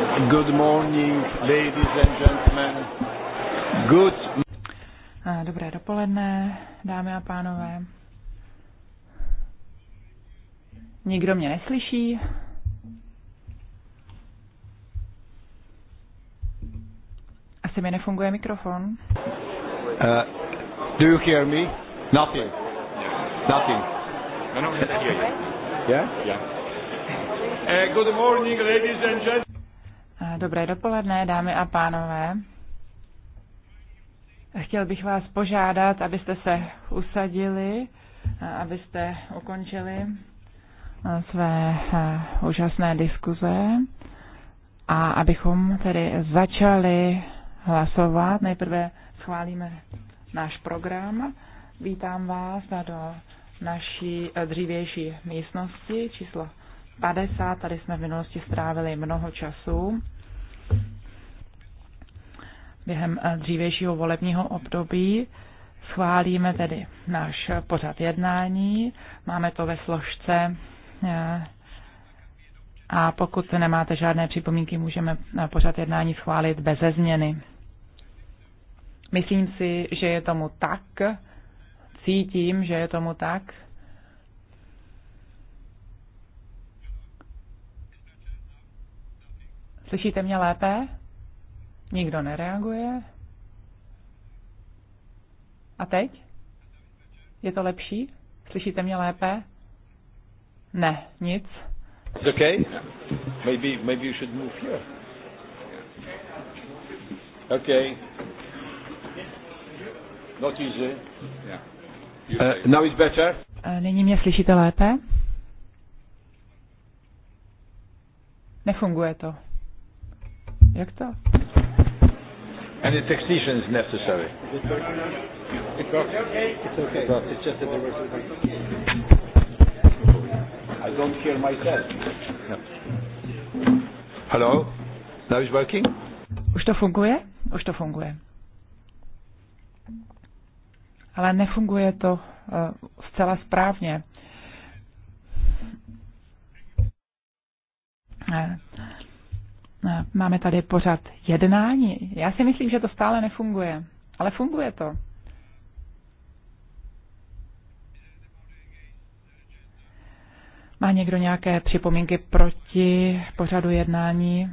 Good morning, ladies and gentlemen. Good. Dobré dopoledne, dámy a pánové. Nikdo mě neslyší. Asi mi nefunguje mikrofon. Uh, do you hear me? Nothing. Nothing. No, no, yeah? Yeah. Uh, good morning, ladies and gentlemen. Eh, dobré dopoledne, dámy a pánové. Chtěl bych vás požádat, abyste se usadili, eh, abyste ukončili eh, své úžasné diskuze a abychom tedy začali hlasovat. Nejprve schválíme náš program. Vítám vás do naší dřívější místnosti číslo 50, tady jsme v minulosti strávili mnoho času během eh, dřívějšího volebního období. Schválíme tedy náš pořad jednání, máme to ve složce eh, a pokud nemáte žádné připomínky, můžeme eh, pořad jednání schválit beze změny. Myslím si, že je tomu tak, cítím, že je tomu tak. Slyšíte mě lépe? Nikdo nereaguje. A teď? Je to lepší? Slyšíte mě lépe? Ne, nic. It's okay. Maybe maybe you should move here. Okay. Not easy. Yeah. Uh, now it's better. Eh, nyní mě slyšíte lépe? Nefunguje to. Jak to? And the technician is necessary. I don't hear myself. No. Hello? Now it's working? Už to funguje? Už to funguje. Ale nefunguje to uh, zcela správně. Ne. Eh, Eh, máme tady pořád jednání. Já si myslím, že to stále nefunguje, ale funguje to. Má někdo nějaké připomínky proti pořadu jednání?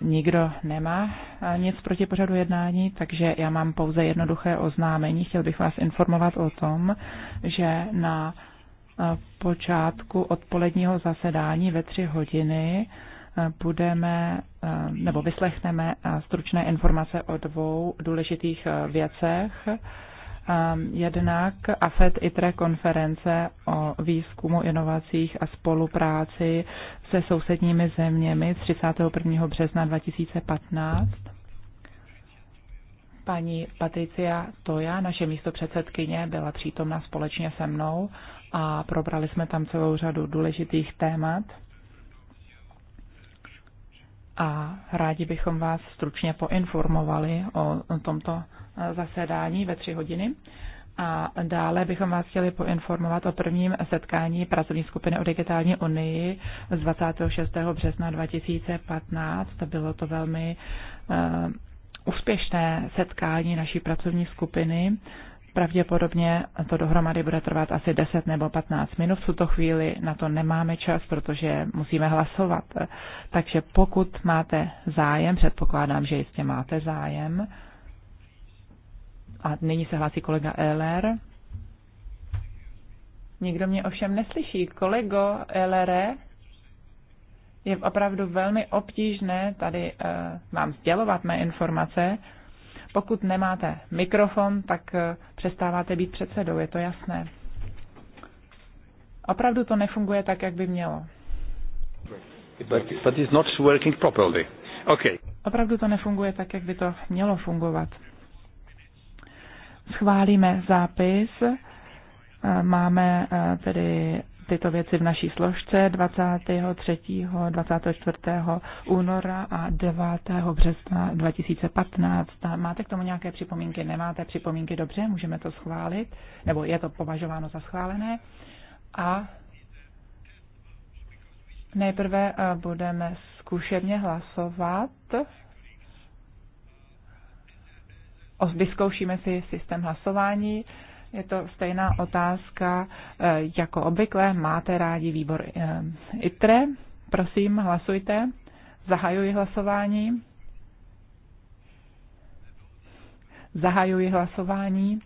Nikdo nemá eh, nic proti pořadu jednání, takže já mám pouze jednoduché oznámení. Chtěl bych vás informovat o tom, že na eh, počátku odpoledního zasedání ve tři hodiny budeme nebo vyslechneme stručné informace o dvou důležitých věcech. Ehm, jednak AFED ITRE konference o výzkumu, inovacích a spolupráci se sousedními zeměmi 31. března 2015. Paní Patricia Toja, naše místo předsedkyně, byla přítomna společně se mnou a probrali jsme tam celou řadu důležitých témat a rádi bychom vás stručně poinformovali o tomto eh, zasedání ve tři hodiny. A dále bychom vás chtěli poinformovat o prvním setkání pracovní skupiny o digitální unii z 26. března 2015. To Bylo to velmi uh, úspěšné setkání naší pracovní skupiny. Pravděpodobně to dohromady bude trvat asi 10 nebo 15 minut. V tuto chvíli na to nemáme čas, protože musíme hlasovat. Takže pokud máte zájem, předpokládám, že jistě máte zájem, a nyní se hlásí kolega LR. Nikdo mě ovšem neslyší. Kolego LR, je opravdu velmi obtížné tady uh, vám sdělovat mé informace. Pokud nemáte mikrofon, tak uh, přestáváte být předsedou, je to jasné. Opravdu to nefunguje tak, jak by mělo. But, it's not working properly. Okay. Opravdu to nefunguje tak, jak by to mělo fungovat. Schválíme zápis. Máme eh, tedy tyto věci v naší složce 23. 24. února a 9. března 2015. Máte k tomu nějaké připomínky? Nemáte připomínky? Dobře, můžeme to schválit, nebo je to považováno za schválené. A nejprve eh, budeme zkušebně hlasovat. Vyzkoušíme si systém hlasování. Je to stejná otázka eh, jako obvykle. Máte rádi výbor eh, ITRE? Prosím, hlasujte. Zahajuji hlasování. Zahajuji hlasování.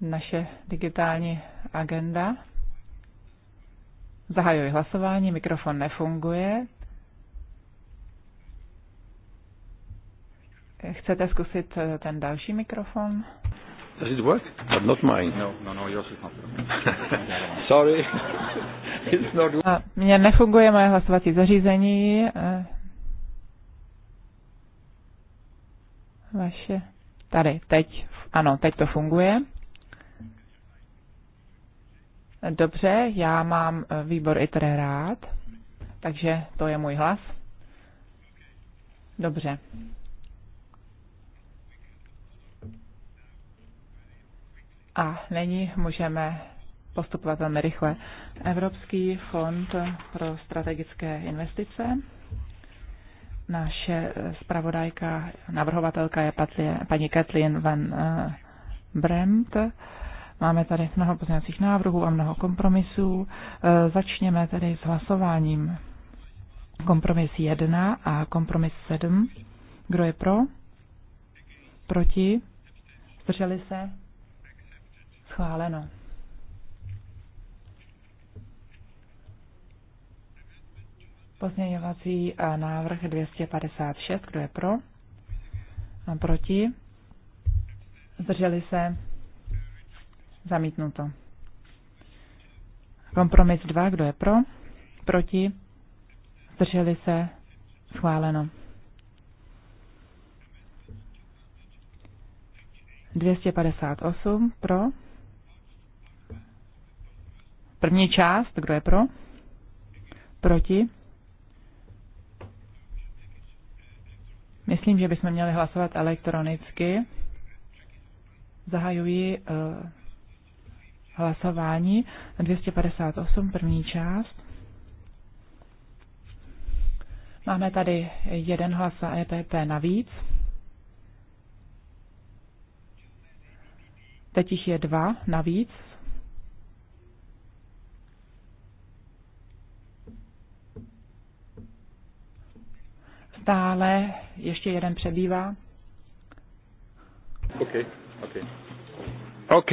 Naše digitální agenda. Zahajuji hlasování, mikrofon nefunguje. Chcete zkusit eh, ten další mikrofon? Does it work? But not mine. No, no, no, yours is not. Sorry. It's not... Mně nefunguje moje hlasovací zařízení. Eh, vaše. Tady, teď. Ano, teď to funguje. Dobře, já mám eh, výbor tady rád, takže to je můj hlas. Dobře. a není můžeme postupovat velmi rychle. Evropský fond pro strategické investice. Naše eh, zpravodajka, navrhovatelka je paní Kathleen van eh, Bremt. Máme tady mnoho pozměňovacích návrhů a mnoho kompromisů. Eh, začněme tedy s hlasováním. Kompromis 1 a kompromis 7. Kdo je pro? Proti? Zdrželi se? Schváleno. Pozměňovací eh, návrh 256. Kdo je pro? A proti? Zdrželi se? Zamítnuto. Kompromis 2. Kdo je pro? Proti? Zdrželi se? Schváleno. 258 pro, První část, kdo je pro? Proti? Myslím, že bychom měli hlasovat elektronicky. Zahajuji uh, hlasování 258, první část. Máme tady jeden hlas za EPP navíc. Teď jich je dva navíc Stále ještě jeden přebývá. OK, OK. OK.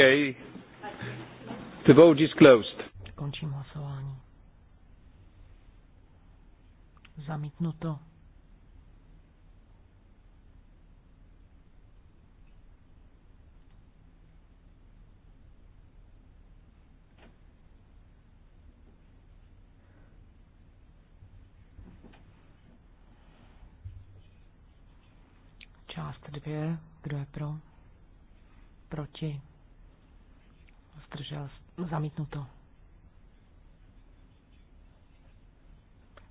The vote is closed. Končím hlasování. Zamítnuto. Část dvě. Kdo je pro? Proti? Zdržel? Zamítnuto.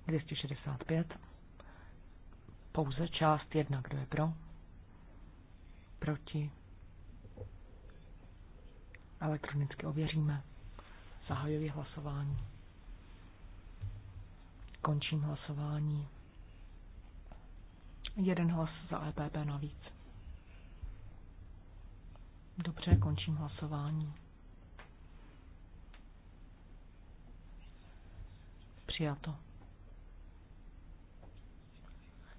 265. Pouze část jedna. Kdo je pro? Proti? Elektronicky ověříme. Zahajuji hlasování. Končím hlasování. Jeden hlas za EPP navíc. Dobře, končím hlasování. Přijato.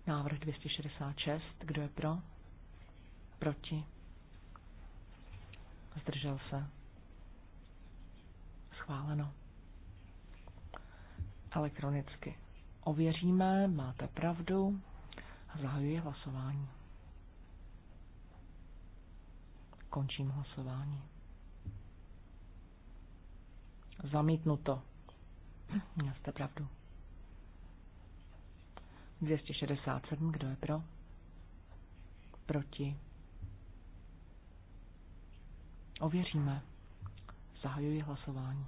Návrh 266. Kdo je pro? Proti? Zdržel se? Schváleno. Elektronicky. Ověříme, máte pravdu. Zahajuji hlasování. Končím hlasování. Zamítnuto. Měl jste pravdu. 267, kdo je pro? Proti. Ověříme. Zahajuji hlasování.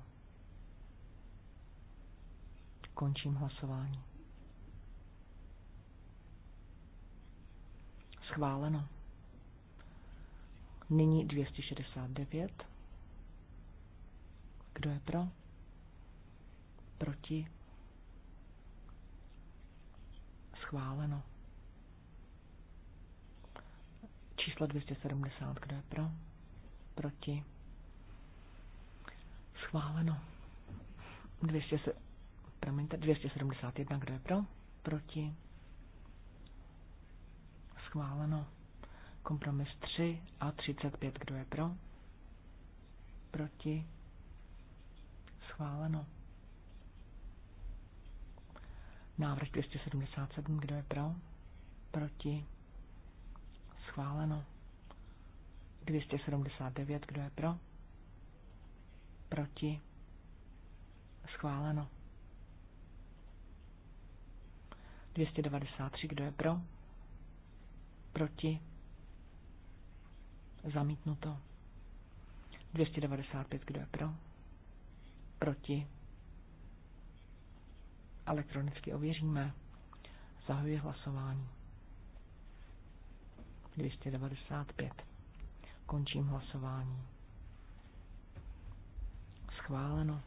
Končím hlasování. Schváleno. Nyní 269. Kdo je pro? Proti? Schváleno. Číslo 270. Kdo je pro? Proti? Schváleno. 200, promiňte, 271. Kdo je pro? Proti? Schváleno. Kompromis 3 a 35. Kdo je pro? Proti? Schváleno. Návrh 277. Kdo je pro? Proti? Schváleno. 279. Kdo je pro? Proti? Schváleno. 293. Kdo je pro? proti, zamítnuto. 295, kdo je pro, proti, elektronicky ověříme, zahajuje hlasování. 295. Končím hlasování. Schváleno.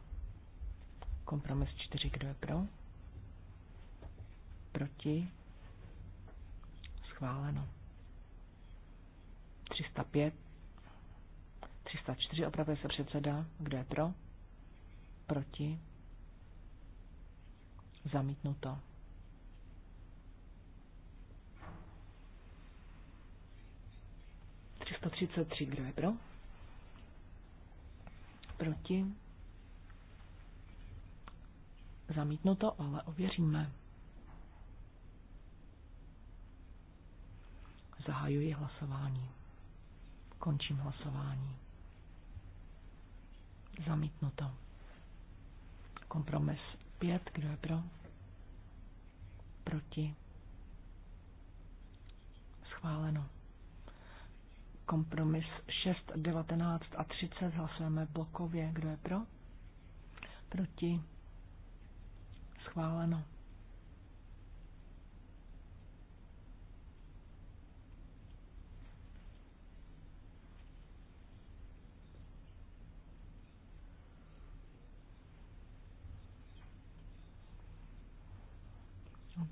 Kompromis 4, kdo je pro? Proti? Schváleno. 305, 304 opravuje se předseda, kdo je pro, proti, zamítnuto. Třista třicet tři, kdo je pro? Proti? Zamítnuto, ale ověříme. Zahajuji hlasování. Končím hlasování. Zamítnuto. Kompromis 5. Kdo je pro? Proti? Schváleno. Kompromis 6, 19 a 30 hlasujeme blokově. Kdo je pro? Proti? Schváleno.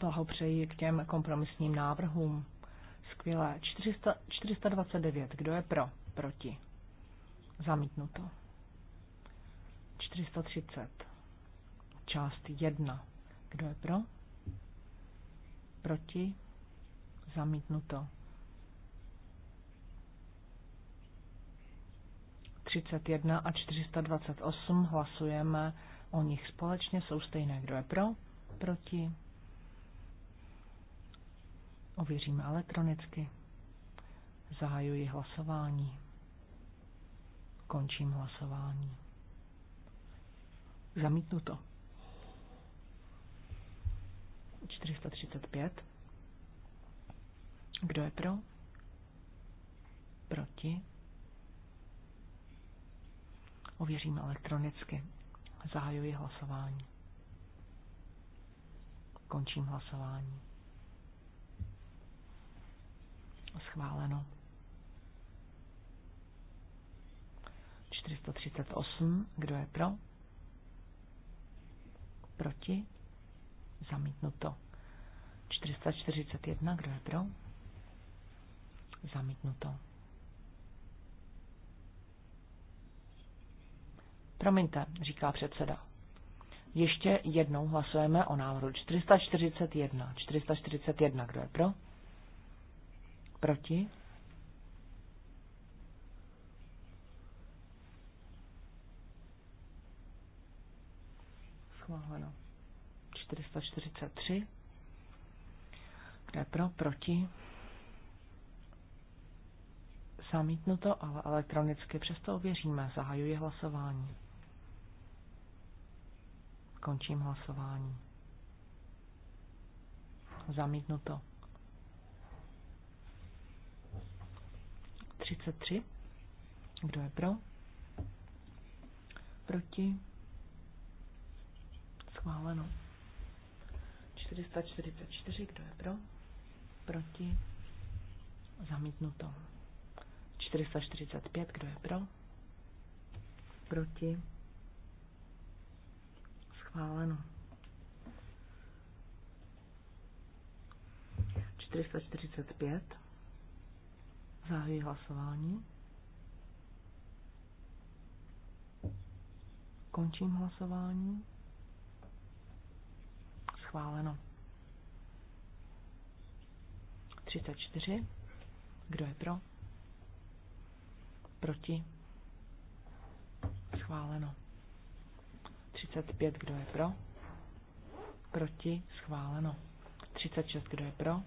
Blahopřeji k těm kompromisním návrhům. Skvělé. 400, 429. Kdo je pro? Proti. Zamítnuto. 430. Část 1. Kdo je pro? Proti? Zamítnuto. 31 a 428 hlasujeme o nich společně. Jsou stejné. Kdo je pro? Proti? Ověříme elektronicky. Zahajuji hlasování. Končím hlasování. to. 435. Kdo je pro? Proti? Ověříme elektronicky. Zahajuji hlasování. Končím hlasování. Schváleno. 438. Kdo je pro? Proti? Zamítnuto. 441. Kdo je pro? Zamítnuto. Promiňte, říká předseda. Ještě jednou hlasujeme o návrhu 441. 441, kdo je pro? Proti? Schváleno. 443. Kde pro? Proti? Zamítnuto, ale elektronicky přesto ověříme. Zahajuji hlasování. Končím hlasování. Zamítnuto. 33. Kdo je pro? Proti? Schváleno. 444. Kdo je pro? Proti? Zamítnuto. 445. Kdo je pro? Proti? Schváleno. 445. Zahajuji hlasování. Končím hlasování. Schváleno. 34. Kdo je pro? Proti? Schváleno. 35. Kdo je pro? Proti? Schváleno. 36. Kdo je pro?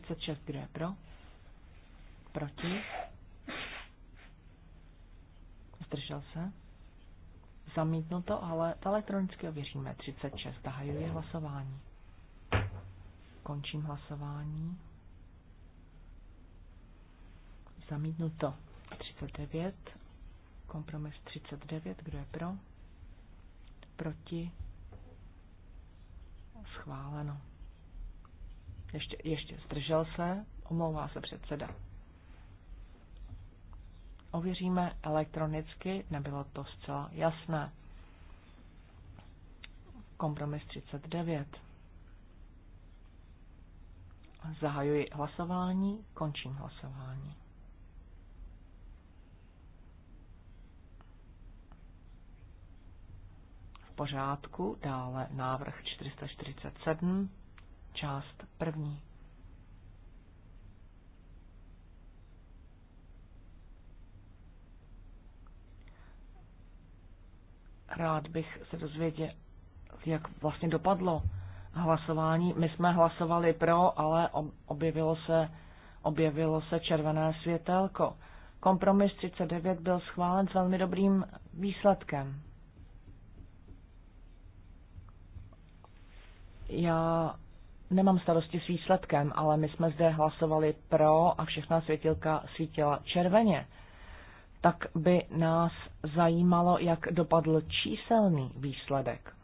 36, kdo je pro? Proti? Zdržel se? Zamítnuto, ale elektronicky ověříme. 36. Zahajuji hlasování. Končím hlasování. Zamítnuto. 39. Kompromis 39. Kdo je pro? Proti? Schváleno. Ještě, ještě zdržel se, omlouvá se předseda. Ověříme elektronicky, nebylo to zcela jasné. Kompromis 39. Zahajuji hlasování, končím hlasování. V pořádku, dále návrh 447 část první. Rád bych se dozvěděl, jak vlastně dopadlo hlasování. My jsme hlasovali pro, ale objevilo se, objevilo se červené světelko. Kompromis 39 byl schválen s velmi dobrým výsledkem. Já nemám starosti s výsledkem, ale my jsme zde hlasovali pro a všechna světilka svítila červeně. Tak by nás zajímalo, jak dopadl číselný výsledek.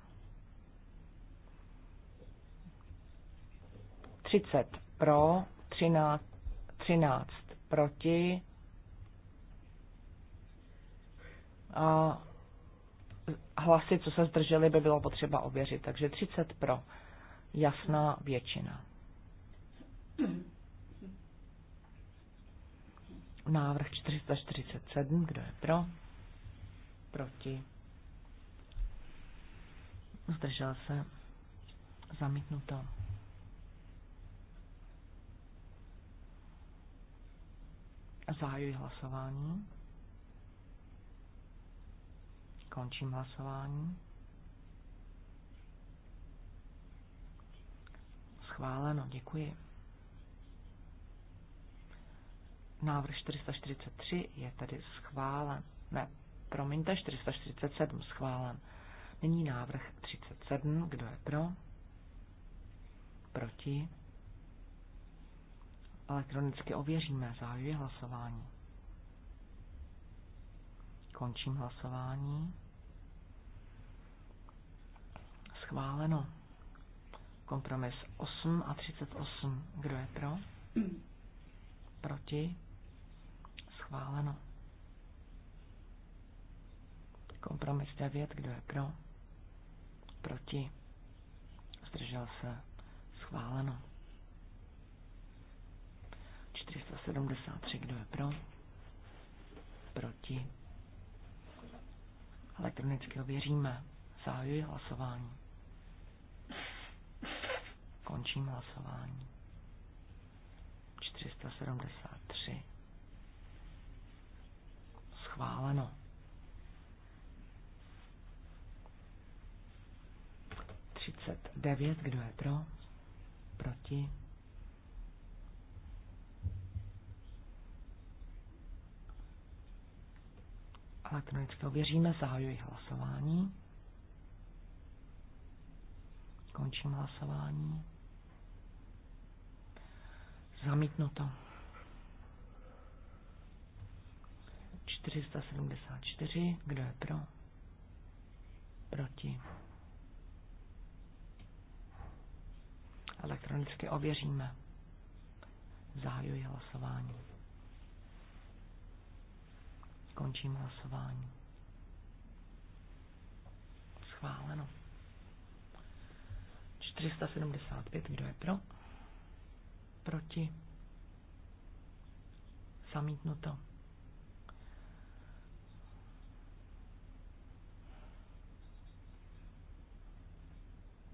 30 pro, 13, 13 proti a hlasy, co se zdrželi, by bylo potřeba ověřit. Takže 30 pro jasná většina. Návrh 447, kdo je pro? Proti? Zdržel se? Zamítnuto. Zahajuji hlasování. Končím hlasování. Schváleno, děkuji. Návrh 443 je tedy schválen. Ne, promiňte, 447 schválen. Nyní návrh 37, kdo je pro? Proti? Elektronicky ověříme, zahajuji hlasování. Končím hlasování. Schváleno. Kompromis 8 a 38. Kdo je pro? Proti? Schváleno. Kompromis 9. Kdo je pro? Proti? Zdržel se? Schváleno. 473. Kdo je pro? Proti? Elektronicky ověříme. Zahajuji hlasování. Končím hlasování. 473. Schváleno. devět, kdo je pro? Proti? Elektronicky ověříme, zahajuji hlasování. Končím hlasování. Zamítnuto. 474. Kdo je pro? Proti. Elektronicky ověříme. Zahajuji hlasování. Končím hlasování. Schváleno. 475. Kdo je pro? proti, zamítnuto.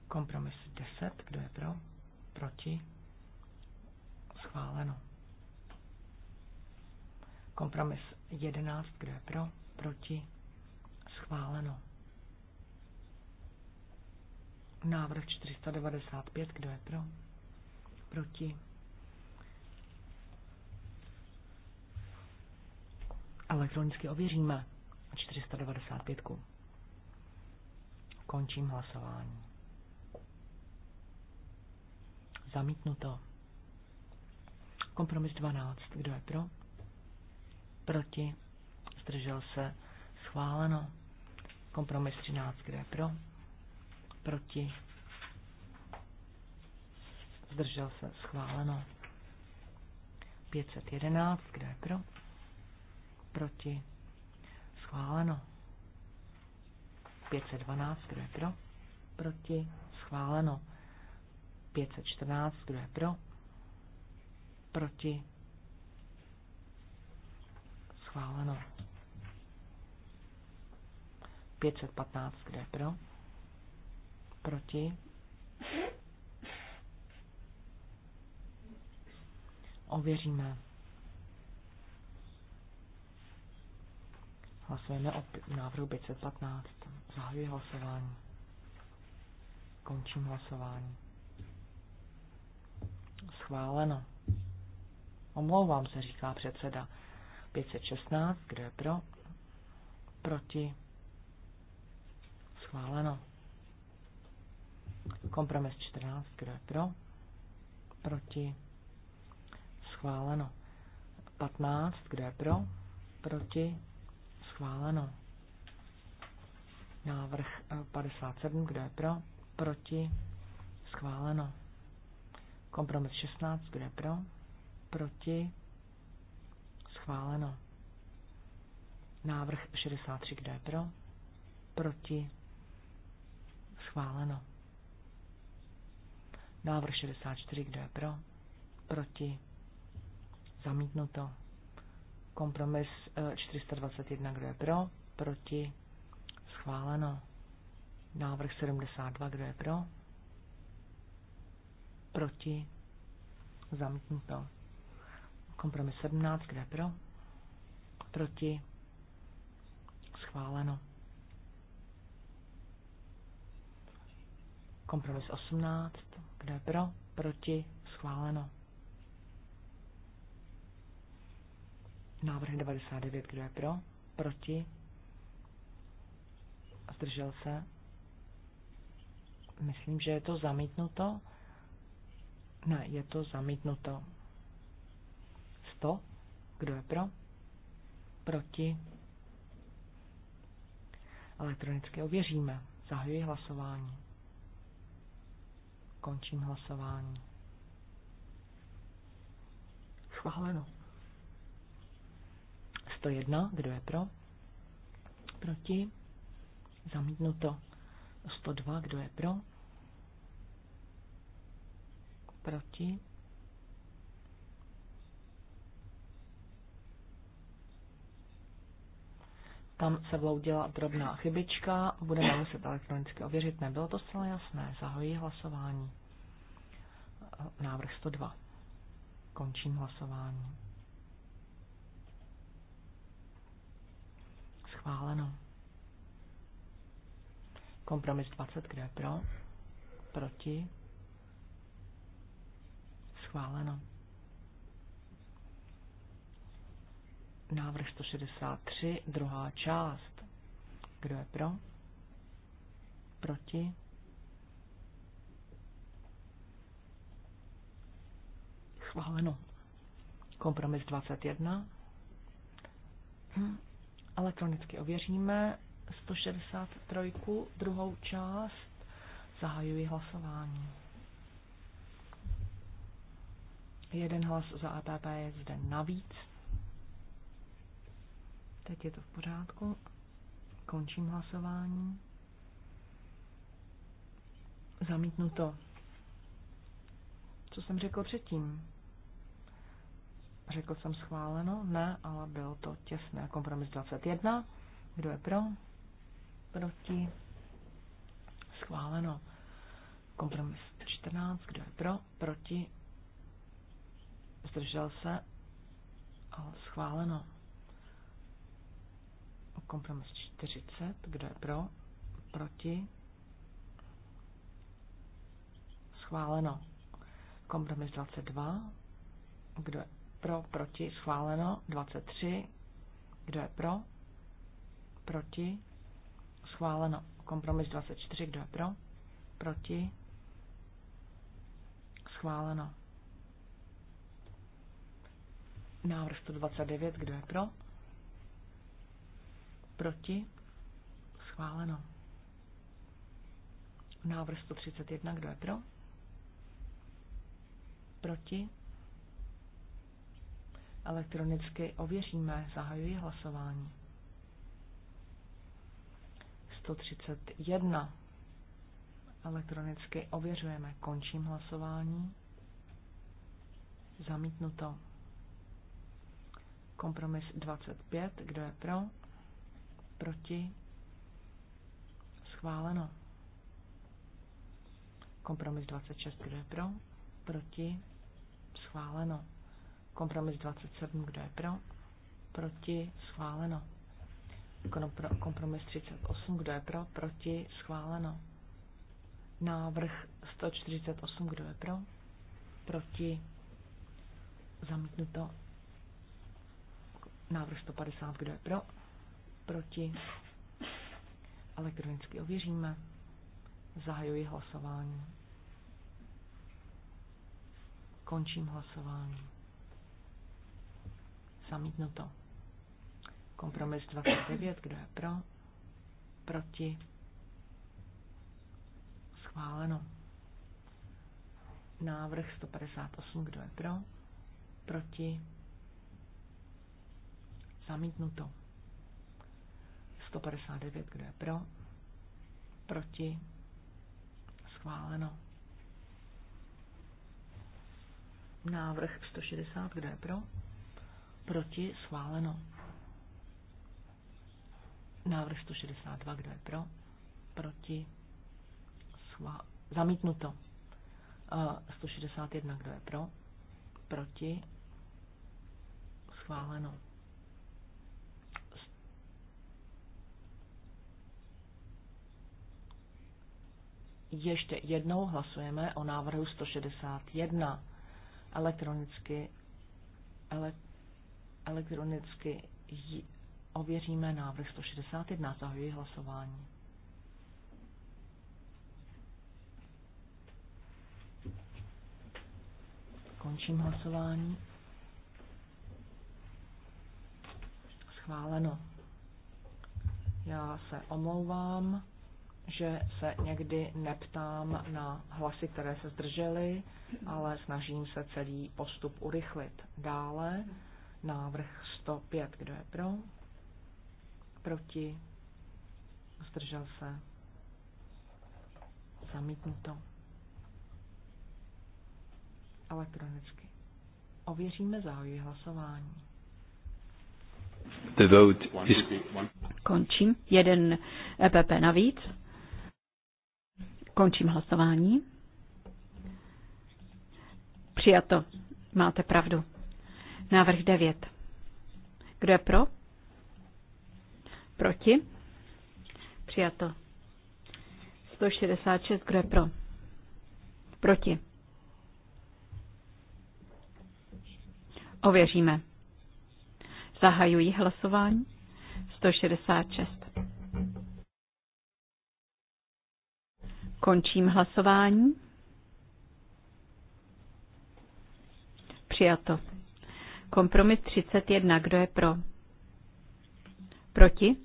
Kompromis 10, kdo je pro, proti, schváleno. Kompromis 11, kdo je pro, proti, schváleno. Návrh 495, kdo je pro, proti, Elektronicky ověříme 495. Končím hlasování. Zamítnuto. Kompromis 12. Kdo je pro? Proti? Zdržel se? Schváleno. Kompromis 13. Kdo je pro? Proti? Zdržel se? Schváleno. 511. Kdo je pro? proti, schváleno. 512, kdo je pro, proti, schváleno. 514, kdo je pro, proti, schváleno. 515, kdo je pro, proti, ověříme. Hlasujeme o návrhu 515. Zahajuji hlasování. Končím hlasování. Schváleno. Omlouvám se, říká předseda. 516, kdo je pro? Proti? Schváleno. Kompromis 14, kdo je pro? Proti? Schváleno. 15, kdo je pro? Proti? Schváleno. Návrh 57, eh, kdo je pro? Proti? Schváleno. Kompromis 16, kdo je pro? Proti? Schváleno. Návrh 63, kdo je pro? Proti? Schváleno. Návrh 64, kdo je pro? Proti? Zamítnuto. Kompromis 421, eh, kdo je pro, proti, schváleno. Návrh 72, kdo je pro, proti, zamítnuto. Kompromis 17, kdo je pro, proti, schváleno. Kompromis 18, kdo je pro, proti, schváleno. Návrh 99, kdo je pro? Proti? Zdržel se? Myslím, že je to zamítnuto. Ne, je to zamítnuto. 100, kdo je pro? Proti? Elektronicky ověříme. Zahajuji hlasování. Končím hlasování. Schváleno. 101. Kdo je pro? Proti? Zamítnuto. 102. Kdo je pro? Proti? Tam se vloudila drobná chybička, budeme muset elektronicky ověřit, nebylo to zcela jasné. Zahojí hlasování. Návrh 102. Končím hlasování. Schváleno. Kompromis 20, kdo je pro? Proti? Schváleno. Návrh 163, druhá část. Kdo je pro? Proti? Schváleno. Kompromis 21. Hm. Elektronicky ověříme 163, druhou část. Zahajuji hlasování. Jeden hlas za ATP je zde navíc. Teď je to v pořádku. Končím hlasování. Zamítnuto. Co jsem řekl předtím? Řekl jsem schváleno? Ne, ale bylo to těsné. Kompromis 21. Kdo je pro? Proti? Schváleno. Kompromis 14. Kdo je pro? Proti? Zdržel se? Ale schváleno. Kompromis 40. Kdo je pro? Proti? Schváleno. Kompromis 22. Kdo je pro, proti, schváleno. 23. Kdo je pro? Proti. Schváleno. Kompromis 24. Kdo je pro? Proti. Schváleno. Návrh 129. Kdo je pro? Proti. Schváleno. Návrh 131. Kdo je pro? Proti Elektronicky ověříme, zahajuji hlasování. 131. Elektronicky ověřujeme, končím hlasování. Zamítnuto. Kompromis 25. Kdo je pro? Proti? Schváleno. Kompromis 26. Kdo je pro? Proti? Schváleno. Kompromis 27, kdo je pro? Proti? Schváleno. Kompromis 38, kdo je pro? Proti? Schváleno. Návrh 148, kdo je pro? Proti? Zamítnuto. Návrh 150, kdo je pro? Proti? Elektronicky ověříme. Zahajuji hlasování. Končím hlasování. Zamítnuto. Kompromis 29. Kdo je pro? Proti? Schváleno. Návrh 158. Kdo je pro? Proti? Zamítnuto. 159. Kdo je pro? Proti? Schváleno. Návrh 160. Kdo je pro? proti, schváleno. Návrh 162, kdo je pro, proti, schvá... zamítnuto. Uh, eh, 161, kdo je pro, proti, schváleno. Ještě jednou hlasujeme o návrhu 161. Elektronicky, ele, Elektronicky ověříme návrh 161. Zahajuji hlasování. Končím hlasování. Schváleno. Já se omlouvám, že se někdy neptám na hlasy, které se zdržely, ale snažím se celý postup urychlit. Dále návrh 105. Kdo je pro? Proti? Zdržel se? Zamítnuto. Elektronicky. Ověříme zahajuji hlasování. The vote is... Končím. Jeden EPP navíc. Končím hlasování. Přijato. Máte pravdu. Návrh 9. Kdo je pro? Proti? Přijato. 166. Kdo je pro? Proti? Ověříme. Zahajují hlasování. 166. Končím hlasování. Přijato. Kompromis 31. Kdo je pro? Proti?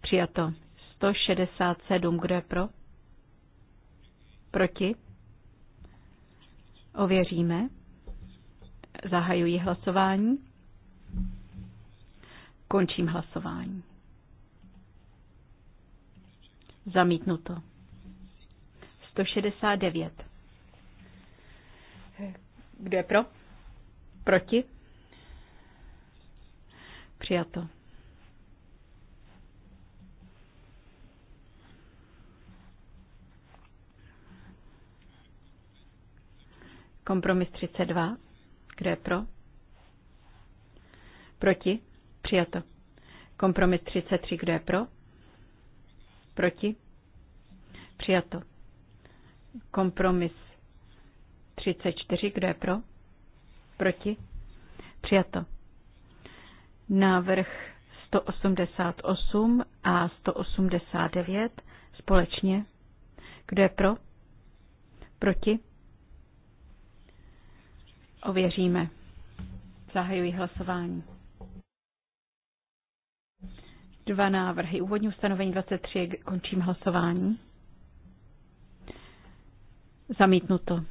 Přijato. 167. Kdo je pro? Proti? Ověříme. Zahajuji hlasování. Končím hlasování. Zamítnuto. 169. Kdo je pro? Proti? Přijato. Kompromis 32. Kdo je pro? Proti? Přijato. Kompromis 33. Kdo je pro? Proti? Přijato. Kompromis 34. Kdo je pro? Proti? Přijato. Návrh 188 a 189 společně. Kdo je pro? Proti? Ověříme. Zahajuji hlasování. Dva návrhy. Úvodní ustanovení 23. Končím hlasování. Zamítnuto.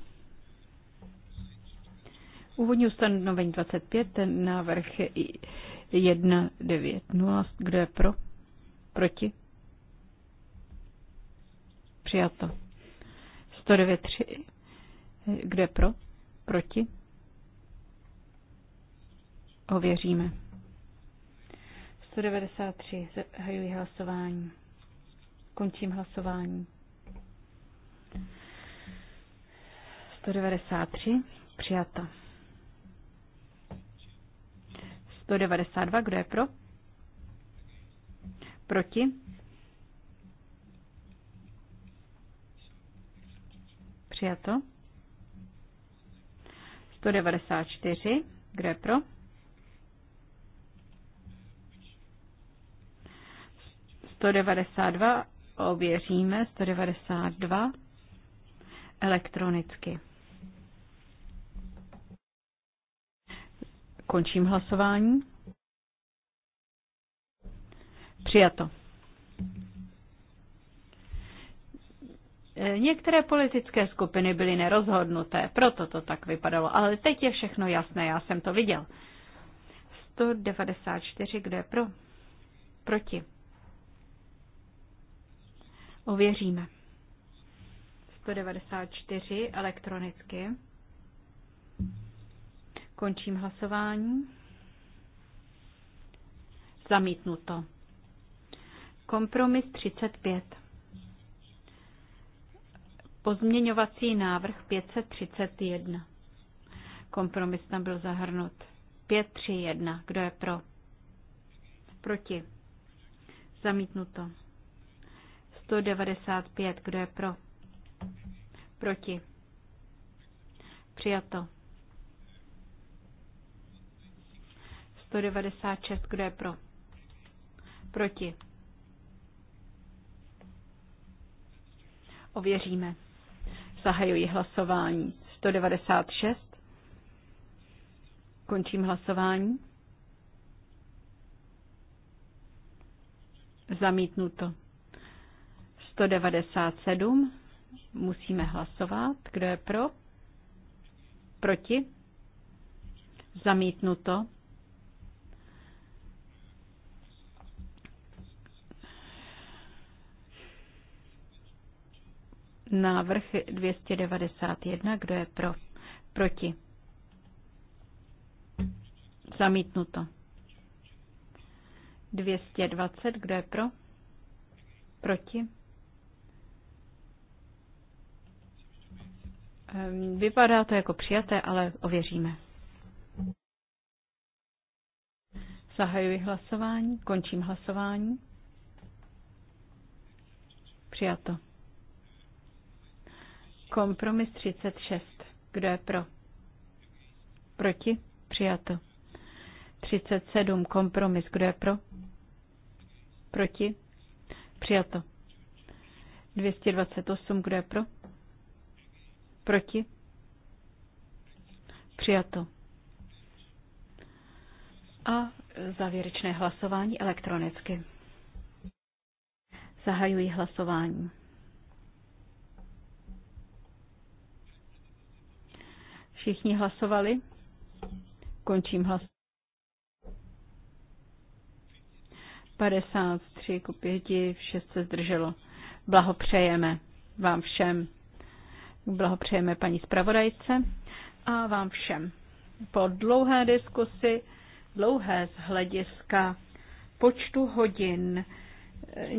Úvodní ustanovení 25, ten návrh 190. Kdo je pro? Proti? Přijato. 109.3. Kdo je pro? Proti? Ověříme. 193. Zahajuji hlasování. Končím hlasování. 193. Přijata. 192, kdo je pro? Proti? Přijato. 194, kdo je pro? 192 ověříme, 192. elektronicky. Končím hlasování. Přijato. E, některé politické skupiny byly nerozhodnuté, proto to tak vypadalo, ale teď je všechno jasné, já jsem to viděl. 194, kdo je pro? Proti. Ověříme. 194 elektronicky. Končím hlasování. Zamítnuto. Kompromis 35. Pozměňovací návrh 531. Kompromis tam byl zahrnut. 531. Kdo je pro? Proti. Zamítnuto. 195. Kdo je pro? Proti. Přijato. 196, kdo je pro? Proti. Ověříme. Zahajuji hlasování. 196. Končím hlasování. Zamítnuto. 197. Musíme hlasovat. Kdo je pro? Proti? Zamítnuto. Návrh 291, kdo je pro? Proti? Zamítnuto. 220, kdo je pro? Proti? Ehm, vypadá to jako přijaté, ale ověříme. Zahajuji hlasování, končím hlasování. Přijato. Kompromis 36. Kdo je pro? Proti? Přijato. 37. Kompromis. Kdo je pro? Proti? Přijato. 228. Kdo je pro? Proti? Přijato. A závěrečné hlasování elektronicky. Zahajuji hlasování. Všichni hlasovali? Končím hlas. 53 ku 5, 6 se zdrželo. Blahopřejeme vám všem. Blahopřejeme paní zpravodajce a vám všem. Po dlouhé diskusi, dlouhé z hlediska počtu hodin, eh,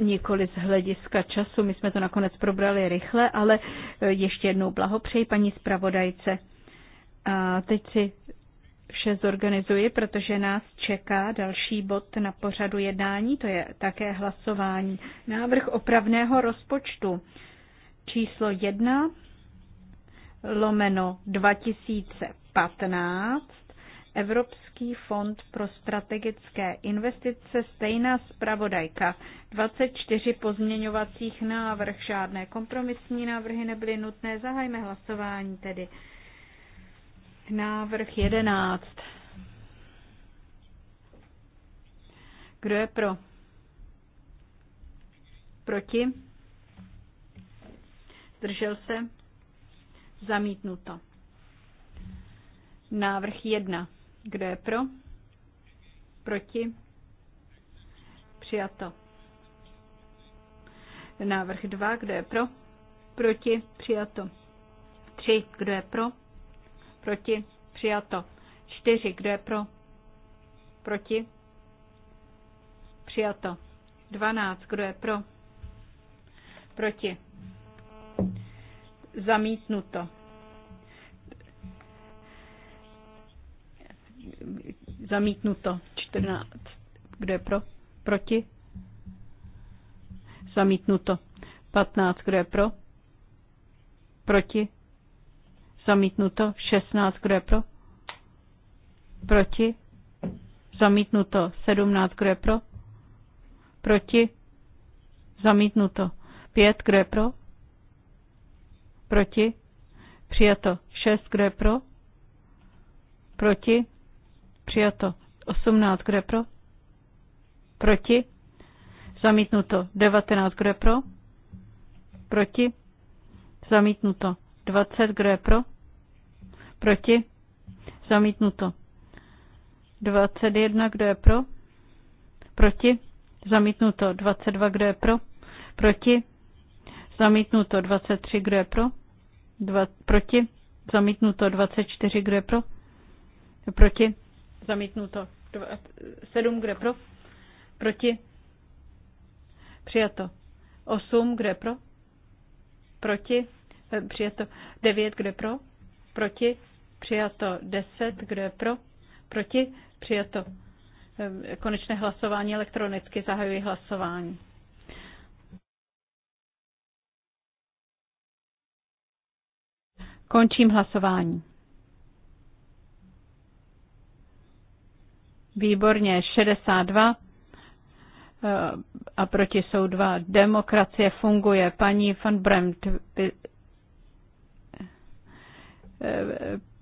nikoli z hlediska času. My jsme to nakonec probrali rychle, ale eh, ještě jednou blahopřeji paní zpravodajce. A teď si vše zorganizuji, protože nás čeká další bod na pořadu jednání, to je také hlasování. Návrh opravného rozpočtu číslo 1 lomeno 2015 Evropský fond pro strategické investice, stejná zpravodajka. 24 pozměňovacích návrh, žádné kompromisní návrhy nebyly nutné, zahajme hlasování tedy. Návrh 11. Kdo je pro? Proti? Zdržel se? Zamítnuto. Návrh 1. Kdo je pro? Proti? Přijato. Návrh 2. Kdo je pro? Proti? Přijato. 3. Kdo je pro? Proti? Přijato. 4. Kdo je pro? Proti? Přijato. 12. Kdo je pro? Proti? Zamítnuto. zamítnuto 14. Kdo je pro? Proti? Zamítnuto 15. Kdo je pro? Proti? Zamítnuto 16. Kdo je pro? Proti? Zamítnuto 17. Kdo je pro? Proti? Zamítnuto 5. Kdo je pro? Proti? Přijato 6. Kdo je pro? Proti? Přijato. 18. Kdo je pro? Proti? Zamítnuto. 19. Kdo je pro? Proti? Zamítnuto. 20. Kdo je pro? Proti? Zamítnuto. 21. Kdo je pro? Proti? Zamítnuto. 22. Kdo je pro? Proti? Zamítnuto. 23. Kdo je pro? Dva, proti? Zamítnuto. 24. Kdo je pro? Proti? Zamítnuto. 7, kde pro? Proti? Přijato. 8, kde eh, pro? Proti? Přijato. 9, kde pro? Proti? Přijato. 10, kde pro? Proti? Přijato. Konečné hlasování elektronicky. Zahajuji hlasování. Končím hlasování. Výborně, 62 eh, a proti jsou dva. Demokracie funguje. Paní van Bremt, eh,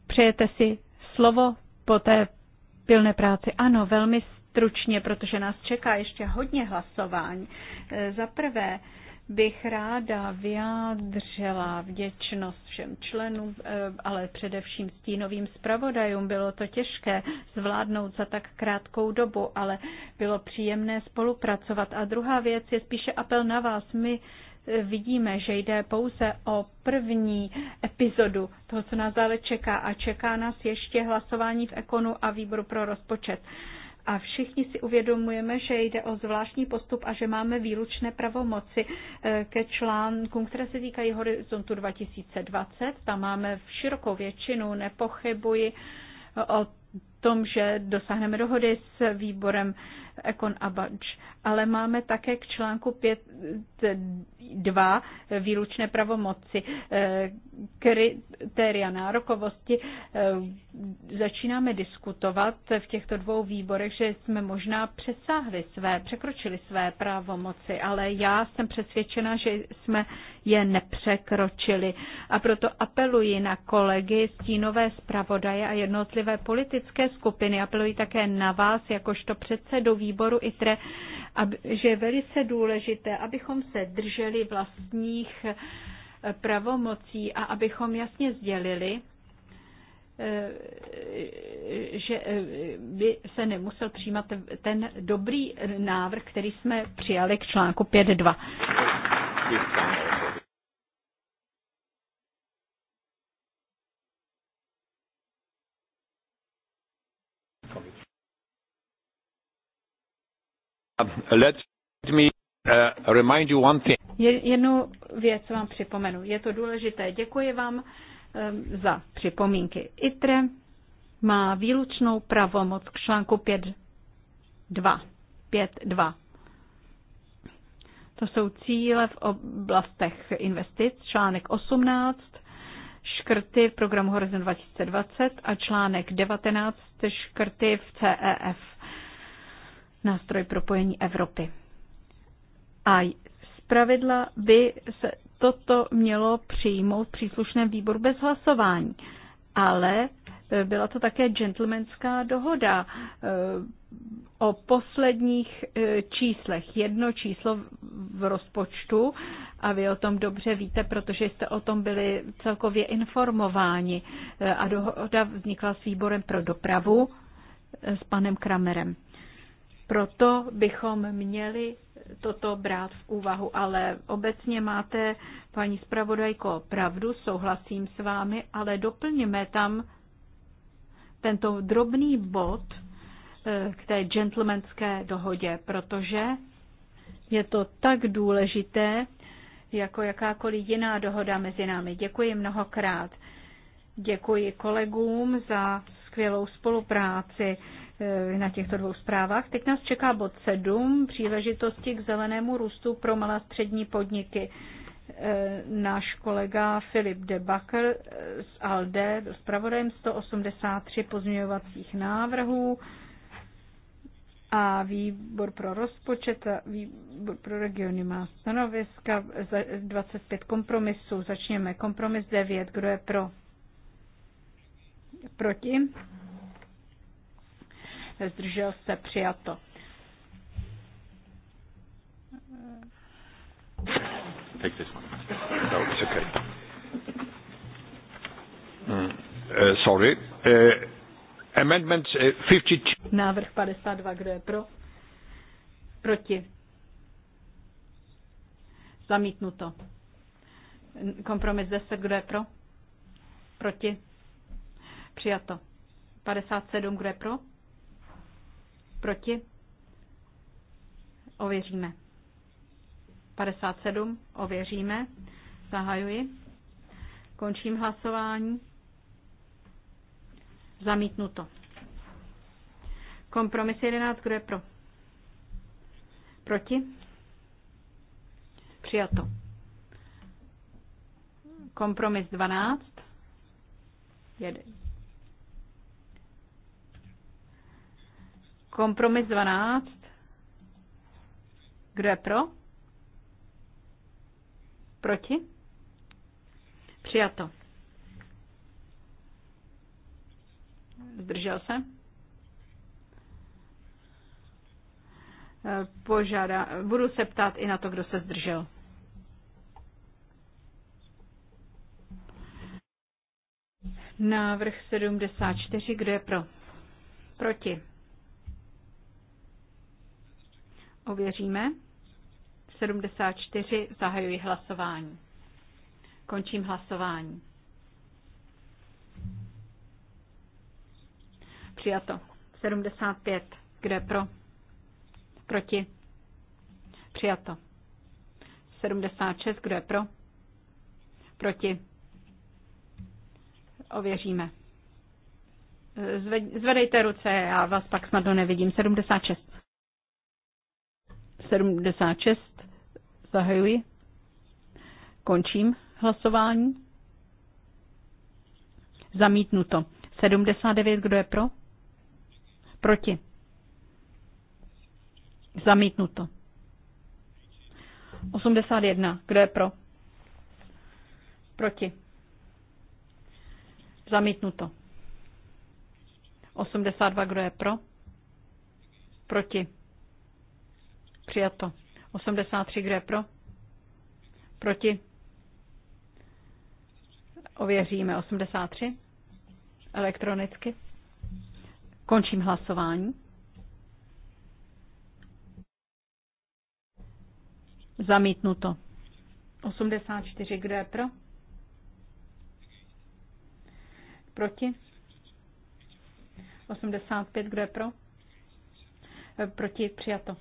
přejete si slovo po té pilné práci? Ano, velmi stručně, protože nás čeká ještě hodně hlasování. Eh, za prvé, bych ráda vyjádřila vděčnost všem členům, eh, ale především stínovým zpravodajům. Bylo to těžké zvládnout za tak krátkou dobu, ale bylo příjemné spolupracovat. A druhá věc je spíše apel na vás. My eh, vidíme, že jde pouze o první epizodu toho, co nás dále čeká a čeká nás ještě hlasování v Ekonu a výboru pro rozpočet a všichni si uvědomujeme, že jde o zvláštní postup a že máme výlučné pravomoci eh, ke článkům, které se týkají horizontu 2020. Tam máme v širokou většinu, nepochybuji o tom, že dosáhneme dohody s výborem Ekon a Ale máme také k článku 5.2 výlučné pravomoci. Eh, kritéria nárokovosti eh, začínáme diskutovat v těchto dvou výborech, že jsme možná přesáhli své, překročili své právomoci, ale já jsem přesvědčena, že jsme je nepřekročili. A proto apeluji na kolegy, stínové zpravodaje a jednotlivé politické skupiny. Apeluji také na vás, jakožto předsedu výboru ITRE, že je velice důležité, abychom se drželi vlastních eh, pravomocí a abychom jasně sdělili, eh, že eh, by se nemusel přijímat ten dobrý návrh, který jsme přijali k článku 5.2. Um, let me uh, remind you one thing. Jednu věc vám připomenu. Je to důležité. Děkuji vám um, za připomínky. ITRE má výlučnou pravomoc k článku 5.2. 5.2. To jsou cíle v oblastech investic, článek 18, škrty v programu Horizon 2020 a článek 19, škrty v CEF nástroj propojení Evropy. A zpravidla by se toto mělo přijmout v příslušném výboru bez hlasování, ale e, byla to také gentlemanská dohoda e, o posledních e, číslech. Jedno číslo v rozpočtu a vy o tom dobře víte, protože jste o tom byli celkově informováni a dohoda vznikla s výborem pro dopravu s panem Kramerem. Proto bychom měli toto brát v úvahu, ale obecně máte, paní zpravodajko, pravdu, souhlasím s vámi, ale doplňme tam tento drobný bod eh, k té gentlemanské dohodě, protože je to tak důležité, jako jakákoliv jiná dohoda mezi námi. Děkuji mnohokrát. Děkuji kolegům za skvělou spolupráci. Eh, na těchto dvou zprávách. Teď nás čeká bod 7, příležitosti k zelenému růstu pro malé střední podniky. Eh, náš kolega Filip de Bakr eh, z ALDE byl zpravodajem 183 pozměňovacích návrhů a výbor pro rozpočet a výbor pro regiony má stanoviska 25 kompromisů. Začněme kompromis 9. Kdo je pro? Proti? zdržel se, přijato. Take this one. No, it's okay. Hmm. Uh, sorry. Uh, amendment 52. Uh, Návrh 52, kdo je pro? Proti. Zamítnuto. Kompromis 10, kdo je pro? Proti? Přijato. 57, kdo je pro? Proti? Ověříme. 57. Ověříme. Zahajuji. Končím hlasování. Zamítnuto. Kompromis 11. Kdo je pro? Proti? Přijato. Kompromis 12. Jeden Kompromis 12. Kdo je pro? Proti? Přijato. Zdržel se? Požádá, budu se ptát i na to, kdo se zdržel. Návrh 74, kdo je pro? Proti. Ověříme. 74. Zahajuji hlasování. Končím hlasování. Přijato. 75. Kde pro? Proti? Přijato. 76. Kdo je pro? Proti? Ověříme. Zvedejte ruce, já vás pak snadno nevidím. 76. 76 zahajuji. Končím hlasování. Zamítnuto. 79, kdo je pro? Proti. Zamítnuto. 81, kdo je pro? Proti. Zamítnuto. 82, kdo je pro? Proti. Přijato. 83, je pro? Proti? Ověříme 83 elektronicky. Končím hlasování. Zamítnuto. 84, kdo je pro? Proti? 85, kdo je pro? Proti, přijato.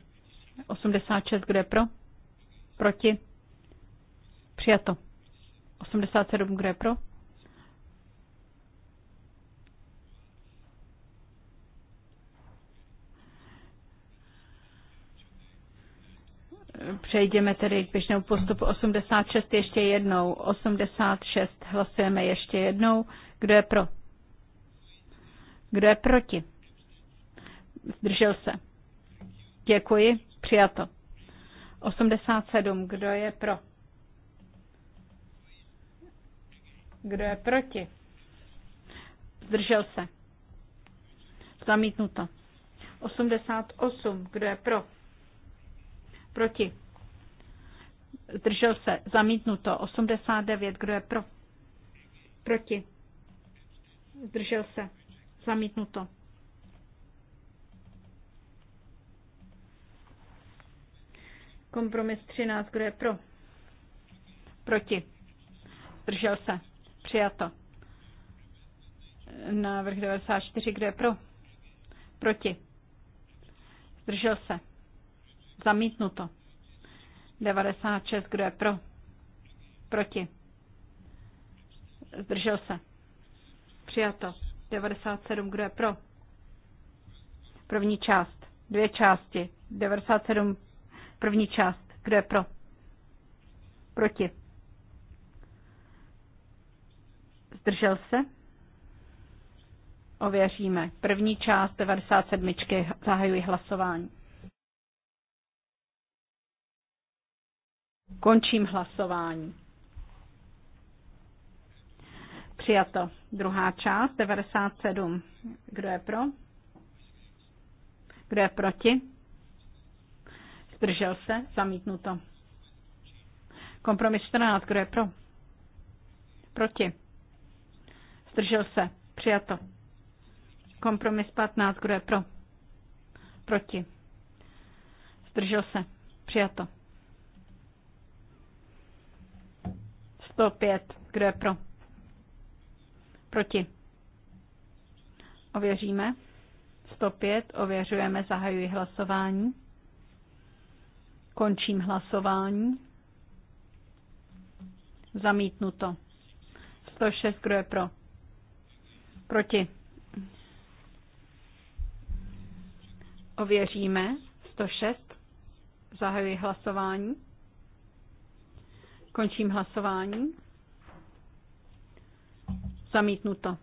86, kdo je pro? Proti? Přijato. 87, kdo je pro? Přejdeme tedy k běžnému postupu 86 ještě jednou. 86 hlasujeme ještě jednou. Kdo je pro? Kdo je proti? Zdržel se. Děkuji. Přijato. 87. Kdo je pro? Kdo je proti? Zdržel se. Zamítnuto. 88. Kdo je pro? Proti. Zdržel se. Zamítnuto. 89. Kdo je pro? Proti. Zdržel se. Zamítnuto. Kompromis 13, kdo je pro? Proti. Držel se. Přijato. Návrh 94, kdo je pro? Proti. Zdržel se. Zamítnuto. 96, kdo je pro? Proti. Zdržel se. Přijato. 97, kdo je pro? První část. Dvě části. 97 První část. Kdo je pro? Proti. Zdržel se? Ověříme. První část 97. Zahajuji hlasování. Končím hlasování. Přijato. Druhá část 97. Kdo je pro? Kdo je proti? Zdržel se? Zamítnuto. Kompromis 14. Kdo je pro? Proti. Zdržel se? Přijato. Kompromis 15. Kdo je pro? Proti. Zdržel se? Přijato. 105. Kdo je pro? Proti. Ověříme. 105. Ověřujeme. Zahajuji hlasování. Končím hlasování. Zamítnuto. 106, kdo je pro? Proti. Ověříme. 106. Zahajuji hlasování. Končím hlasování. Zamítnuto.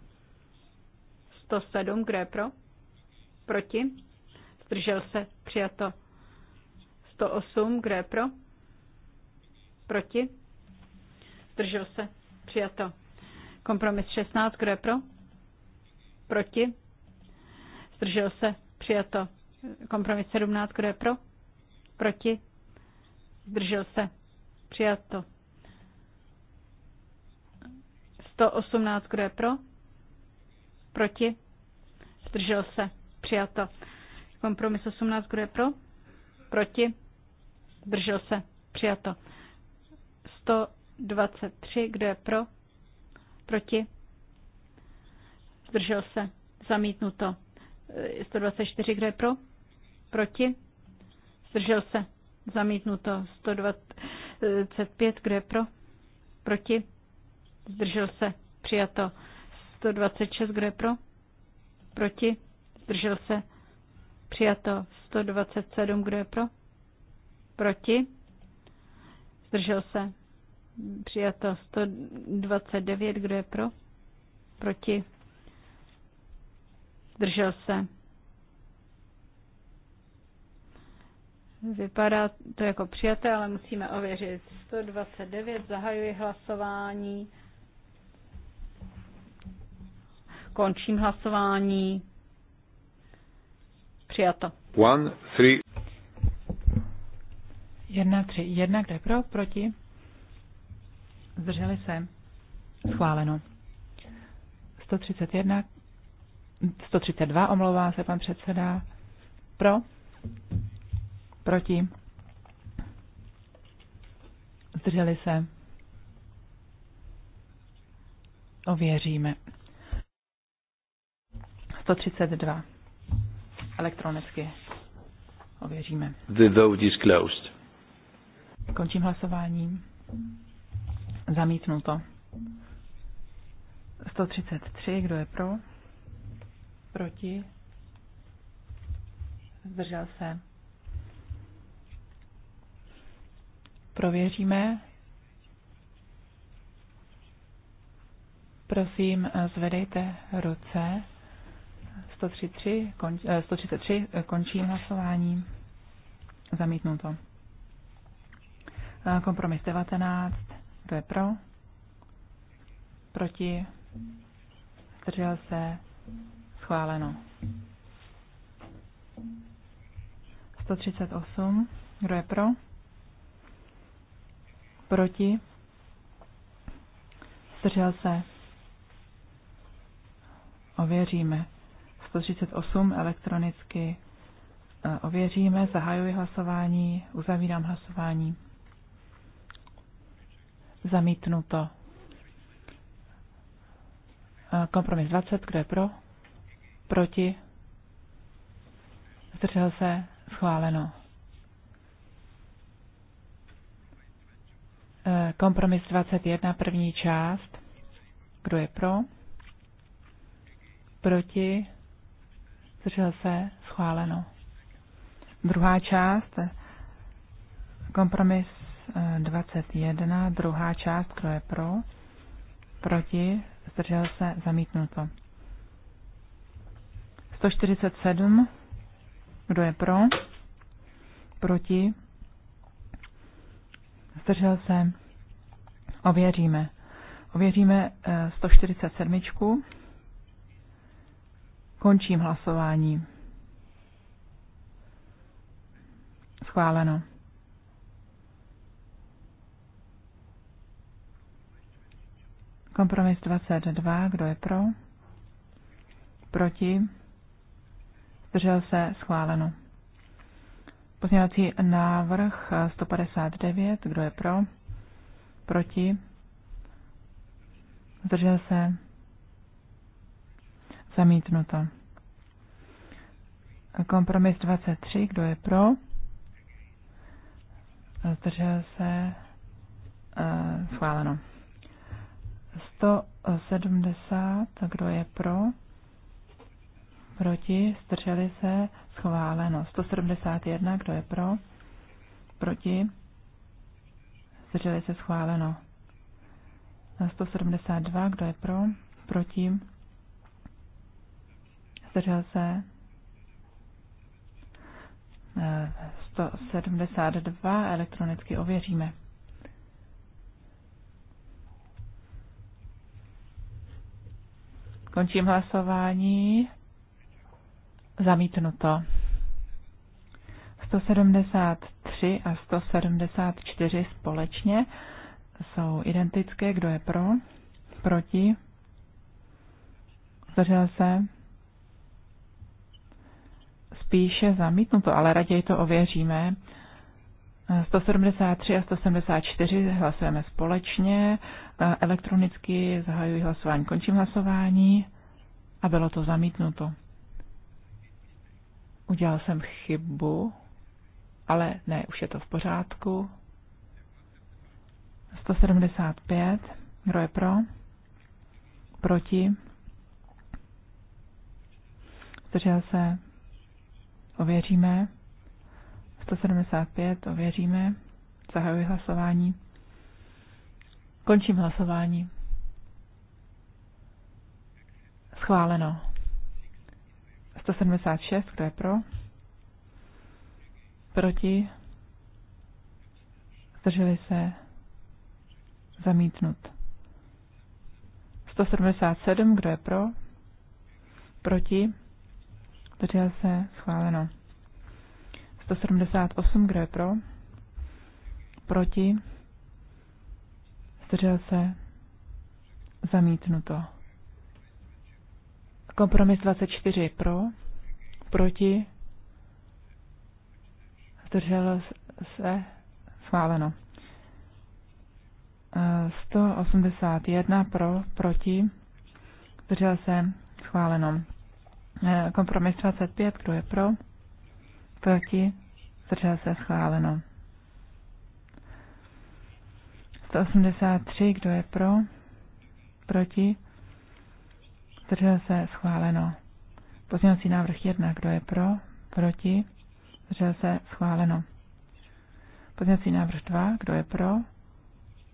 107, kdo je pro? Proti. Zdržel se. Přijato. 108, kdo je pro? Proti? Zdržel se. Přijato. Kompromis 16, kdo je pro? Proti? Zdržel se. Přijato. Kompromis 17, kdo je pro? Proti? Zdržel se. Přijato. 118, kdo je pro? Proti? Zdržel se. Přijato. Kompromis 18, kdo je pro? Proti? Zdržel se. Přijato. 123. Kdo je pro? Proti? Zdržel se. Zamítnuto. 124. Kdo je pro? Proti? Zdržel se. Zamítnuto. 125. Kdo je pro? Proti? Zdržel se. Přijato. 126. Kdo je pro? Proti? Zdržel se. Přijato. 127. Kdo je pro? Proti? Zdržel se? Přijato 129. Kdo je pro? Proti? Zdržel se? Vypadá to jako přijaté, ale musíme ověřit. 129, zahajuji hlasování. Končím hlasování. Přijato. One, three, Jedna, tři, jedna, kde pro, proti. Zdrželi se. Schváleno. 131, 132, omlouvá se pan předseda. Pro, proti. Zdrželi se. Ověříme. 132. Elektronicky ověříme. The vote is closed. Končím hlasování. Zamítnuto. 133, kdo je pro? Proti? Zdržel se. Prověříme. Prosím, zvedejte ruce. 133, konč, 133 eh, končím hlasování. Zamítnuto. to. Eh, kompromis 19. Kdo je pro? Proti? Zdržel se? Schváleno. 138. Kdo je pro? Proti? Zdržel se? Ověříme. 138 elektronicky eh, ověříme. Zahajuji hlasování, uzavírám hlasování. Zamítnuto. E, kompromis 20, kdo je pro? Proti? Zdržel se? Schváleno. E, kompromis 21, první část. Kdo je pro? Proti? Zdržel se? Schváleno. Druhá část. Kompromis 21, druhá část, kdo je pro, proti, zdržel se, zamítnuto. 147, kdo je pro, proti, zdržel se, ověříme. Ověříme 147. Eh, Končím hlasování. Schváleno. Kompromis 22, kdo je pro? Proti? Zdržel se schváleno. Pozměňovací návrh 159, kdo je pro? Proti? Zdržel se? Zamítnuto. Kompromis 23, kdo je pro? Zdržel se? Eh, schváleno. 170, kdo je pro, proti, zdrželi se, schváleno. 171, kdo je pro, proti, zdrželi se, schváleno. 172, kdo je pro, proti, zdržel se, 172 eh, elektronicky ověříme. Končím hlasování. Zamítnuto. 173 a 174 společně jsou identické. Kdo je pro? Proti? Zdržel se? Spíše zamítnuto, ale raději to ověříme. 173 a 174 hlasujeme společně. E, elektronicky zahajuji hlasování, končím hlasování a bylo to zamítnuto. Udělal jsem chybu, ale ne, už je to v pořádku. 175, kdo je pro? Proti? Zdržel se? Ověříme. 175, ověříme. Zahajuji hlasování. Končím hlasování. Schváleno. 176, kdo je pro? Proti? Zdrželi se? Zamítnut. 177, kdo je pro? Proti? Zdržel se? Schváleno. 178, kdo je pro? Proti? Zdržel se? Zamítnuto. Kompromis 24 pro? Proti? Zdržel se? Schváleno. 181 eh, pro, proti, zdržel se, schváleno. Eh, kompromis 25, kdo je pro? proti, zdržel se schváleno. 183, kdo je pro, proti, zdržel se schváleno. Pozměňovací návrh 1, kdo je pro, proti, zdržel se schváleno. Pozměňovací návrh 2, kdo je pro,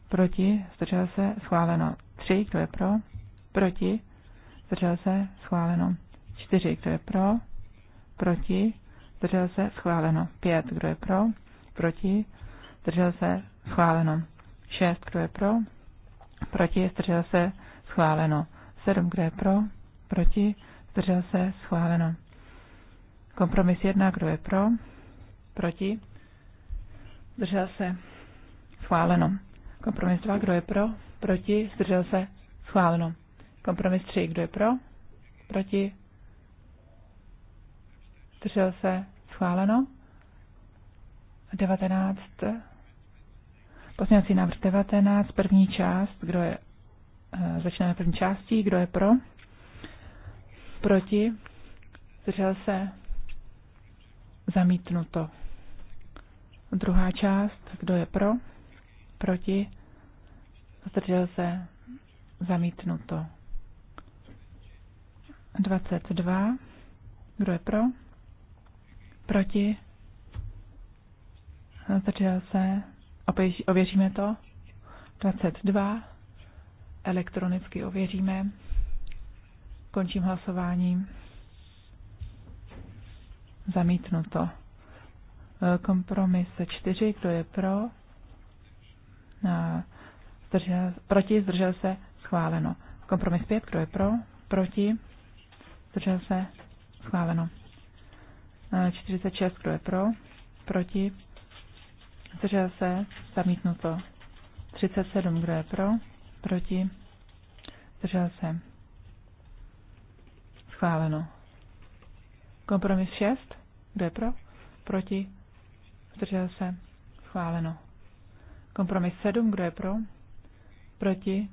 proti, zdržel se schváleno. 3, kdo je pro, proti, zdržel se schváleno. 4, kdo je pro, proti, Zdržel se? Schváleno. 5. Kdo je pro? Proti? Zdržel se? Schváleno. 6. Kdo je pro? Proti? Zdržel se? Schváleno. 7. Kdo je pro? Proti? Zdržel se? Schváleno. Kompromis 1. Kdo je pro? Proti? Zdržel se? Schváleno. Kompromis 2. Kdo je pro? Proti? Zdržel se? Schváleno. Kompromis 3. Kdo je pro? Proti? Držel se? Schváleno. 19. Pozměňovací návrh 19, první část, kdo je, eh, začínáme první částí, kdo je pro, proti, zdržel se, zamítnuto. Druhá část, kdo je pro, proti, zdržel se, zamítnuto. 22, kdo je pro, Proti? Zdržel se? ověříme to. 22. Elektronicky ověříme. Končím hlasování. Zamítnuto. Kompromis 4. Kdo je pro? Zdržel, proti? Zdržel se? Schváleno. Kompromis 5. Kdo je pro? Proti? Zdržel se? Schváleno. 46, kdo je pro, proti, zdržel se, zamítnuto. 37, kdo je pro, proti, zdržel se. Schváleno. Kompromis 6, kdo je pro, proti, zdržel se, schváleno. Kompromis 7, kdo je pro, proti,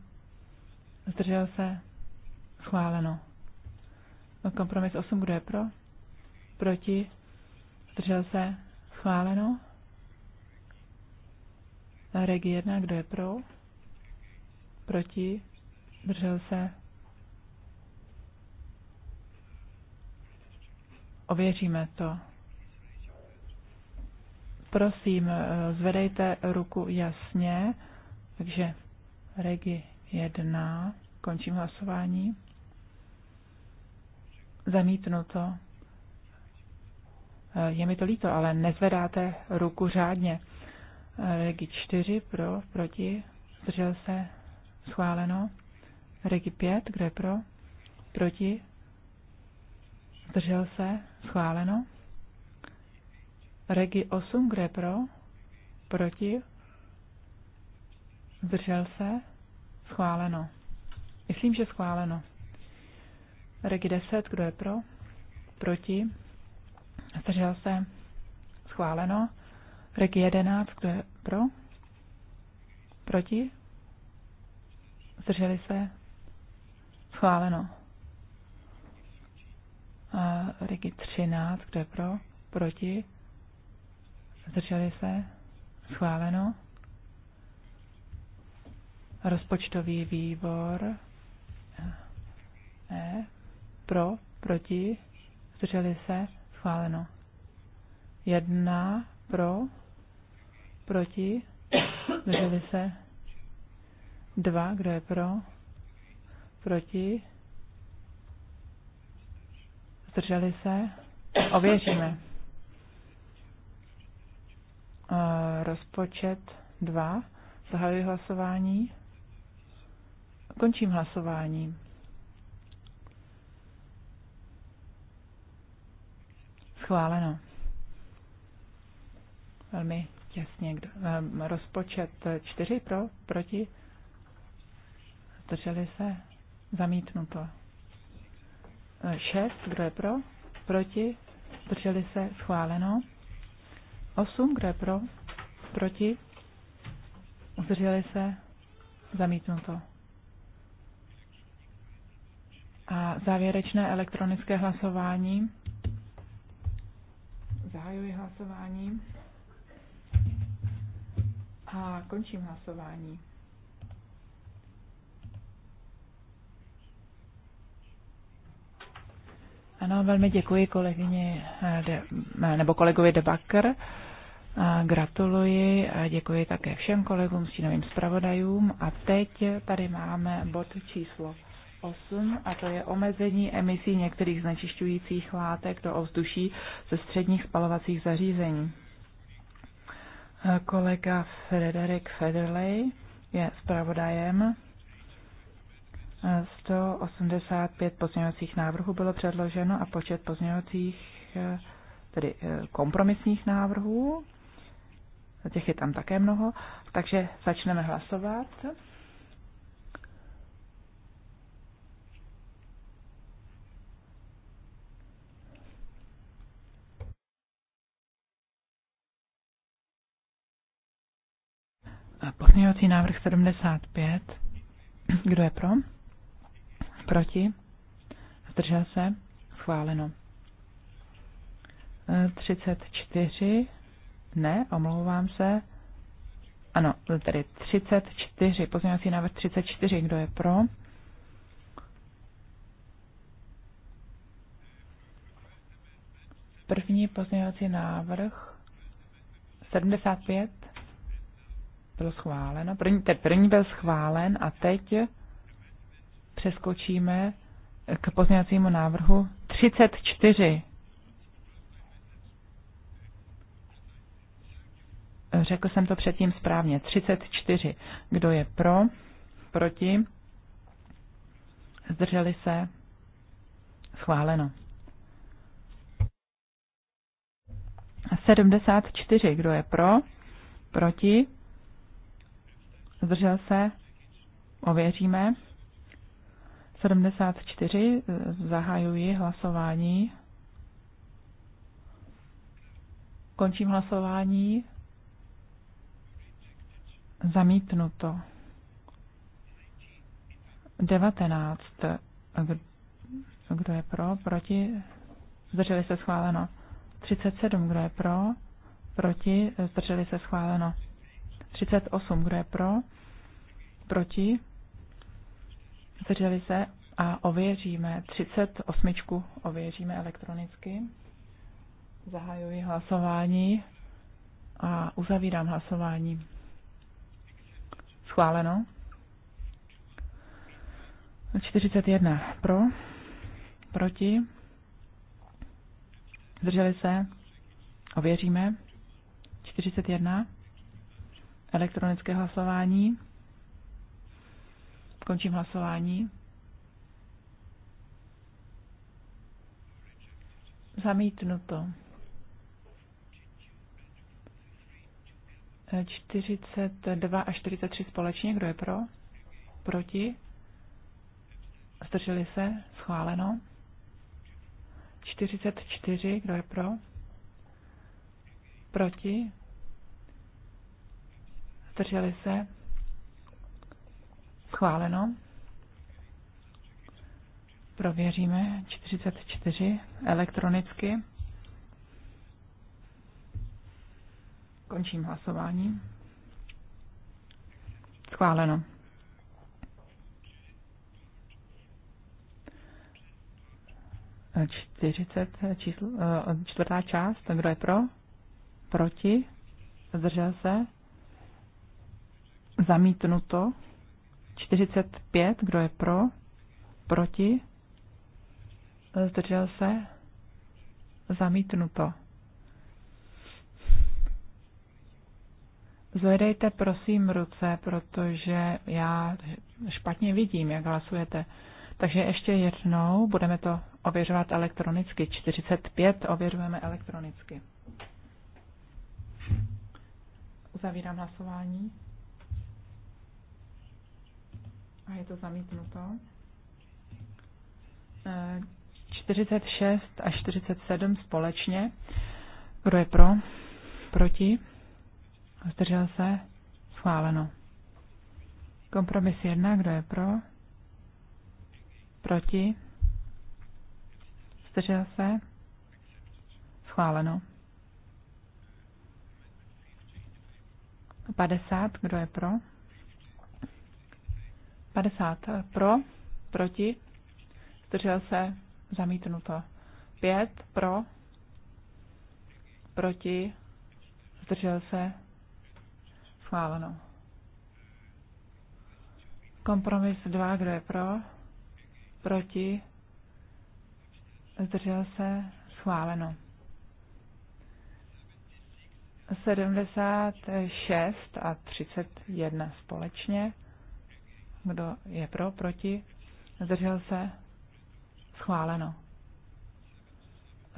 zdržel se, schváleno. Kompromis 8, kdo je pro, proti, zdržel se, schváleno. Reg 1, kdo je pro, proti, zdržel se, ověříme to. Prosím, eh, zvedejte ruku jasně, takže regi 1, končím hlasování. Zamítnuto. Je mi to líto, ale nezvedáte ruku řádně. Regi 4 pro, proti, zdržel se, schváleno. Regi 5, kdo je pro, proti, zdržel se, schváleno. Regi 8, kdo je pro, proti, zdržel se, schváleno. Myslím, že schváleno. Regi 10, kdo je pro, proti, Zdržel se? Schváleno. Rek 11, kdo je pro? Proti? Zdrželi se? Schváleno. A Regi 13, kdo je pro? Proti? Zdrželi se? Schváleno. Rozpočtový výbor. E. Pro? Proti? Zdrželi se? Schváleno. Jedna pro, proti, drželi se. Dva, kdo je pro, proti, zdrželi se. Ověříme. Eh, rozpočet dva. Zahajuji hlasování. Končím hlasování. Schváleno. Velmi těsně. Eh, rozpočet 4 pro, proti. Drželi se. Zamítnuto. 6, eh, kdo je pro, proti. Drželi se. Schváleno. 8, kdo je pro, proti. udrželi se. Zamítnuto. A závěrečné elektronické hlasování Zahajuji hlasování a končím hlasování. Ano, velmi děkuji kolegyně eh, eh, nebo kolegovi debakker, eh, Gratuluji a děkuji také všem kolegům, stínovým zpravodajům. A teď tady máme bod číslo 8, a to je omezení emisí některých znečišťujících látek do ovzduší ze středních spalovacích zařízení. Kolega Frederik Federley je zpravodajem. 185 pozměňovacích návrhů bylo předloženo a počet pozměňovacích, tedy eh, kompromisních návrhů, těch je tam také mnoho, takže začneme hlasovat. Pozměňovací návrh 75. Kdo je pro? Proti? Zdržel se? Schváleno. 34. E, ne, omlouvám se. Ano, tedy 34. Pozměňovací návrh 34. Kdo je pro? První pozměňovací návrh 75 bylo schváleno. První, ten první byl schválen a teď přeskočíme k pozměňovacímu návrhu 34. Řekl jsem to předtím správně. 34. Kdo je pro? Proti? Zdrželi se? Schváleno. 74. Kdo je pro? Proti? zdržel se, ověříme. 74, zahajuji hlasování. Končím hlasování. Zamítnuto. 19. Kdo je pro? Proti? Zdrželi se schváleno. 37. Kdo je pro? Proti? Zdrželi se schváleno. 38, kdo je pro, proti, zdrželi se a ověříme. 38 ověříme elektronicky. Zahajuji hlasování a uzavírám hlasování. Schváleno. 41 pro, proti, zdrželi se, ověříme. 41. Elektronické hlasování. Končím hlasování. Zamítnuto. 42 a 43 společně. Kdo je pro? Proti? Zdrželi se? Schváleno. 44. Kdo je pro? Proti? zdrželi se, schváleno. Prověříme 44 elektronicky. Končím hlasování. Schváleno. Čtyřicet, číslo, eh, čtvrtá část, kdo je pro? Proti? Zdržel se? Zamítnuto. 45, kdo je pro? Proti? Zdržel se? Zamítnuto. Zvedejte prosím ruce, protože já špatně vidím, jak hlasujete. Takže ještě jednou budeme to ověřovat elektronicky. 45 ověřujeme elektronicky. Uzavírám hlasování a je to zamítnuto. 46 e, a 47 společně. Kdo je pro? Proti? Zdržel se? Schváleno. Kompromis 1. Kdo je pro? Proti? Zdržel se? Schváleno. 50. Kdo je pro? 50 pro, proti, zdržel se, zamítnuto. 5 pro, proti, zdržel se, schváleno. Kompromis 2, kdo je pro, proti, zdržel se, schváleno. 76 a 31 společně. Kdo je pro, proti? Zdržel se? Schváleno.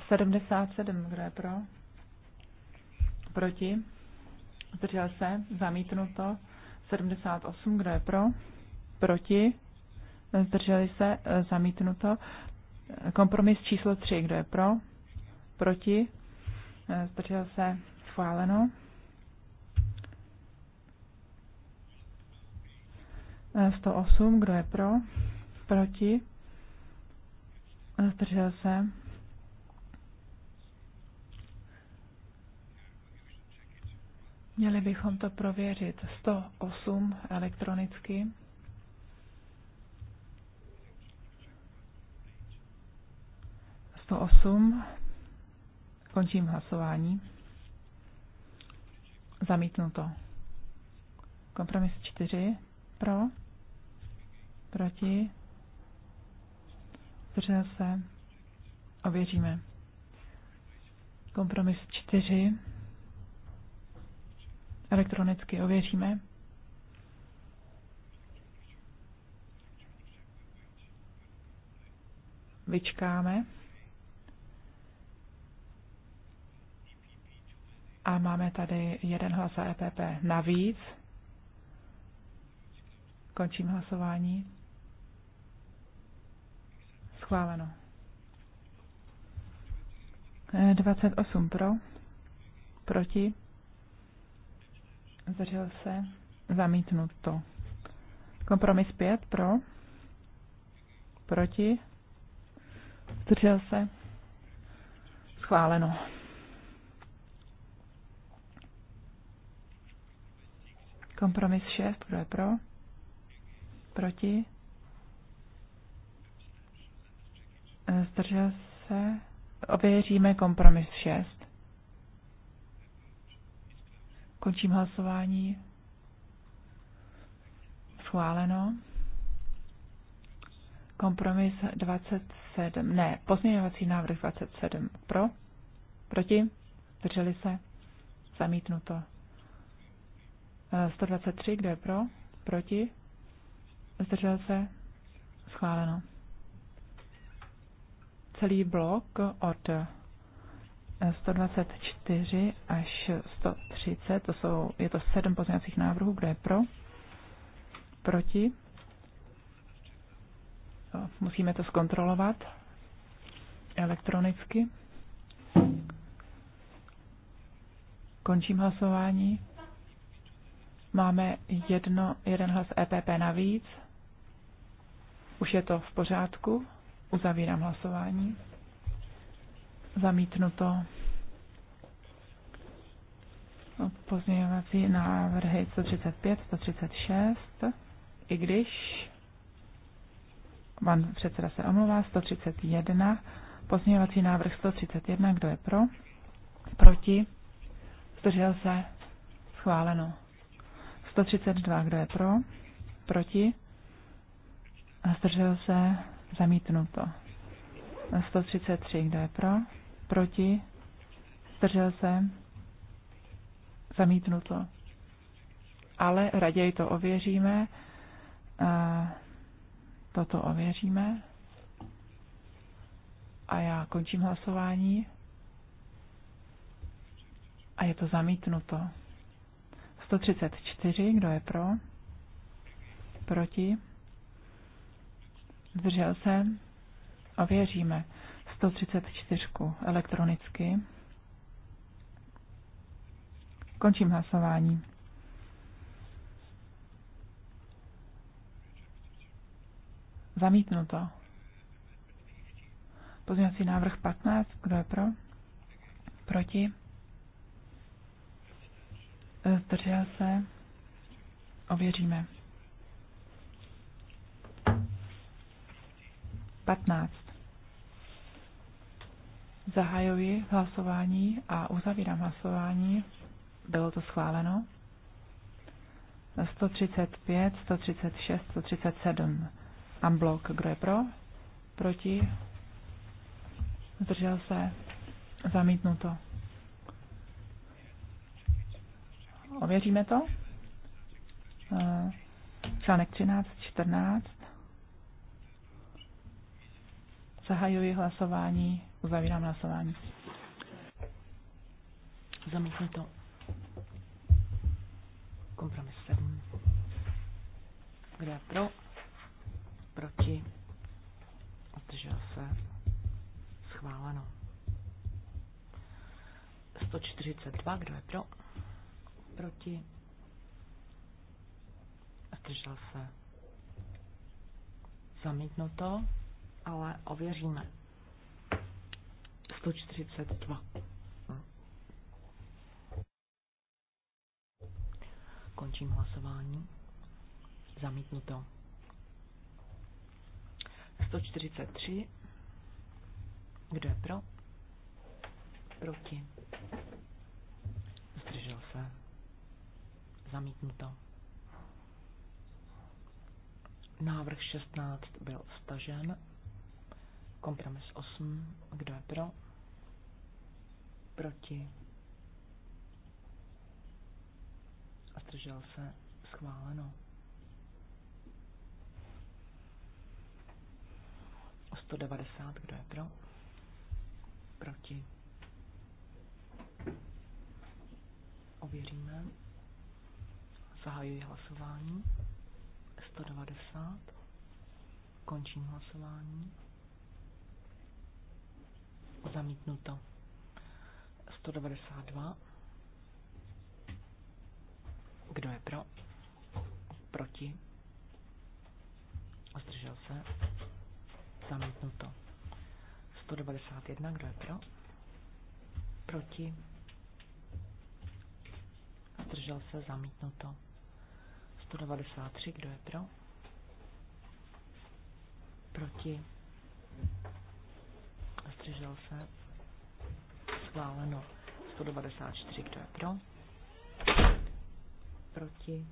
77. Kdo je pro? Proti? Zdržel se? Zamítnuto. 78. Kdo je pro? Proti? Zdrželi se? Zamítnuto. Kompromis číslo 3. Kdo je pro? Proti? Zdržel se? Schváleno. 108, kdo je pro? Proti? Zdržel se? Měli bychom to prověřit. 108 elektronicky. osm Končím hlasování. Zamítnuto. Kompromis 4. Pro? Proti? Zdržel se? Ověříme. Kompromis 4. Elektronicky ověříme. Vyčkáme. A máme tady jeden hlas EPP navíc. Končím hlasování. Schváleno. 28 eh, pro, proti, zdržel se, to. Kompromis 5 pro, proti, zdržel se, schváleno. Kompromis 6, kdo je pro? proti, zdržel se, ověříme kompromis 6. Končím hlasování. Schváleno. Kompromis 27, ne, pozměňovací návrh 27 pro, proti, zdrželi se, zamítnuto. 123, eh, kdo je pro, proti, zdržel se, schváleno. Celý blok od 124 až 130, to jsou, je to sedm pozměňovacích návrhů, kde je pro, proti, no, musíme to zkontrolovat elektronicky. Končím hlasování. Máme jedno, jeden hlas EPP navíc. Už je to v pořádku. Uzavírám hlasování. Zamítnuto. Pozměňovací návrhy 135, 136, i když pan předseda se omlouvá, 131, pozměňovací návrh 131, kdo je pro, proti, zdržel se, schváleno. 132, kdo je pro, proti, zdržel se, zamítnuto. 133, kdo je pro, proti, zdržel se, zamítnuto. Ale raději to ověříme, toto ověříme a já končím hlasování a je to zamítnuto. 134, kdo je pro? Proti? zdržel se, ověříme 134 elektronicky. Končím hlasování. Zamítnuto. Pozměňovací návrh 15. Kdo je pro? Proti? Zdržel se? Ověříme. 15. Zahajuji hlasování a uzavírám hlasování. Bylo to schváleno. 135, 136, 137. Amblok, kdo je pro? Proti? Zdržel se? Zamítnuto. Ověříme to? Eh, článek 13, 14. Zahajuji hlasování, uzavírám hlasování. Zamítnu to. Kompromis 7. Kdo je pro? Proti? Zdržel se? Schváleno. 142. Kdo je pro? Proti? Zdržel se? Zamítnuto ale ověříme. 142. Končím hlasování. Zamítnuto. 143. Kdo je pro? Proti. Zdržel se. Zamítnuto. Návrh 16 byl stažen. Kompromis 8. Kdo je pro? Proti? A zdržel se? Schváleno. 190. Kdo je pro? Proti? Ověříme. Zahajuji hlasování. 190. Končím hlasování. Zamítnuto. 192. Kdo je pro? Proti? Zdržel se? Zamítnuto. 191. Kdo je pro? Proti? Zdržel se? Zamítnuto. 193. Kdo je pro? Proti? zdržel se, schváleno 194, kdo je pro, proti,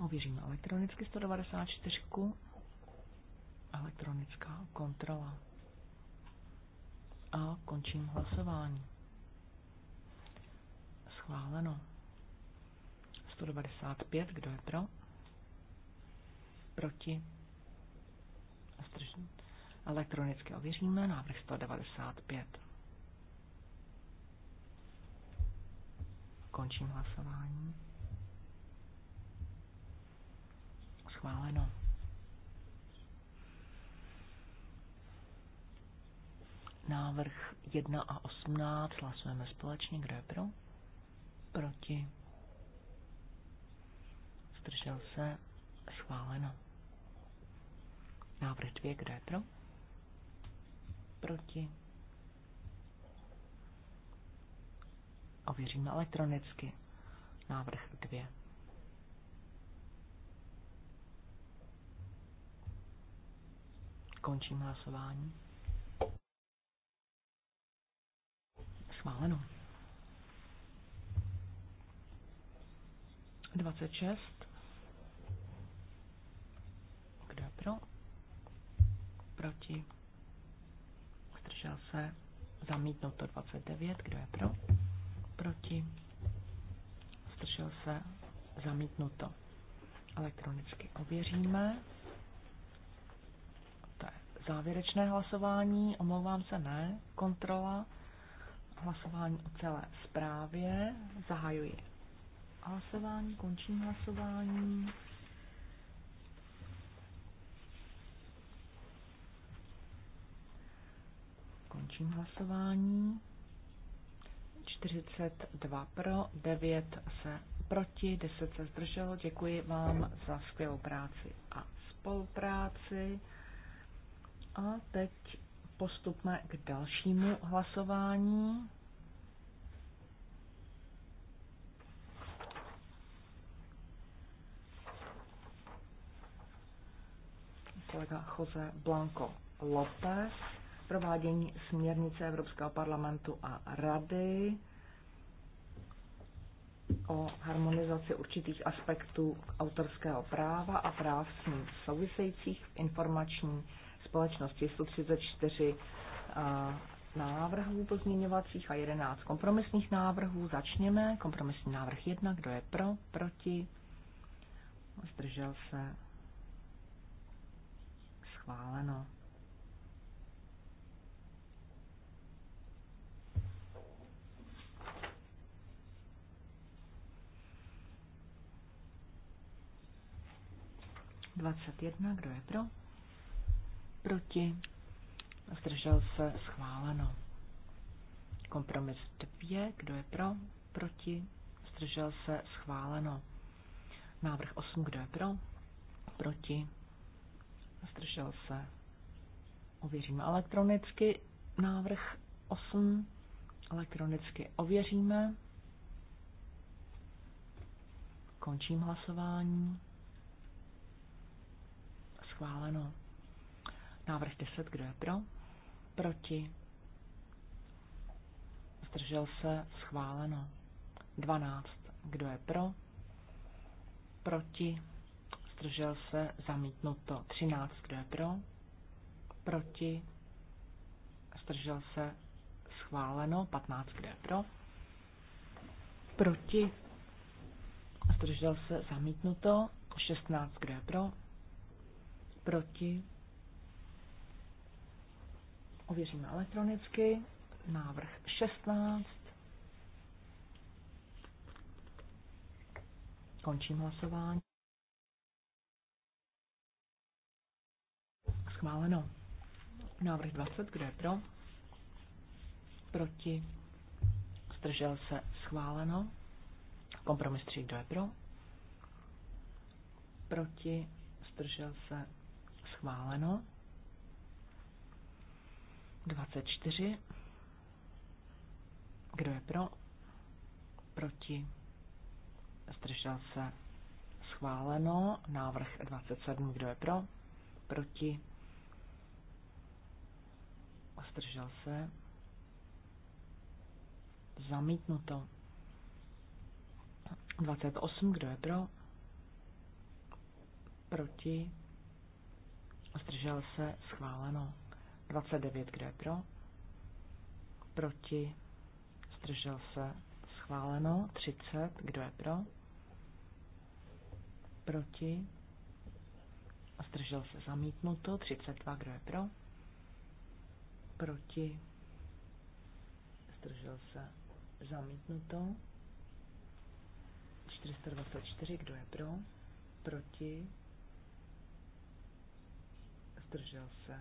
ověříme elektronicky 194, elektronická kontrola. A končím hlasování. Schváleno. 195, kdo je pro? Proti? Elektronicky ověříme návrh 195. Končím hlasování. Schváleno. Návrh 1 a 18 hlasujeme společně. Kdo je pro? Proti. Zdržel se. Schváleno. Návrh dvě kdo je pro? Proti. Ověříme elektronicky. Návrh dvě, Končím hlasování. Schváleno. 26 proti, zdržel se, to 29, kdo je pro, proti, zdržel se, zamítnuto. Elektronicky ověříme. To je závěrečné hlasování, omlouvám se, ne, kontrola, hlasování o celé zprávě, zahajuji hlasování, končím hlasování. Končím hlasování. 42 pro, 9 se proti, 10 se zdrželo. Děkuji vám za skvělou práci a spolupráci. A teď postupme k dalšímu hlasování. Kolega Jose Blanco López provádění směrnice Evropského parlamentu a Rady o harmonizaci určitých aspektů autorského práva a práv s ním souvisejících v informační společnosti 134 eh, návrhů pozměňovacích a 11 kompromisních návrhů. Začněme. Kompromisní návrh 1. Kdo je pro? Proti? Zdržel se? Schváleno. 21, kdo je pro? Proti? Zdržel se schváleno. Kompromis 2, kdo je pro? Proti? Zdržel se schváleno. Návrh 8, kdo je pro? Proti? Zdržel se. Ověříme elektronicky. Návrh 8 elektronicky ověříme. Končím hlasování schváleno. Návrh 10, kdo je pro? Proti. Zdržel se, schváleno. 12, kdo je pro? Proti. Zdržel se, zamítnuto. 13, kdo je pro? Proti. Zdržel se, schváleno. 15, kdo je pro? Proti. Zdržel se, zamítnuto. 16, kdo je pro? proti. Ověříme elektronicky. Návrh 16. Končím hlasování. Schváleno. Návrh 20, Kdo je pro? Proti. Zdržel se. Schváleno. Kompromis 3, kdo je pro? Proti. Zdržel se. Schváleno. 24. Kdo je pro? Proti? Zdržel se? Schváleno. Návrh 27. Kdo je pro? Proti? Zdržel se? Zamítnuto. 28. Kdo je pro? Proti? zdržel se, schváleno. 29, kde pro, proti, zdržel se, schváleno. 30, kdo je pro, proti, zdržel se, zamítnuto. 32, kdo je pro, proti, zdržel se, zamítnuto. 424, kdo je pro, proti, zdržel se.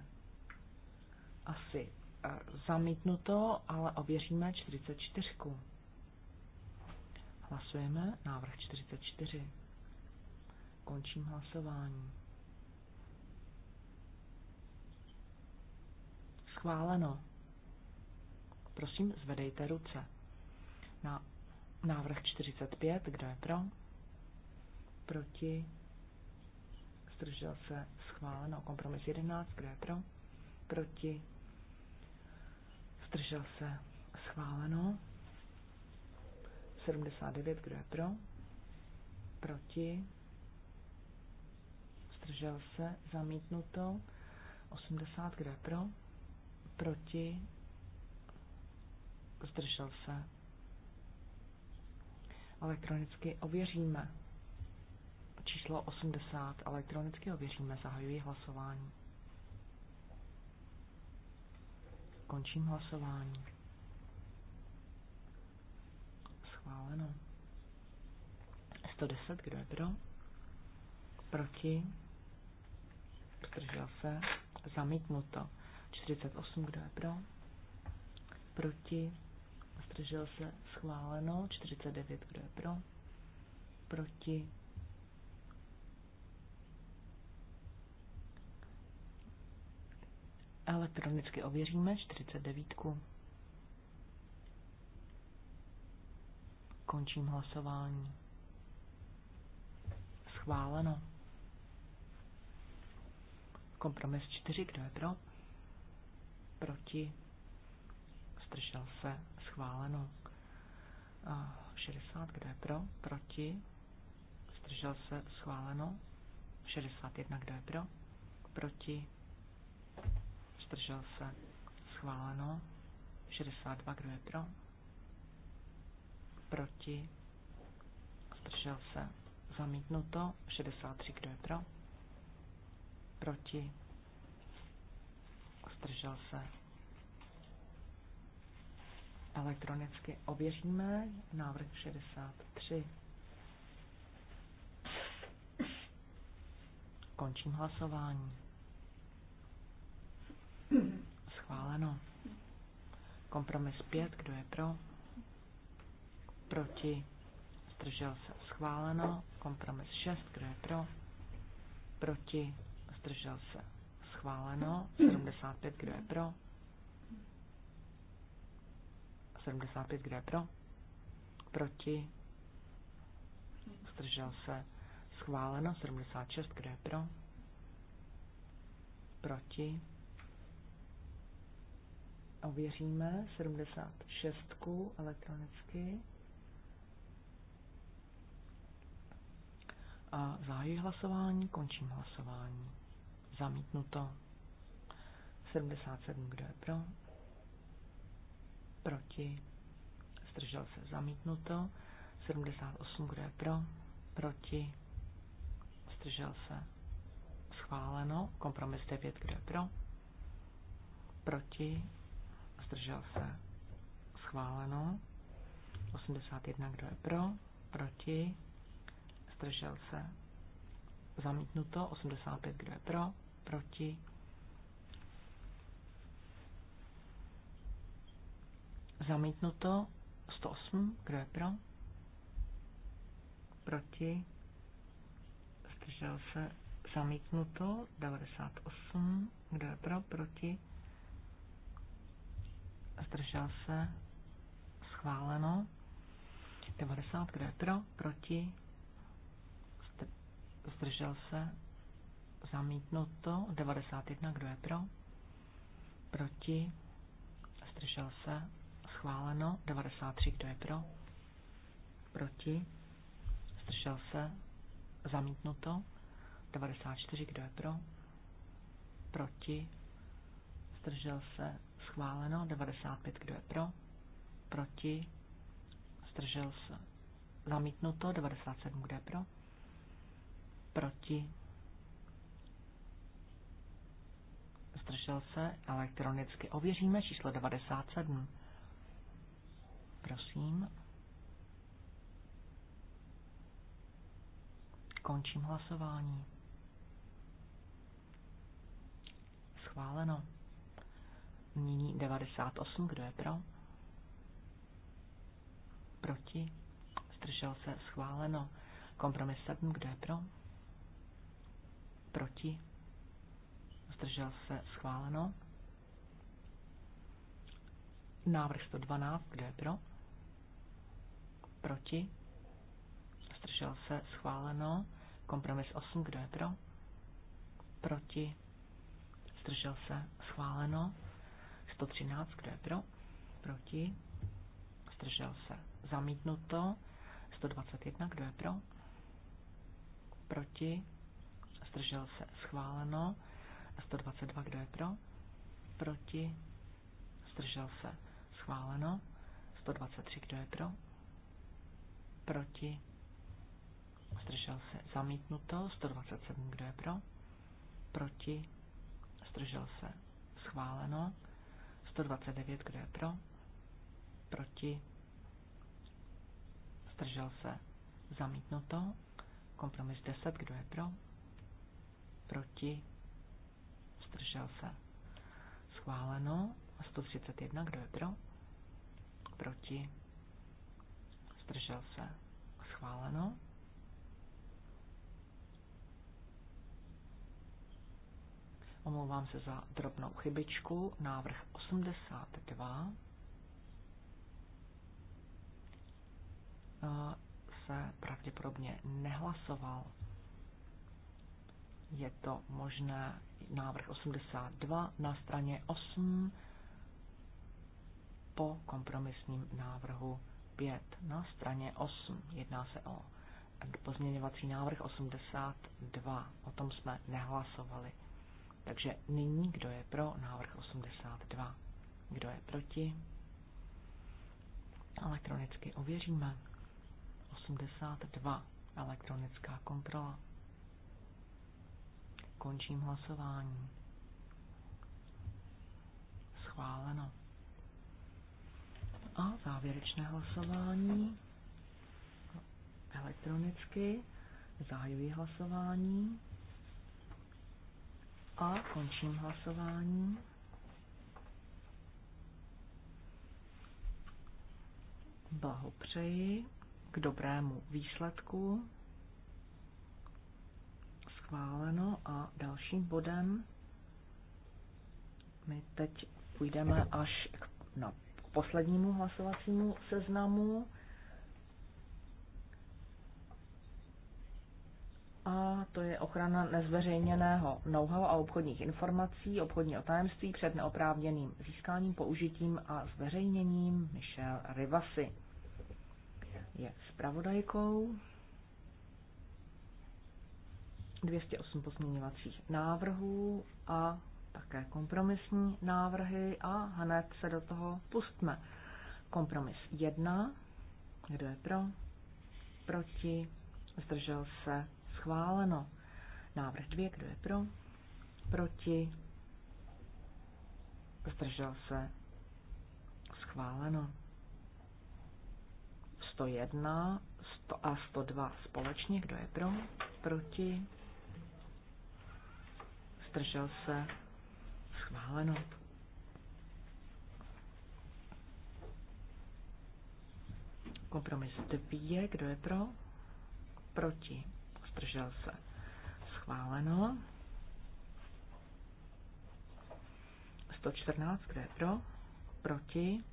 Asi eh, zamítnuto, ale ověříme 44. Hlasujeme návrh 44. Končím hlasování. Schváleno. Prosím, zvedejte ruce. Na návrh 45, kdo je pro? Proti? zdržel se, schváleno. Kompromis 11, kdo je pro, proti, zdržel se, schváleno. 79, kdo je pro, proti, zdržel se, zamítnuto. 80, kdo je pro, proti, zdržel se. Elektronicky ověříme číslo 80. Elektronicky ověříme. Zahajuji hlasování. Končím hlasování. Schváleno. 110. Kdo je pro? Proti? Zdržel se? Zamítnuto. 48. Kdo je pro? Proti? Zdržel se? Schváleno. 49. Kdo je pro? Proti? Elektronicky ověříme 49. Končím hlasování. Schváleno. Kompromis 4, kdo je pro? Proti. Zdržel se. Schváleno. 60, kdo je pro? Proti. Zdržel se. Schváleno. 61, kdo je pro? Proti zdržel se, schváleno. 62, kdo je pro, proti, zdržel se, zamítnuto. 63, kdo je pro, proti, zdržel se. Elektronicky ověříme návrh 63. Končím hlasování. Schváleno. Kompromis 5, kdo je pro? Proti? Zdržel se? Schváleno. Kompromis 6, kdo je pro? Proti? Zdržel se? Schváleno. 75, kdo je pro? 75, kdo je pro? Proti? Zdržel se? Schváleno. 76, kdo je pro? Proti? ověříme 76 elektronicky. A zahájí hlasování, končím hlasování. Zamítnuto. 77, kdo je pro? Proti. Zdržel se zamítnuto. 78, kdo je pro? Proti. Zdržel se. Schváleno. Kompromis 9, kdo je pro? Proti zdržel se, schváleno. 81, kdo je pro, proti, zdržel se, zamítnuto. 85, kdo je pro, proti, zamítnuto. 108, kdo je pro, proti, zdržel se, zamítnuto. 98, kdo je pro, proti, zdržel se, schváleno. 90, kdo je pro, proti, zdržel se, zamítnuto. 91, kdo je pro, proti, zdržel se, schváleno. 93, kdo je pro, proti, zdržel se, zamítnuto. 94, kdo je pro, proti, zdržel se, Schváleno 95, kdo je pro? Proti? Zdržel se. Zamítnuto 97, kdo je pro? Proti? Zdržel se. Elektronicky ověříme číslo 97. Prosím. Končím hlasování. Schváleno. Nyní 98, kdo je pro? Proti? Zdržel se schváleno. Kompromis 7, kdo je pro? Proti? Zdržel se schváleno. Návrh 112, kdo je pro? Proti? Zdržel se schváleno. Kompromis 8, kdo je pro? Proti? Zdržel se schváleno. 113, kdo je pro? Proti? Zdržel se. Zamítnuto. 121, kdo je pro? Proti? Zdržel se. Schváleno. 122, kdo je pro? Proti? Zdržel se. Schváleno. 123, kdo je pro? Proti? Zdržel se. Zamítnuto. 127, kdo je pro? Proti? Zdržel se. Schváleno. 129, kdo je pro? Proti? Zdržel se? Zamítnuto. Kompromis 10, kdo je pro? Proti? Zdržel se? Schváleno. 131, kdo je pro? Proti? Zdržel se? Schváleno. omlouvám se za drobnou chybičku, návrh 82 e, se pravděpodobně nehlasoval. Je to možné návrh 82 na straně 8 po kompromisním návrhu 5 na straně 8. Jedná se o pozměňovací návrh 82. O tom jsme nehlasovali. Takže nyní, kdo je pro návrh 82? Kdo je proti? Elektronicky ověříme. 82. Elektronická kontrola. Končím hlasování. Schváleno. A závěrečné hlasování. Elektronicky. Zahajuji hlasování. A končím hlasování. Blahopřeji k dobrému výsledku. Schváleno a dalším bodem my teď půjdeme až k, no, k poslednímu hlasovacímu seznamu a to je ochrana nezveřejněného know-how a obchodních informací, obchodního tajemství před neoprávněným získáním, použitím a zveřejněním Michelle Rivasi. Je zpravodajkou 208 pozměňovacích návrhů a také kompromisní návrhy a hned se do toho pustme. Kompromis 1. Kdo je pro? Proti? Zdržel se? schváleno. Návrh dvě, kdo je pro? Proti? Zdržel se? Schváleno. 101 100 a 102 společně, kdo je pro? Proti? Zdržel se? Schváleno. Kompromis 2, kdo je pro? Proti zdržel se schváleno. 114, kde je pro, proti,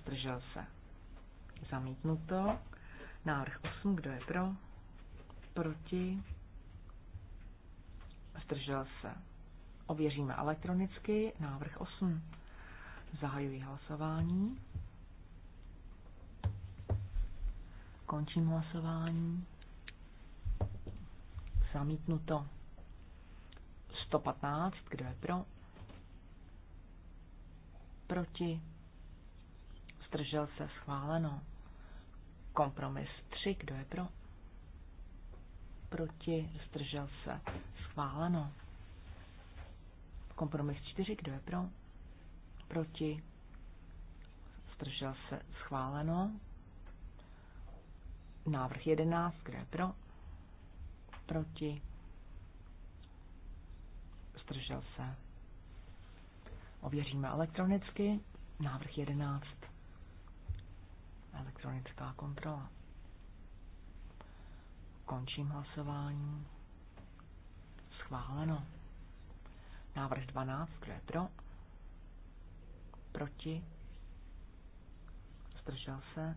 zdržel se zamítnuto. Návrh 8, kdo je pro, proti, zdržel se. Ověříme elektronicky návrh 8. Zahajuji hlasování. Končím hlasování zamítnuto. 115, kdo je pro? Proti? Zdržel se schváleno. Kompromis 3, kdo je pro? Proti? Zdržel se schváleno. Kompromis 4, kdo je pro? Proti? Zdržel se schváleno. Návrh 11, kdo je pro? proti, zdržel se. Ověříme elektronicky, návrh 11, elektronická kontrola. Končím hlasování. Schváleno. Návrh 12, kdo je pro? Proti? Zdržel se?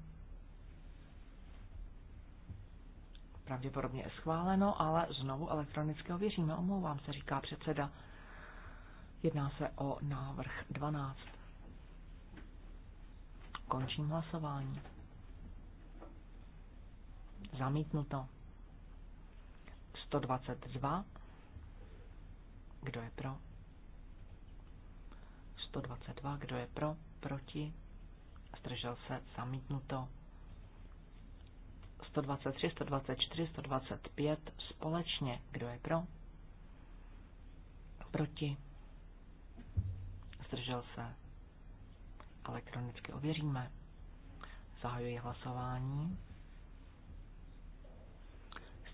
pravděpodobně schváleno, ale znovu elektronicky ověříme. Omlouvám se, říká předseda. Jedná se o návrh 12. Končím hlasování. Zamítnuto. 122. Kdo je pro? 122. Kdo je pro? Proti? Zdržel se. Zamítnuto. 123, 124, 125 společně. Kdo je pro? Proti? Zdržel se? Elektronicky ověříme. Zahajuji hlasování.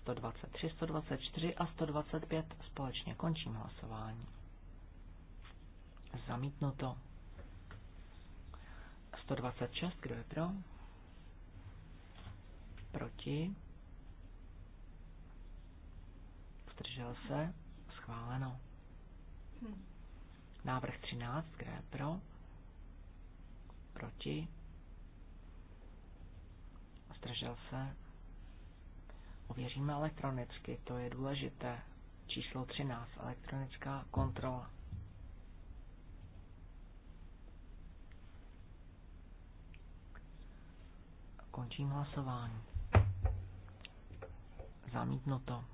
123, 124 a 125 společně. Končím hlasování. Zamítnuto. 126, kdo je pro? Proti? Zdržel se? Schváleno. Hm. Návrh 13, kde je pro? Proti? Zdržel se? Ověříme elektronicky, to je důležité. Číslo 13, elektronická kontrola. Končím hlasování. Zamítnuto.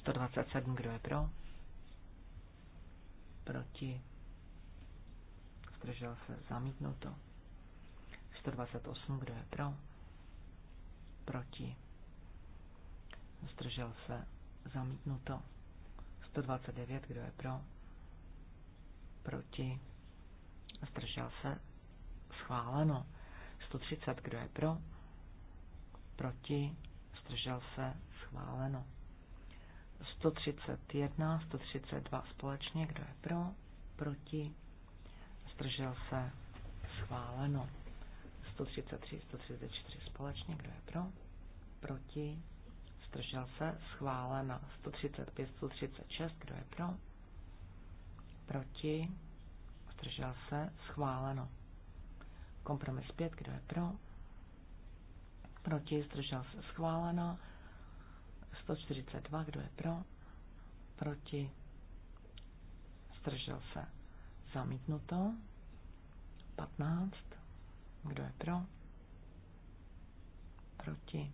127, kdo je pro? Proti. Zdržel se. Zamítnuto. 128, kdo je pro? Proti. Zdržel se. Zamítnuto. 129, kdo je pro? Proti. Zdržel se. Schváleno. 130, kdo je pro? Proti zdržel se, schváleno. 131, 132 společně, kdo je pro, proti, zdržel se, schváleno. 133, 134 společně, kdo je pro, proti, zdržel se, schváleno. 135, 136, kdo je pro, proti, zdržel se, schváleno. Kompromis 5, kdo je pro, proti, zdržel se schváleno. 142, kdo je pro, proti, zdržel se zamítnuto. 15, kdo je pro, proti,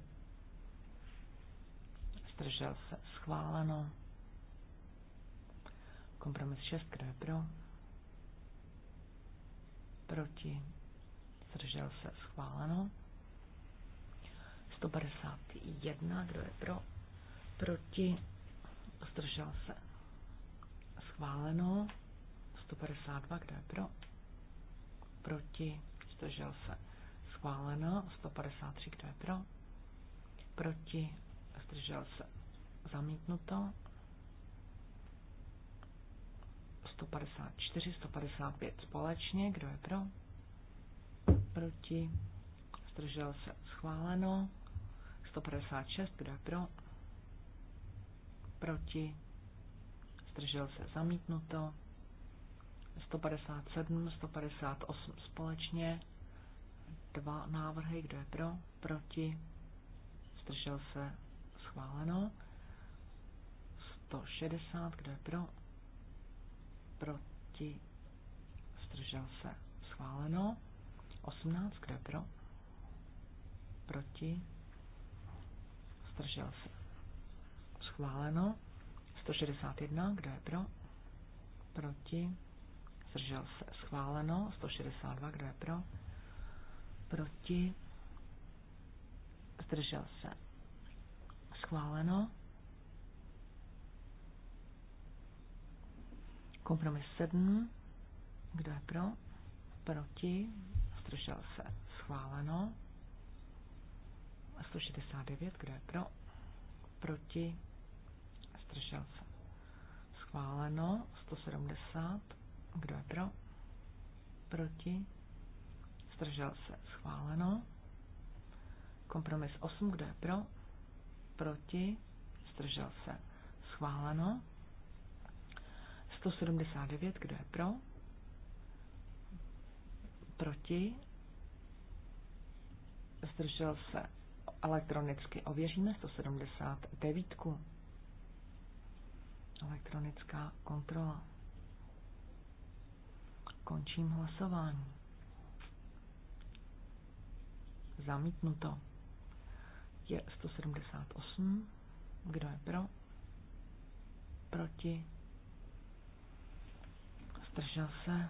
zdržel se schváleno. Kompromis 6, kdo je pro, proti, zdržel se schváleno. 151, kdo je pro, proti, zdržel se. Schváleno. 152, kdo je pro, proti, zdržel se. Schváleno. 153, kdo je pro, proti, zdržel se. Zamítnuto. 154, 155 společně, kdo je pro, proti, zdržel se. Schváleno. 156, kdo je pro, proti, zdržel se zamítnuto, 157, 158 společně, dva návrhy, kdo je pro, proti, zdržel se schváleno, 160, kdo je pro, proti, zdržel se schváleno, 18, kdo je pro, proti, zdržel se. Schváleno. 161, kdo je pro? Proti. Zdržel se. Schváleno. 162, kdo je pro? Proti. Zdržel se. Schváleno. Kompromis 7. Kdo je pro? Proti. Zdržel se. Schváleno. 169, kdo je pro, proti, zdržel se. Schváleno 170, kdo je pro, proti, zdržel se. Schváleno. Kompromis 8, kdo je pro, proti, zdržel se. Schváleno. 179, kdo je pro, proti, zdržel se Elektronicky ověříme 179. Elektronická kontrola. Končím hlasování. Zamítnuto. Je 178. Kdo je pro? Proti? Zdržel se?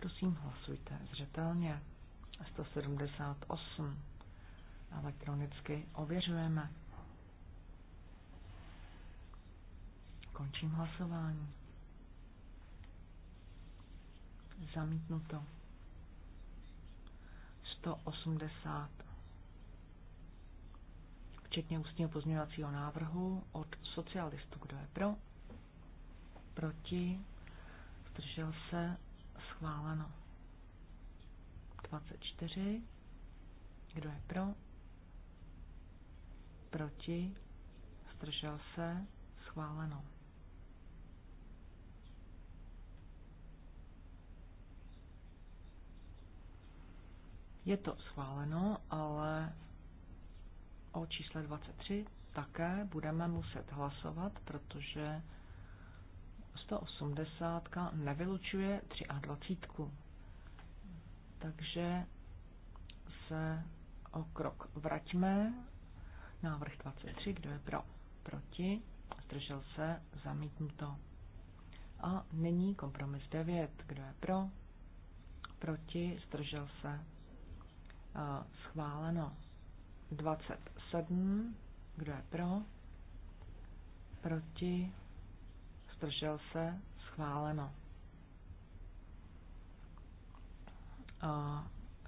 Prosím, hlasujte zřetelně. 178. Elektronicky ověřujeme. Končím hlasování. Zamítnuto. 180. Včetně ústního pozměňovacího návrhu od socialistů. Kdo je pro? Proti? Zdržel se? Schváleno. 24. Kdo je pro? Proti? Zdržel se? Schváleno. Je to schváleno, ale o čísle 23 také budeme muset hlasovat, protože 180 nevylučuje 23. Takže se o krok vraťme. Návrh 23, kdo je pro? Proti? Zdržel se? Zamítnuto. A nyní kompromis 9, eh, kdo je pro? Proti? Zdržel se? Schváleno. 27, kdo je pro? Proti? Zdržel se? Schváleno.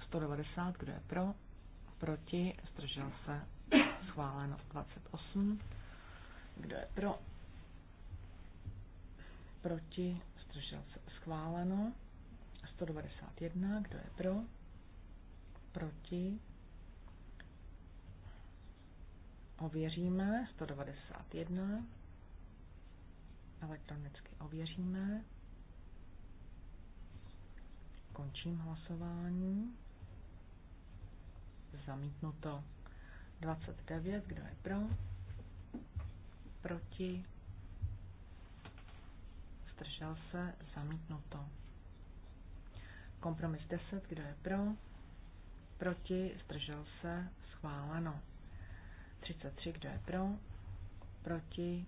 190, kdo je pro? Proti? Zdržel se? Schváleno 28. Kdo je pro? Proti? Zdržel se? Schváleno. 191, kdo je pro? Proti? Ověříme. 191. Elektronicky ověříme. Končím hlasování. Zamítnuto 29. Kdo je pro? Proti? Zdržel se? Zamítnuto. Kompromis 10. Kdo je pro? Proti? Zdržel se? Schváleno. 33. Kdo je pro? Proti?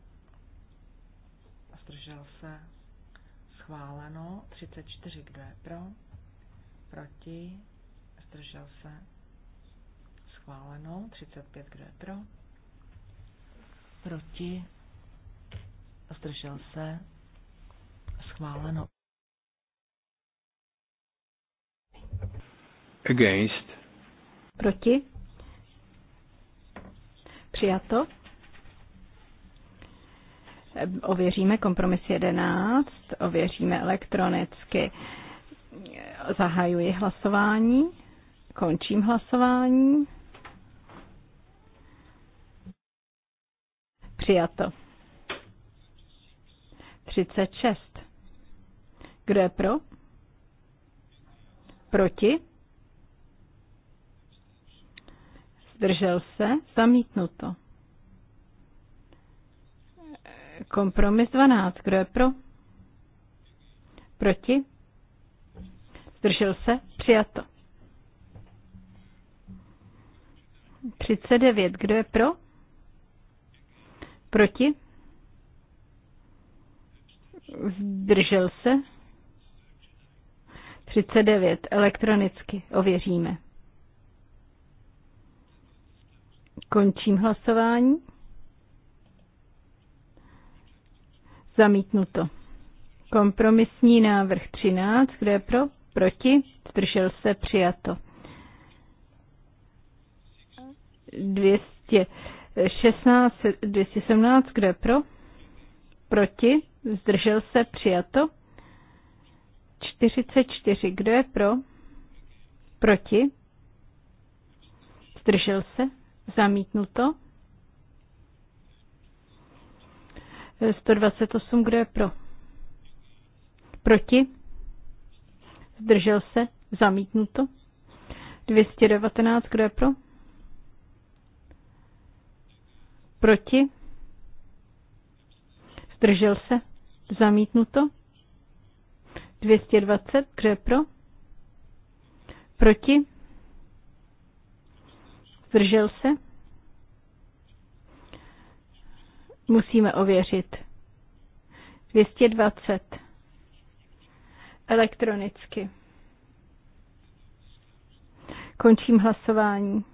Zdržel se? Schváleno. 34. Kdo je pro? proti, zdržel se, schváleno, 35, kdo je pro, proti, zdržel se, schváleno. Against. Proti. Přijato. Ověříme kompromis 11, ověříme elektronicky. Zahajuji hlasování. Končím hlasování. Přijato. 36. Kdo je pro? Proti? Zdržel se? Zamítnuto. Kompromis 12. Kdo je pro? Proti? Zdržel se? Přijato. 39. Kdo je pro? Proti? Zdržel se? 39. Elektronicky ověříme. Končím hlasování. Zamítnuto. Kompromisní návrh 13. Kdo je pro? Proti? Zdržel se přijato. 216, 217, kdo je pro? Proti? Zdržel se přijato. 44, kdo je pro? Proti? Zdržel se? Zamítnuto? 128, kdo je pro? Proti? zdržel se, zamítnuto. 219, kdo je pro? Proti? Zdržel se? Zamítnuto? 220, kdo je pro? Proti? Zdržel se? Musíme ověřit. 220 elektronicky. Končím hlasování.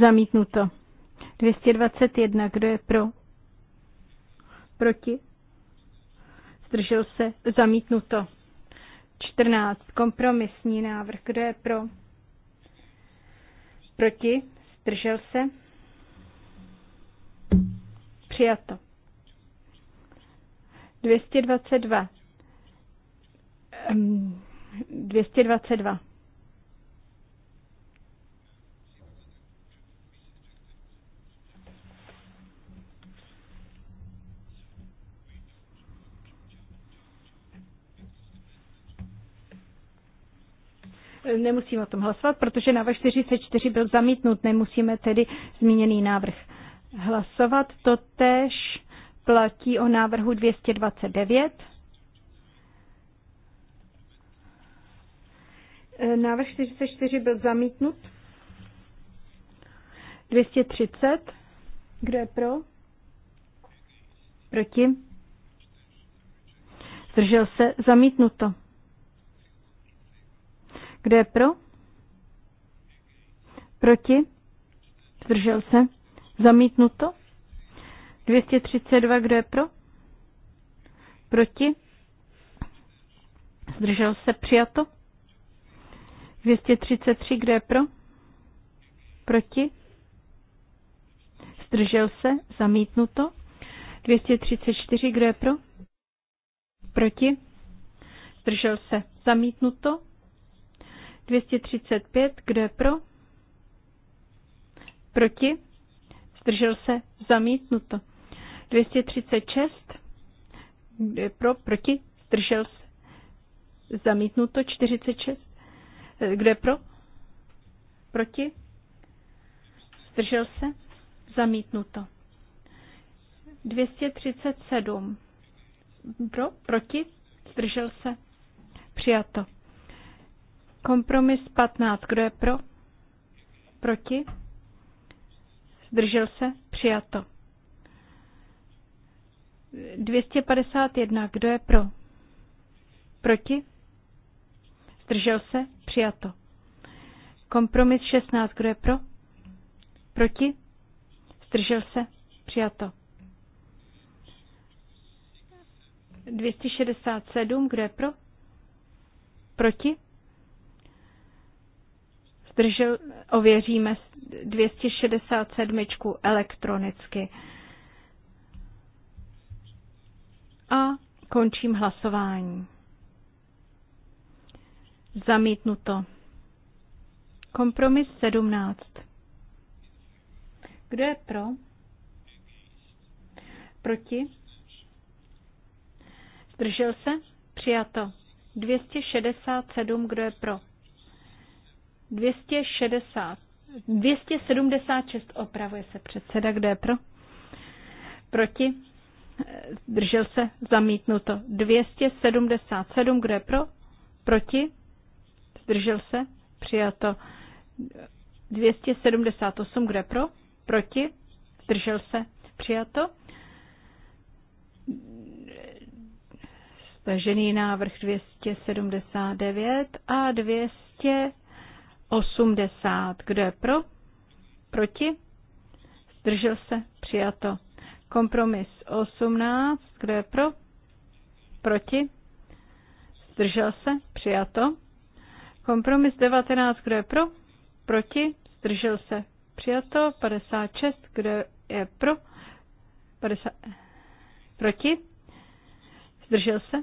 Zamítnuto. 221. Kdo je pro? Proti? Zdržel se? Zamítnuto. 14. Kompromisní návrh. Kdo je pro? Proti? Zdržel se? Přijato. 222. 222. Nemusíme o tom hlasovat, protože návrh 44 byl zamítnut, nemusíme tedy zmíněný návrh hlasovat. Totež platí o návrhu 229. Návrh 44 byl zamítnut. 230. Kdo je pro? Proti? Zdržel se? Zamítnuto. Kdo je pro? Proti? Zdržel se? Zamítnuto. 232, kdo je pro? Proti? Zdržel se přijato? 233, kdo je pro? Proti? Zdržel se? Zamítnuto? 234, kdo je pro? Proti? Zdržel se? Zamítnuto? 235, kdo je pro? Proti? Zdržel se? Zamítnuto. 236 pro, proti, zdržel se. Zamítnuto 46. Kde pro? Proti? Zdržel se? Zamítnuto. 237. Pro? Proti? Zdržel se? Přijato. Kompromis 15. Kdo je pro? Proti? Zdržel se? Přijato. 251. Kdo je pro? Proti? Zdržel se? Přijato. Kompromis 16. Kdo je pro? Proti? Zdržel se? Přijato. 267. Kdo je pro? Proti? Zdržel, ověříme 267 elektronicky. A končím hlasování. Zamítnuto. Kompromis 17. Kdo je pro? Proti? Zdržel se? Přijato. 267, kdo je pro? 260. 276 opravuje se předseda, kdo je pro? Proti? Držel se zamítnuto. 277, kdo je pro? Proti? Zdržel se? Přijato. 278, kdo je pro? Proti? Zdržel se? Přijato. Stažený návrh 279 a 280. Kdo je pro? Proti? Zdržel se? Přijato. Kompromis 18, kdo je pro? Proti? Zdržel se? Přijato. Kompromis 19, kdo je pro? Proti? Zdržel se? Přijato. 56, kdo je pro? 50, proti? Zdržel se?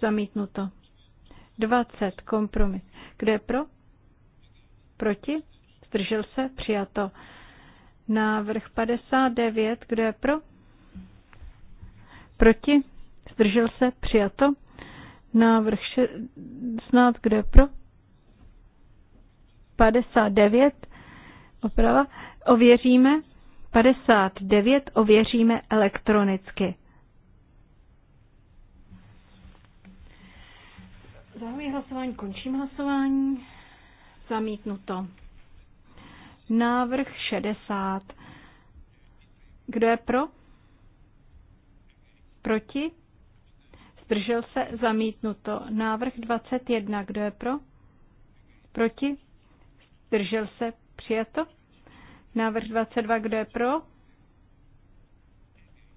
Zamítnuto. 20. Kompromis. Kdo je pro? Proti? Zdržel se? Přijato. Návrh 59. Kdo je pro? Proti? Zdržel se? Přijato. Návrh še... snad kde je pro? 59, oprava. Ověříme. 59 ověříme elektronicky. Zahajuji hlasování, končím hlasování. Zamítnuto. Návrh 60. Kdo je pro? Proti? Zdržel se? Zamítnuto. Návrh 21. Kdo je pro? Proti? Zdržel se? Přijato. Návrh 22. Kdo je pro?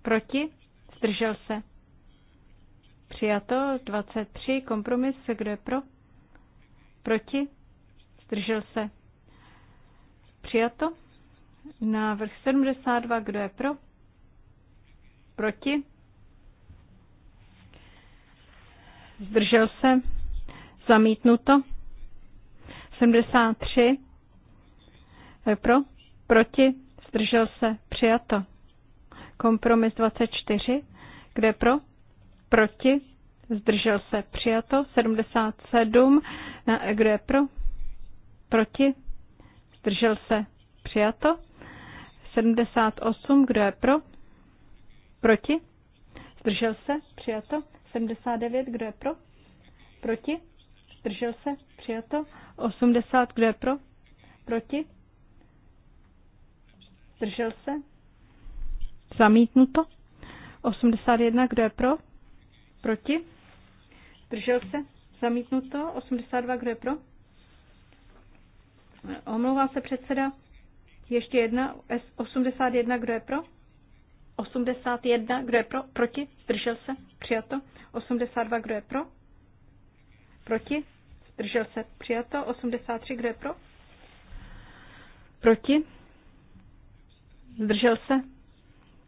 Proti? Zdržel se? Přijato. 23. Kompromis. Kdo je pro? Proti? Zdržel se? Přijato. Návrh 72. Kdo je pro? Proti? zdržel se, zamítnuto. 73 pro, proti, zdržel se, přijato. Kompromis 24, kde pro, proti, zdržel se, přijato. 77, na, kdo je pro, proti, zdržel se, přijato. 78, kdo je pro, proti, zdržel se, přijato. 79, kdo je pro? Proti? držel se? Přijato. 80, kdo je pro? Proti? držel se? Zamítnuto. 81, kdo je pro? Proti? držel se? Zamítnuto. 82, kdo je pro? Omlouvá se předseda. Ještě jedna. 81, kdo je pro? 81, kdo je pro? Proti? Zdržel se? Přijato. 82, kdo je pro? Proti? Zdržel se. Přijato. 83, kdo je pro? Proti? Zdržel se.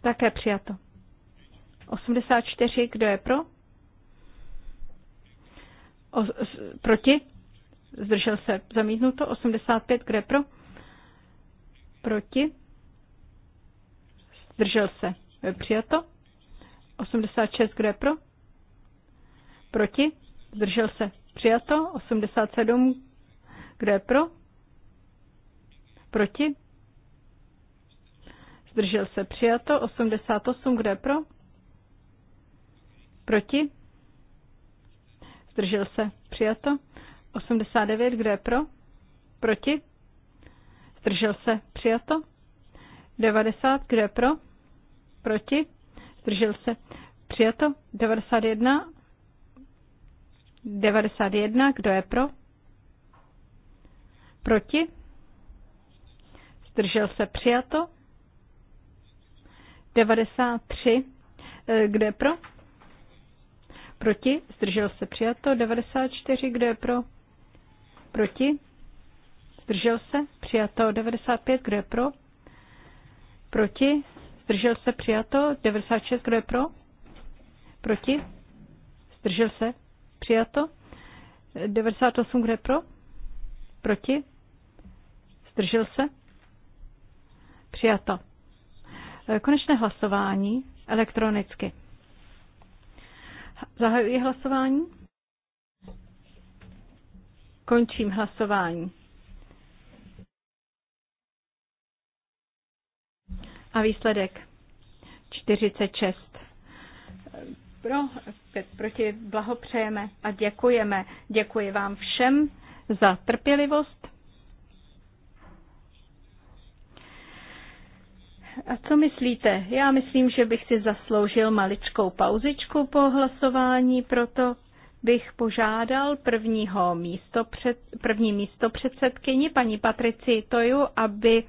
Také přijato. 84, kdo je pro? O, z, proti? Zdržel se. Zamítnuto. 85, kdo je pro? Proti? Zdržel se. Přijato. 86, kdo je pro? Proti? Zdržel se. Přijato. 87. Kdo je pro? Proti? Zdržel se. Přijato. 88. Kdo je pro? Proti? Zdržel se. Přijato. 89. Kdo je pro? Proti? Zdržel se. Přijato. 90. Kdo je pro? Proti? Zdržel se. Přijato. 91. 91. Kdo je pro? Proti? Zdržel se přijato? 93. Eh, kdo je pro? Proti? Zdržel se přijato? 94. Kdo je pro? Proti? Zdržel se? Přijato 95. Kdo je pro? Proti? Zdržel se? Přijato 96. Kdo je pro? Proti? Zdržel se? přijato. 98, kde pro? Proti? Zdržel se? Přijato. Konečné hlasování elektronicky. Zahajuji hlasování. Končím hlasování. A výsledek 46 pro, pět proti, blahopřejeme a děkujeme. Děkuji vám všem za trpělivost. A co myslíte? Já myslím, že bych si zasloužil maličkou pauzičku po hlasování, proto bych požádal prvního místo před, první místo předsedkyni, paní Patrici Toju, aby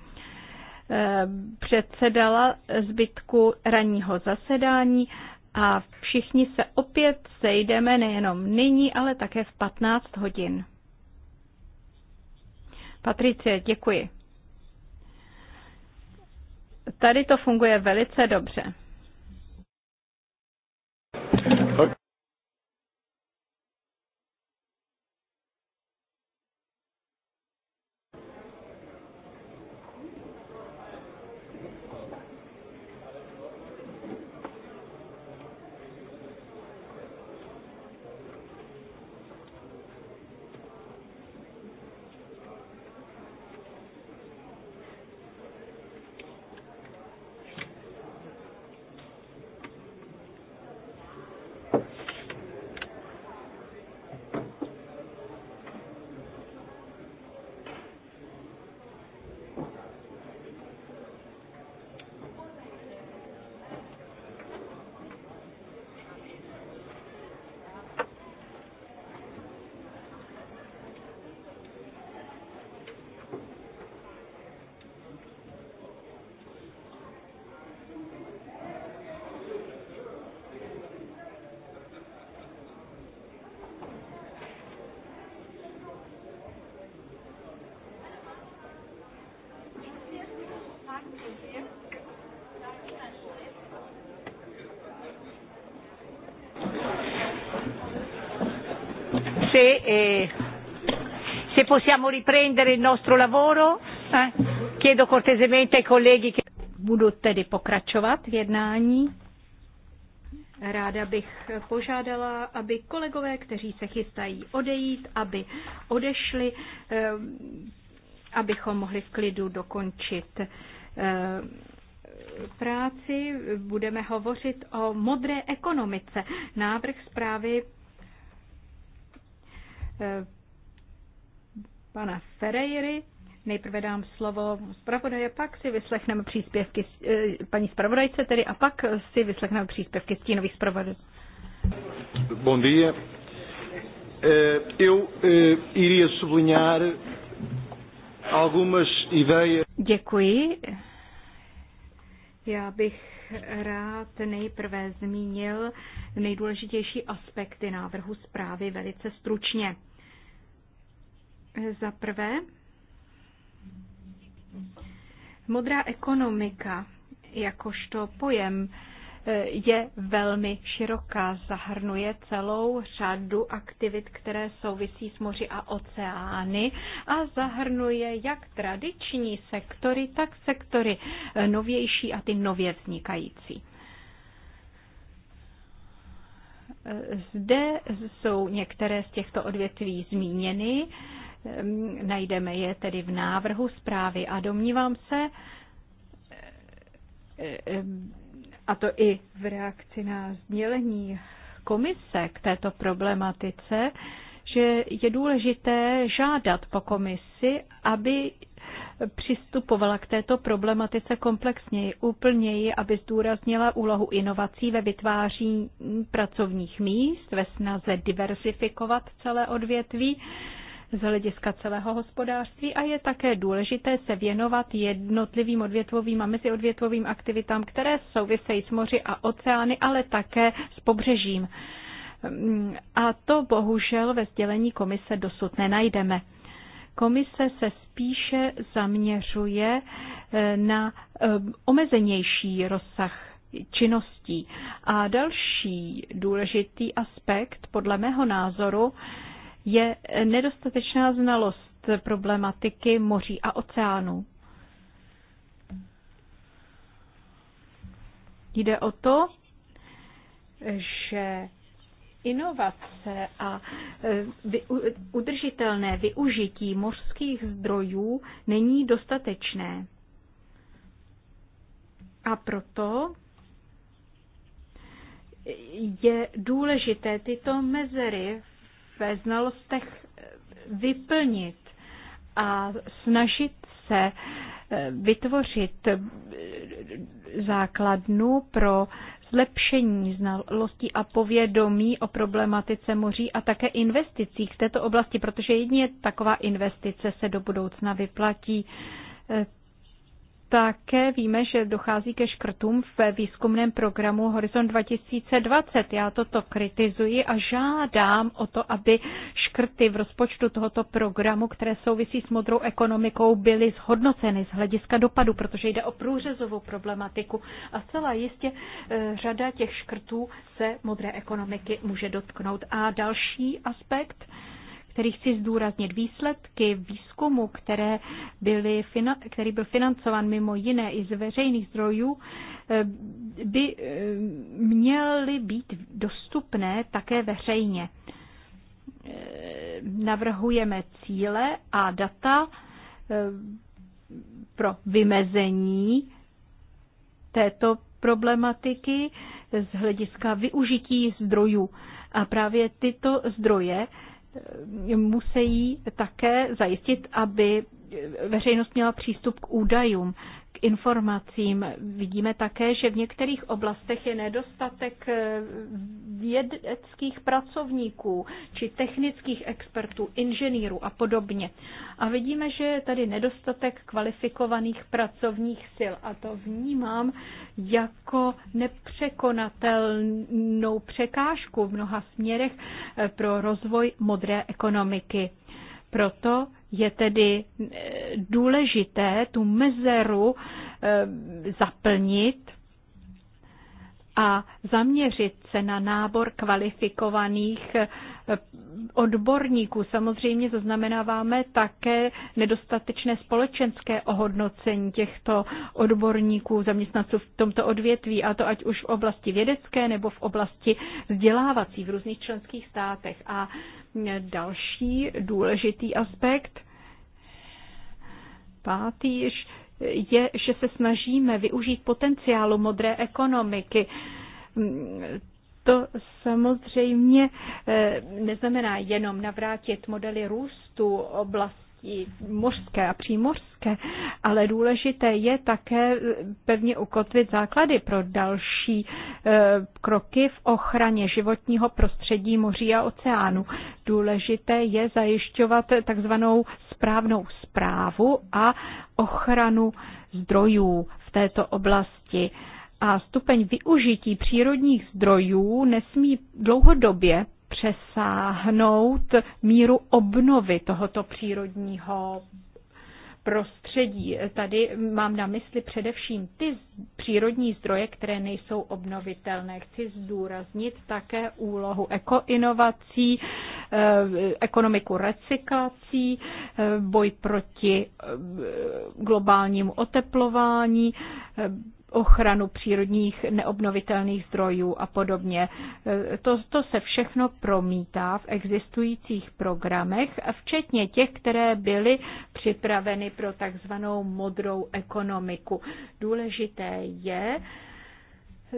eh, předsedala zbytku ranního zasedání a všichni se opět sejdeme nejenom nyní, ale také v 15 hodin. Patrice, děkuji. Tady to funguje velice dobře. e se possiamo riprendere il nostro lavoro. Eh? Chiedo cortesemente ai colleghi che... Budu tedy pokračovat v jednání. Ráda bych požádala, aby kolegové, kteří se chystají odejít, aby odešli, eh, abychom mohli v klidu dokončit eh, práci budeme hovořit o modré ekonomice. Návrh zprávy Eh, pana Ferreiry. Nejprve dám slovo zpravodaje, pak si vyslechneme příspěvky eh, paní zpravodajce tedy a pak si vyslechneme příspěvky stínových zpravodajů. Bom dia. Eh, eu iria sublinhar algumas ideias. Děkuji. Já bych rád nejprve zmínil nejdůležitější aspekty návrhu zprávy velice stručně. Za prvé, modrá ekonomika jakožto pojem eh, je velmi široká, zahrnuje celou řadu aktivit, které souvisí s moři a oceány a zahrnuje jak tradiční sektory, tak sektory eh, novější a ty nově vznikající. Zde jsou některé z těchto odvětví zmíněny, najdeme je tedy v návrhu zprávy a domnívám se, a to i v reakci na sdělení komise k této problematice, že je důležité žádat po komisi, aby přistupovala k této problematice komplexněji, úplněji, aby zdůraznila úlohu inovací ve vytváření pracovních míst, ve snaze diversifikovat celé odvětví z hlediska celého hospodářství a je také důležité se věnovat jednotlivým odvětvovým a meziodvětvovým aktivitám, které souvisejí s moři a oceány, ale také s pobřežím. A to bohužel ve sdělení komise dosud nenajdeme. Komise se spíše zaměřuje eh, na eh, omezenější rozsah činností. A další důležitý aspekt, podle mého názoru, je nedostatečná znalost problematiky moří a oceánů. Jde o to, že inovace a e, udržitelné využití mořských zdrojů není dostatečné. A proto je důležité tyto mezery ve znalostech vyplnit a snažit se e, vytvořit e, základnu pro zlepšení znalostí a povědomí o problematice moří a také investicích v této oblasti, protože jedině taková investice se do budoucna vyplatí. Také víme, že dochází ke škrtům ve výzkumném programu Horizon 2020. Já toto kritizuji a žádám o to, aby škrty v rozpočtu tohoto programu, které souvisí s modrou ekonomikou, byly zhodnoceny z hlediska dopadu, protože jde o průřezovou problematiku. A celá jistě eh, řada těch škrtů se modré ekonomiky může dotknout. A další aspekt který chci zdůraznit. Výsledky výzkumu, které byly, který byl financován mimo jiné i z veřejných zdrojů, eh, by eh, měly být dostupné také veřejně. Eh, navrhujeme cíle a data pro vymezení této problematiky z hlediska využití zdrojů. A právě tyto zdroje musí také zajistit, aby veřejnost měla přístup k údajům k informacím. Vidíme také, že v některých oblastech je nedostatek eh, vědeckých pracovníků či technických expertů, inženýrů a podobně. A vidíme, že je tady nedostatek kvalifikovaných pracovních sil a to vnímám jako nepřekonatelnou překážku v mnoha směrech eh, pro rozvoj modré ekonomiky. Proto je tedy eh, důležité tu mezeru eh, zaplnit a zaměřit se na nábor kvalifikovaných eh, odborníků. Samozřejmě zaznamenáváme také nedostatečné společenské ohodnocení těchto odborníků, zaměstnanců v tomto odvětví, a to ať už v oblasti vědecké nebo v oblasti vzdělávací v různých členských státech. A Vlastně další důležitý aspekt, pátý, je, že se snažíme využít potenciálu modré ekonomiky. To samozřejmě eh, neznamená jenom navrátit modely růstu oblast i mořské a přímořské, ale důležité je také eh, pevně ukotvit základy pro další eh, kroky v ochraně životního prostředí moří a oceánu. Důležité je zajišťovat takzvanou správnou zprávu a ochranu zdrojů v této oblasti. A stupeň využití přírodních zdrojů nesmí dlouhodobě přesáhnout míru obnovy tohoto přírodního prostředí. Tady mám na mysli především ty přírodní zdroje, které nejsou obnovitelné. Chci zdůraznit také úlohu ekoinovací, eh, ekonomiku recyklací, eh, boj proti eh, globálnímu oteplování, ochranu přírodních neobnovitelných zdrojů a podobně. To, to se všechno promítá v existujících programech, včetně těch, které byly připraveny pro takzvanou modrou ekonomiku. Důležité je,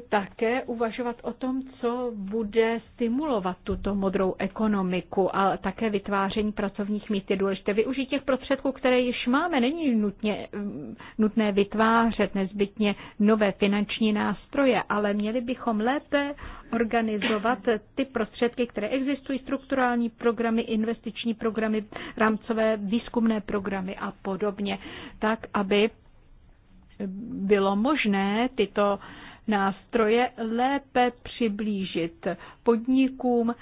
také uvažovat o tom, co bude stimulovat tuto modrou ekonomiku a také vytváření pracovních míst. Je důležité využít těch prostředků, které již máme. Není nutně, mm, nutné vytvářet nezbytně nové finanční nástroje, ale měli bychom lépe organizovat ty prostředky, které existují, strukturální programy, investiční programy, rámcové výzkumné programy a podobně, tak, aby bylo možné tyto nástroje lépe přiblížit podnikům,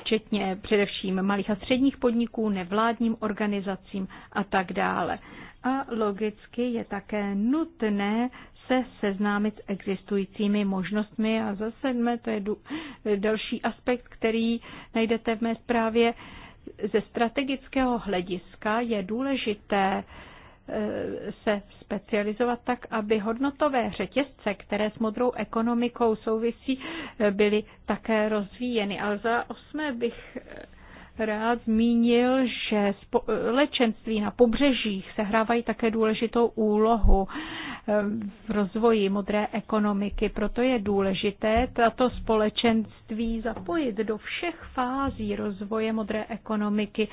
včetně především malých a středních podniků, nevládním organizacím a tak dále. A logicky je také nutné se seznámit s existujícími možnostmi. A zase sedmé, to je další aspekt, který najdete v mé zprávě, ze strategického hlediska je důležité Eh, se specializovat tak, aby hodnotové řetězce, které s modrou ekonomikou souvisí, eh, byly také rozvíjeny. Ale za osmé bych eh, rád zmínil, že společenství na pobřežích sehrávají také důležitou úlohu eh, v rozvoji modré ekonomiky. Proto je důležité tato společenství zapojit do všech fází rozvoje modré ekonomiky.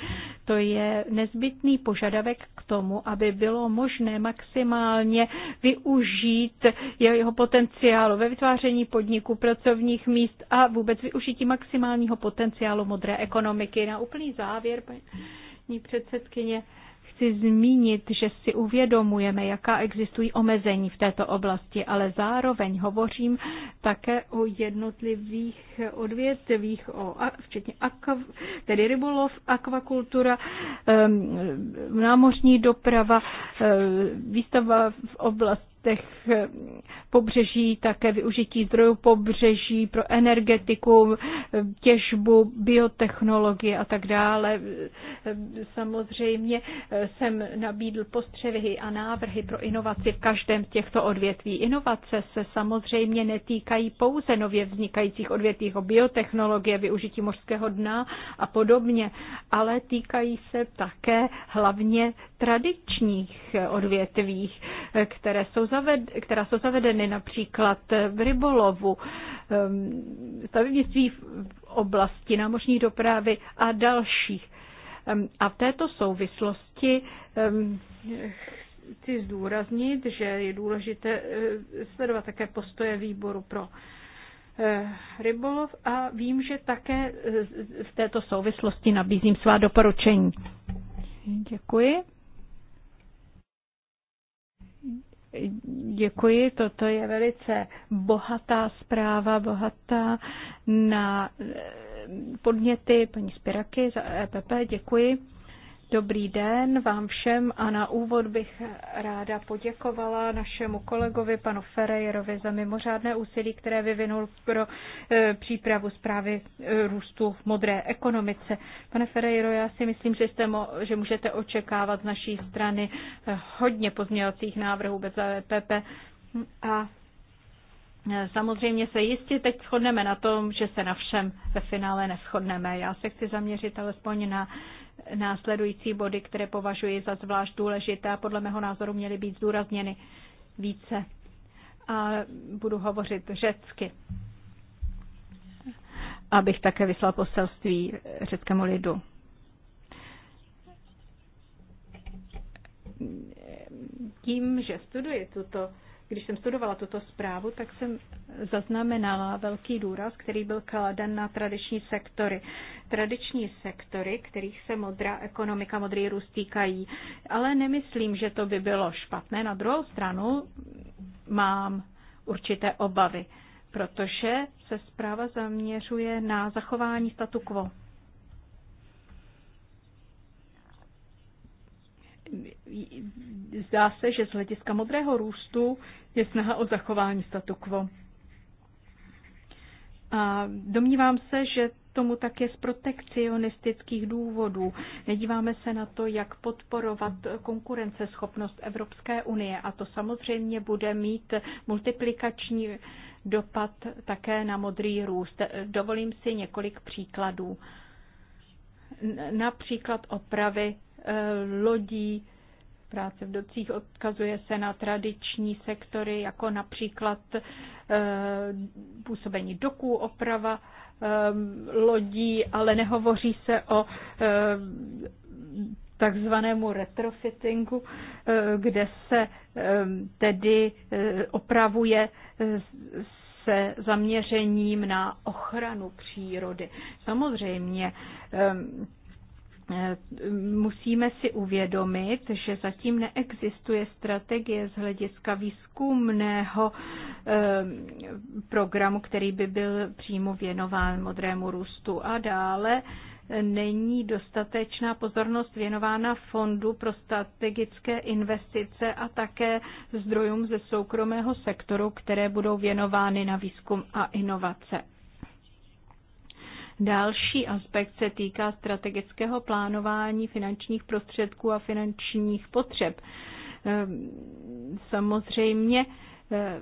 To je nezbytný požadavek k tomu, aby bylo možné maximálně využít jeho potenciálu ve vytváření podniků, pracovních míst a vůbec využití maximálního potenciálu modré ekonomiky. Na úplný závěr, paní předsedkyně, chci zmínit, že si uvědomujeme, jaká existují omezení v této oblasti, ale zároveň hovořím také o jednotlivých odvětvích, o, včetně akav, tedy rybolov, akvakultura, námořní doprava, výstava v oblasti oblastech eh, pobřeží, také využití zdrojů pobřeží pro energetiku, eh, těžbu, biotechnologie a tak dále. Eh, samozřejmě jsem nabídl postřehy a návrhy pro inovaci v každém z těchto odvětví. Inovace se samozřejmě netýkají pouze nově vznikajících odvětví o jako biotechnologie, využití mořského dna a podobně, ale týkají se také hlavně tradičních odvětvích, které jsou zaved, která jsou zavedeny například v rybolovu, ehm, stavebnictví v oblasti námořní dopravy a dalších. Ehm, a v této souvislosti ehm, chci zdůraznit, že je důležité eh, sledovat také postoje výboru pro eh, rybolov a vím, že také v eh, této souvislosti nabízím svá doporučení. Děkuji. Děkuji, toto je velice bohatá zpráva, bohatá na eh, podněty paní Spiraky za EPP, děkuji. Dobrý den vám všem a na úvod bych ráda poděkovala našemu kolegovi panu Ferejerovi za mimořádné úsilí, které vyvinul pro e, přípravu zprávy e, růstu v modré ekonomice. Pane Ferejero, já si myslím, že, jste mo, že můžete očekávat z naší strany e, hodně pozměňovacích návrhů bez PP e a e, Samozřejmě se jistě teď shodneme na tom, že se na všem ve finále neschodneme. Já se chci zaměřit alespoň na následující body, které považuji za zvlášť důležité a podle mého názoru měly být zdůrazněny více. A budu hovořit řecky, abych také vyslal poselství řeckému lidu. Tím, že studuji tuto když jsem studovala tuto zprávu, tak jsem zaznamenala velký důraz, který byl kladen na tradiční sektory. Tradiční sektory, kterých se modrá ekonomika, modrý růst týkají. Ale nemyslím, že to by bylo špatné. Na druhou stranu mám určité obavy, protože se zpráva zaměřuje na zachování statu quo zdá se, že z hlediska modrého růstu je snaha o zachování statu quo. A domnívám se, že tomu tak je z protekcionistických důvodů. Nedíváme se na to, jak podporovat konkurenceschopnost Evropské unie a to samozřejmě bude mít multiplikační dopad také na modrý růst. Dovolím si několik příkladů. Například opravy eh, lodí, práce v docích, odkazuje se na tradiční sektory, jako například eh, působení doků, oprava eh, lodí, ale nehovoří se o eh, takzvanému retrofittingu, kde se tedy opravuje se zaměřením na ochranu přírody. Samozřejmě musíme si uvědomit, že zatím neexistuje strategie z hlediska výzkumného ehm, programu, který by byl přímo věnován modrému růstu a dále není dostatečná pozornost věnována fondu pro strategické investice a také zdrojům ze soukromého sektoru, které budou věnovány na výzkum a inovace. Další aspekt se týká strategického plánování finančních prostředků a finančních potřeb. Ehm, samozřejmě ehm,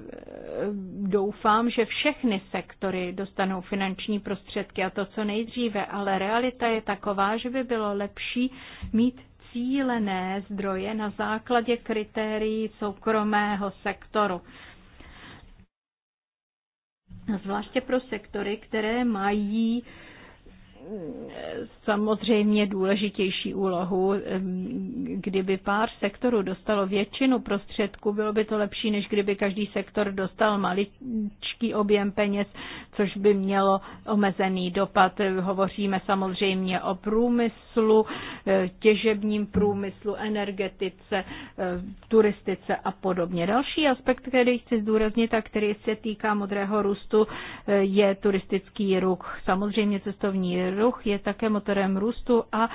doufám, že všechny sektory dostanou finanční prostředky a to co nejdříve, ale realita je taková, že by bylo lepší mít cílené zdroje na základě kritérií soukromého sektoru. Zvláště pro sektory, které mají samozřejmě důležitější úlohu. Kdyby pár sektorů dostalo většinu prostředků, bylo by to lepší, než kdyby každý sektor dostal maličký objem peněz, což by mělo omezený dopad. Hovoříme samozřejmě o průmyslu, eh, těžebním průmyslu, energetice, eh, turistice a podobně. Další aspekt, který chci zdůraznit a který se týká modrého růstu, eh, je turistický ruch. Samozřejmě cestovní ruch je také motorem růstu a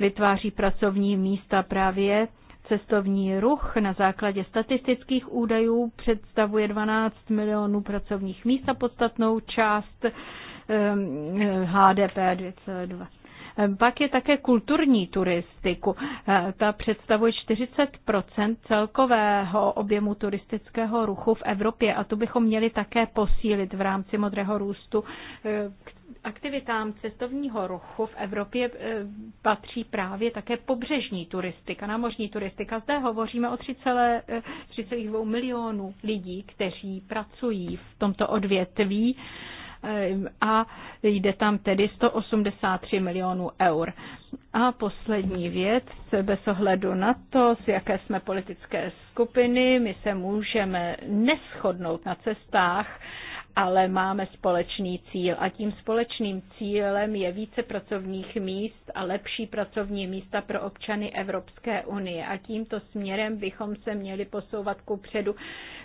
vytváří pracovní místa právě Cestovní ruch na základě statistických údajů představuje 12 milionů pracovních míst a podstatnou část HDP ehm, 2,2. Ehm, pak je také kulturní turistiku. Ehm, ta představuje 40 celkového objemu turistického ruchu v Evropě a tu bychom měli také posílit v rámci modrého růstu, aktivitám cestovního ruchu v Evropě eh, patří právě také pobřežní turistika, námořní turistika. Zde hovoříme o 3,2 eh, milionů lidí, kteří pracují v tomto odvětví eh, a jde tam tedy 183 milionů eur. A poslední věc, bez ohledu na to, z jaké jsme politické skupiny, my se můžeme neschodnout na cestách, ale máme společný cíl a tím společným cílem je více pracovních míst a lepší pracovní místa pro občany Evropské unie a tímto směrem bychom se měli posouvat ku předu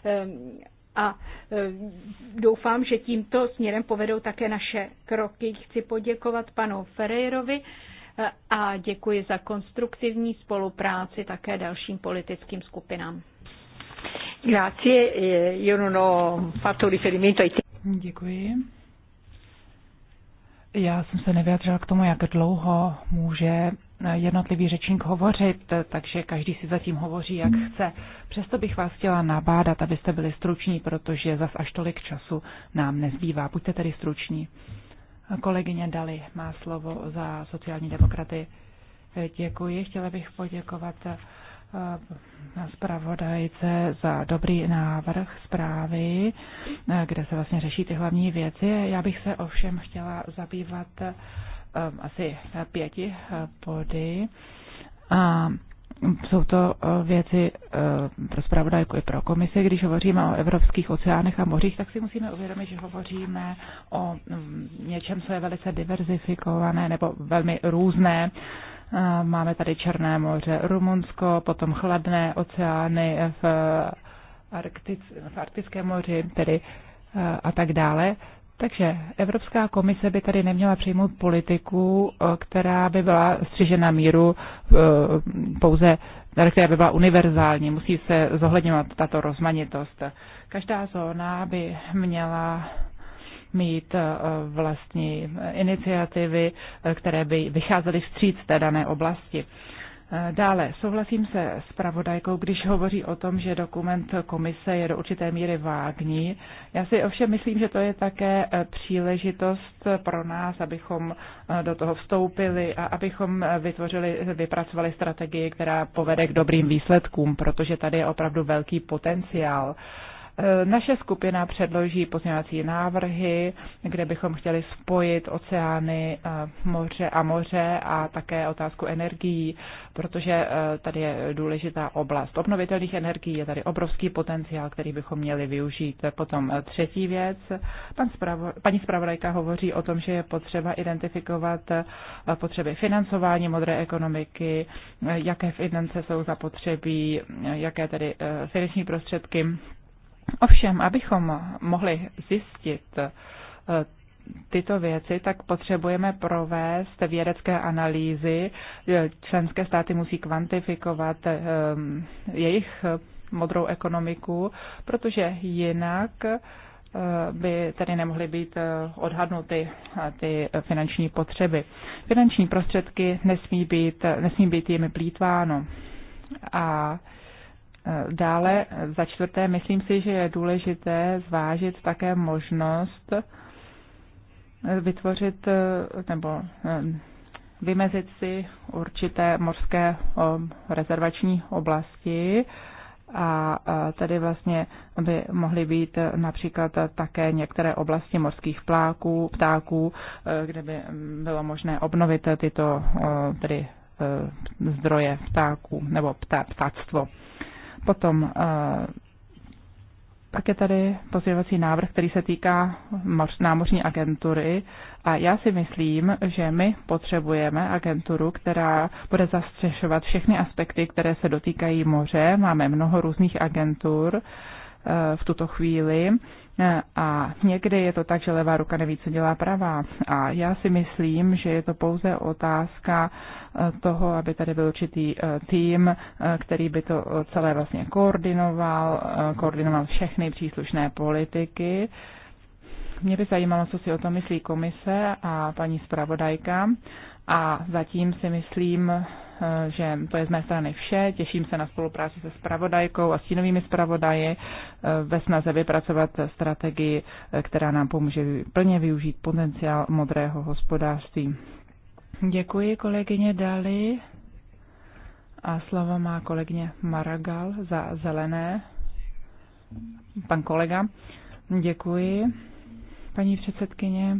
ehm, a ehm, doufám, že tímto směrem povedou také naše kroky. Chci poděkovat panu Ferreirovi ehm, a děkuji za konstruktivní spolupráci také dalším politickým skupinám. Grazie, e io non ho fatto riferimento ai tempi. Děkuji. Já jsem se nevyjadřila k tomu, jak dlouho může jednotlivý řečník hovořit, takže každý si zatím hovoří, jak chce. Přesto bych vás chtěla nabádat, abyste byli struční, protože zas až tolik času nám nezbývá. Buďte tedy struční. Kolegyně Dali má slovo za sociální demokraty. Děkuji. Chtěla bych poděkovat Eh, zpravodajce za dobrý návrh zprávy, eh, kde se vlastně řeší ty hlavní věci. Já bych se ovšem chtěla zabývat eh, asi pěti body. A jsou to věci pro zpravodajku i pro komisi. Když hovoříme o evropských oceánech a mořích, tak si musíme uvědomit, že hovoříme o mm, něčem, co je velice diverzifikované nebo velmi různé Máme tady Černé moře, Rumunsko, potom chladné oceány v, Arktic, v Arktickém moři tedy a tak dále. Takže Evropská komise by tady neměla přijmout politiku, která by byla střižena míru pouze, která by byla univerzální. Musí se zohledňovat tato rozmanitost. Každá zóna by měla mít eh, vlastní iniciativy, eh, které by vycházely vstříc té dané oblasti. Eh, dále souhlasím se s pravodajkou, když hovoří o tom, že dokument komise je do určité míry vágní. Já si ovšem myslím, že to je také příležitost pro nás, abychom do toho vstoupili a abychom vytvořili, vypracovali strategii, která povede k dobrým výsledkům, protože tady je opravdu velký potenciál Eh, naše skupina předloží pozměňovací návrhy, kde bychom chtěli spojit oceány, eh, moře a moře a také otázku energií, protože eh, tady je důležitá oblast obnovitelných energií, je tady obrovský potenciál, který bychom měli využít. Potom třetí věc, pan spravo, paní zpravodajka hovoří o tom, že je potřeba identifikovat potřeby financování modré ekonomiky, jaké finance jsou zapotřebí, jaké tedy finanční prostředky Ovšem, abychom mohli zjistit eh, tyto věci, tak potřebujeme provést vědecké analýzy. Eh, členské státy musí kvantifikovat eh, jejich modrou ekonomiku, protože jinak by tedy nemohly být odhadnuty ty finanční potřeby. Finanční prostředky nesmí být, nesmí být jimi plítváno. A Dále za čtvrté, myslím si, že je důležité zvážit také možnost vytvořit eh, nebo eh, vymezit si určité mořské rezervační oblasti a eh, tady vlastně by mohly být například také některé oblasti mořských pláků, ptáků, kde by mm, bylo možné obnovit tyto tedy zdroje ptáků nebo ptá, ptáctvo. Potom eh, pak je tady pozměňovací návrh, který se týká námořní agentury a já si myslím, že my potřebujeme agenturu, která bude zastřešovat všechny aspekty, které se dotýkají moře. Máme mnoho různých agentur eh, v tuto chvíli eh, a někdy je to tak, že levá ruka neví, co dělá pravá. A já si myslím, že je to pouze otázka toho, aby tady byl určitý eh, tým, eh, který by to celé vlastně koordinoval, eh, koordinoval všechny příslušné politiky. Mě by zajímalo, co si o tom myslí komise a paní zpravodajka. A zatím si myslím, že to je z mé strany vše. Těším se na spolupráci se spravodajkou a stínovými spravodaji ve snaze vypracovat strategii, která nám pomůže plně využít potenciál modrého hospodářství. Děkuji kolegyně Dali a slovo má kolegyně Maragal za zelené. Pan kolega, děkuji. Paní předsedkyně,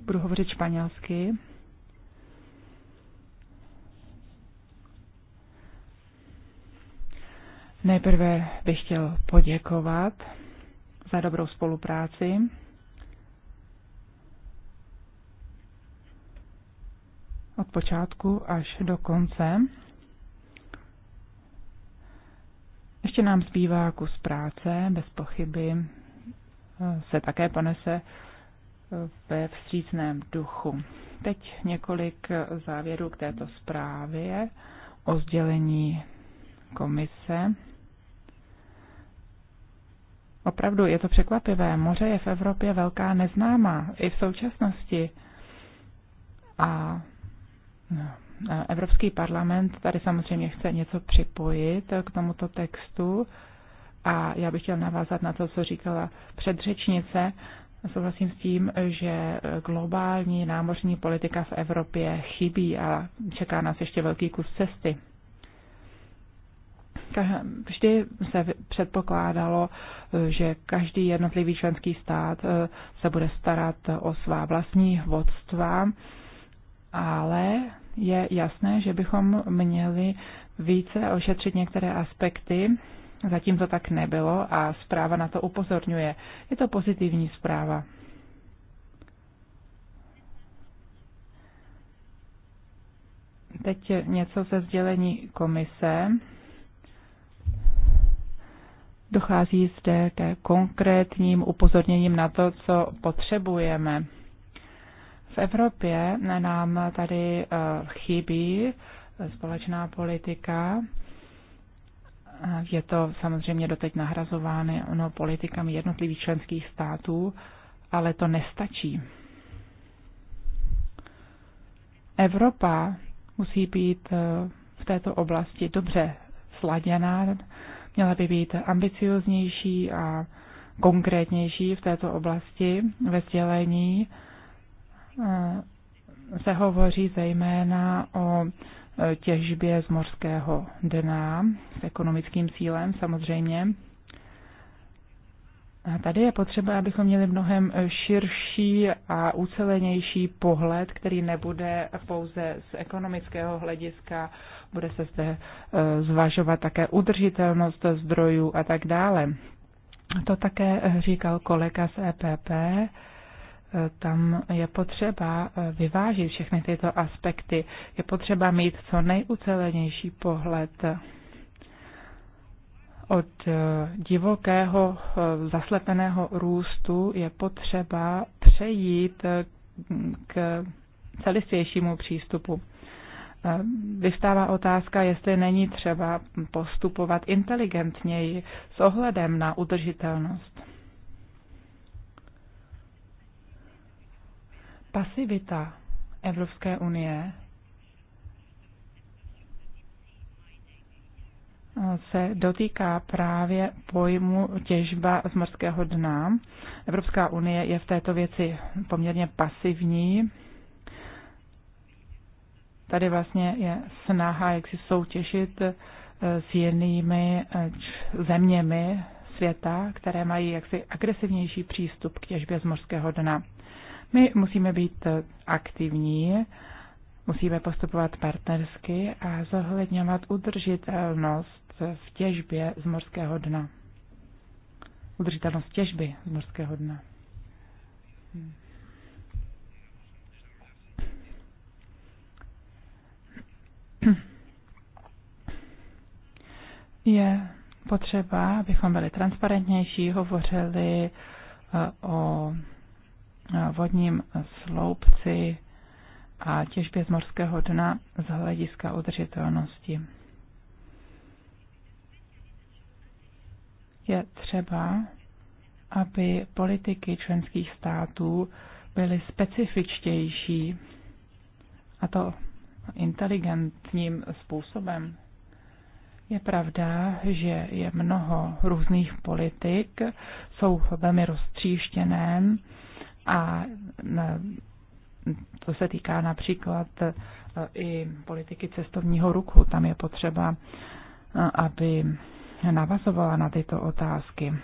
budu hovořit španělsky. Nejprve bych chtěl poděkovat za dobrou spolupráci od počátku až do konce. Ještě nám zbývá kus práce, bez pochyby eh, se také ponese eh, ve vstřícném duchu. Teď několik závěrů k této zprávě o sdělení komise. Opravdu je to překvapivé. Moře je v Evropě velká neznámá i v současnosti. A No. Evropský parlament tady samozřejmě chce něco připojit k tomuto textu a já bych chtěl navázat na to, co říkala předřečnice. Souhlasím s tím, že globální námořní politika v Evropě chybí a čeká nás ještě velký kus cesty. Vždy se předpokládalo, že každý jednotlivý členský stát eh, se bude starat o svá vlastní vodstva ale je jasné, že bychom měli více ošetřit některé aspekty. Zatím to tak nebylo a zpráva na to upozorňuje. Je to pozitivní zpráva. Teď něco ze sdělení komise. Dochází zde ke konkrétním upozorněním na to, co potřebujeme. V Evropě nám tady eh, chybí eh, společná politika. Eh, je to samozřejmě doteď nahrazováno no, politikami jednotlivých členských států, ale to nestačí. Evropa musí být v této oblasti dobře sladěná, měla by být ambicioznější a konkrétnější v této oblasti ve sdělení Eh, se hovoří zejména o eh, těžbě z mořského dna s ekonomickým cílem samozřejmě. A tady je potřeba, abychom měli mnohem eh, širší a ucelenější pohled, který nebude pouze z ekonomického hlediska, bude se zde zvažovat také udržitelnost zdrojů a tak dále. To také říkal kolega z EPP tam je potřeba eh, vyvážit všechny tyto aspekty. Je potřeba mít co nejucelenější pohled od eh, divokého eh, zaslepeného růstu je potřeba přejít k celistvějšímu přístupu. Vystává otázka, jestli není třeba postupovat inteligentněji s ohledem na udržitelnost. pasivita Evropské unie se dotýká právě pojmu těžba z morského dna. Evropská unie je v této věci poměrně pasivní. Tady vlastně je snaha, jak si soutěžit eh, s jinými eh, zeměmi světa, které mají jaksi agresivnější přístup k těžbě z mořského dna. My musíme být eh, aktivní, musíme postupovat partnersky a zohledňovat udržitelnost v těžbě z morského dna. Udržitelnost těžby z morského dna. Hmm. Je potřeba, abychom byli transparentnější, hovořili eh, o vodním sloupci a těžbě z morského dna z hlediska udržitelnosti. Je třeba, aby politiky členských států byly specifičtější a to inteligentním způsobem. Je pravda, že je mnoho různých politik, jsou velmi roztříštěné a to se týká například e, i politiky cestovního ruchu. Tam je potřeba, e, aby navazovala na tyto otázky.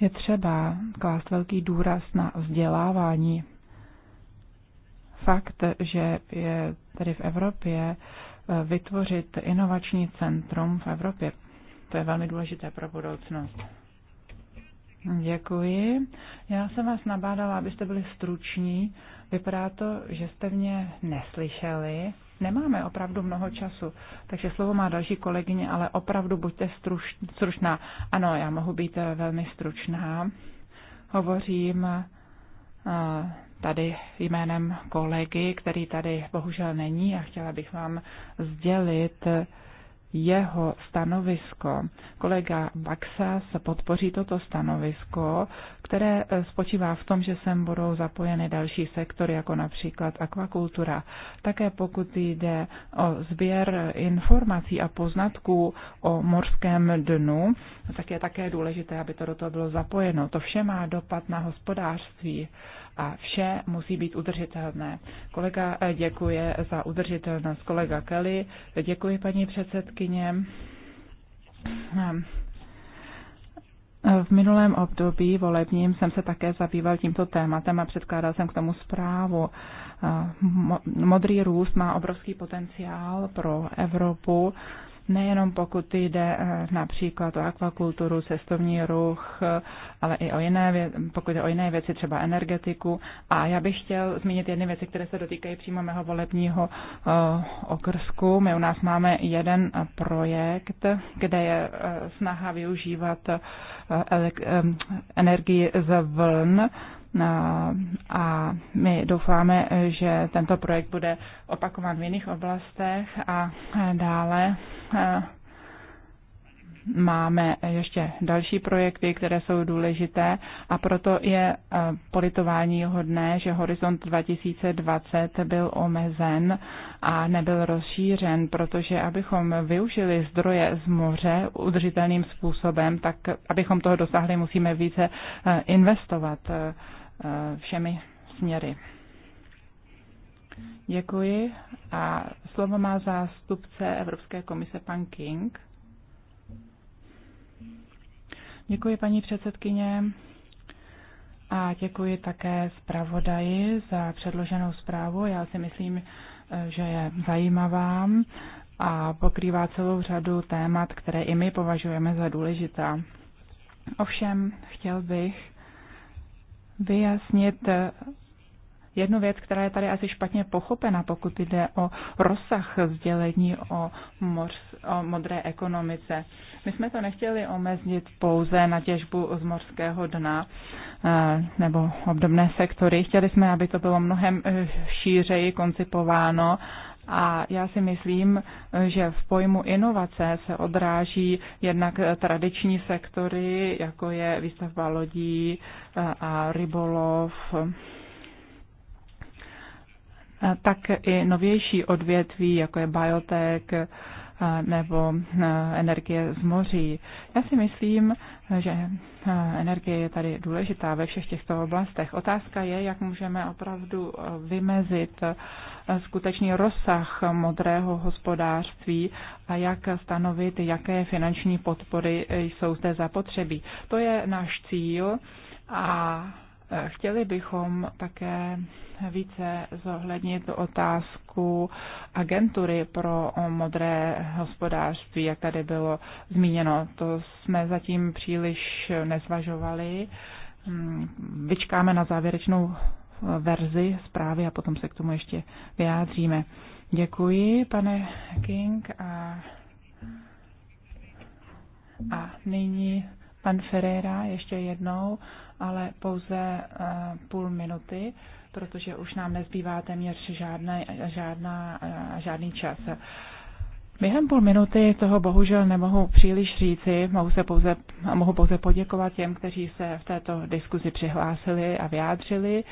Je třeba klást velký důraz na vzdělávání. Fakt, že je tady v Evropě e, vytvořit inovační centrum v Evropě, to je velmi důležité pro budoucnost. Děkuji. Já jsem vás nabádala, abyste byli struční. Vypadá to, že jste mě neslyšeli. Nemáme opravdu mnoho času, takže slovo má další kolegyně, ale opravdu buďte stručná. Ano, já mohu být eh, velmi stručná. Hovořím eh, tady jménem kolegy, který tady bohužel není a chtěla bych vám sdělit, jeho stanovisko. Kolega Baxa se podpoří toto stanovisko, které eh, spočívá v tom, že sem budou zapojeny další sektory, jako například akvakultura. Také pokud jde o sběr informací a poznatků o morském dnu, tak je také důležité, aby to do toho bylo zapojeno. To vše má dopad na hospodářství a vše musí být udržitelné. Kolega eh, děkuje za udržitelnost. Kolega Kelly, děkuji paní předsedkyně. V minulém období volebním jsem se také zabýval tímto tématem a předkládal jsem k tomu zprávu. Eh, modrý růst má obrovský potenciál pro Evropu nejenom pokud jde eh, například o akvakulturu, cestovní ruch, eh, ale i o jiné věci, pokud jde o jiné věci, třeba energetiku. A já bych chtěl zmínit jedny věci, které se dotýkají přímo mého volebního eh, okrsku. My u nás máme jeden projekt, kde je snaha využívat energii z vln a my doufáme, že tento projekt bude opakován v jiných oblastech a dále eh, máme ještě další projekty, které jsou důležité a proto je eh, politování hodné, že Horizont 2020 byl omezen a nebyl rozšířen, protože abychom využili zdroje z moře udržitelným způsobem, tak abychom toho dosáhli, musíme více eh, investovat Eh, všemi směry. Děkuji a slovo má zástupce Evropské komise pan King. Děkuji paní předsedkyně a děkuji také zpravodaji za předloženou zprávu. Já si myslím, eh, že je zajímavá a pokrývá celou řadu témat, které i my považujeme za důležitá. Ovšem, chtěl bych vyjasnit eh, jednu věc, která je tady asi špatně pochopena, pokud jde o rozsah sdělení o, moř, o modré ekonomice. My jsme to nechtěli omezit pouze na těžbu z mořského dna eh, nebo obdobné sektory. Chtěli jsme, aby to bylo mnohem eh, šířeji koncipováno a já si myslím, že v pojmu inovace se odráží jednak tradiční sektory, jako je výstavba lodí eh, a rybolov, eh, tak i novější odvětví, jako je biotech, nebo eh, energie z moří. Já si myslím, že eh, energie je tady důležitá ve všech těchto oblastech. Otázka je, jak můžeme opravdu eh, vymezit skutečný rozsah modrého hospodářství a jak stanovit, jaké finanční podpory jsou zde zapotřebí. To je náš cíl a Chtěli bychom také více zohlednit otázku agentury pro modré hospodářství, jak tady bylo zmíněno. To jsme zatím příliš nezvažovali. Mm, vyčkáme na závěrečnou verzi zprávy a potom se k tomu ještě vyjádříme. Děkuji, pane King. A, a nyní Pan Ferreira ještě jednou, ale pouze eh, půl minuty, protože už nám nezbývá téměř žádné, žádná, eh, žádný čas. Během půl minuty toho bohužel nemohu příliš říci, mohu, se pouze, mohu pouze poděkovat těm, kteří se v této diskuzi přihlásili a vyjádřili.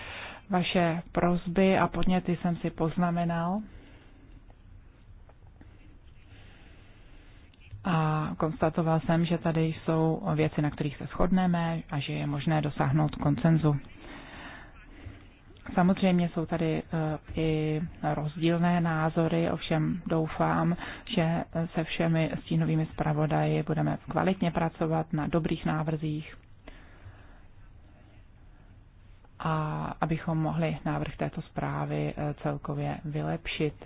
Vaše prozby a podněty jsem si poznamenal. a konstatoval jsem, že tady jsou věci, na kterých se shodneme a že je možné dosáhnout koncenzu. Samozřejmě jsou tady eh, i rozdílné názory, ovšem doufám, že se všemi stínovými zpravodaji budeme kvalitně pracovat na dobrých návrzích a abychom mohli návrh této zprávy eh, celkově vylepšit.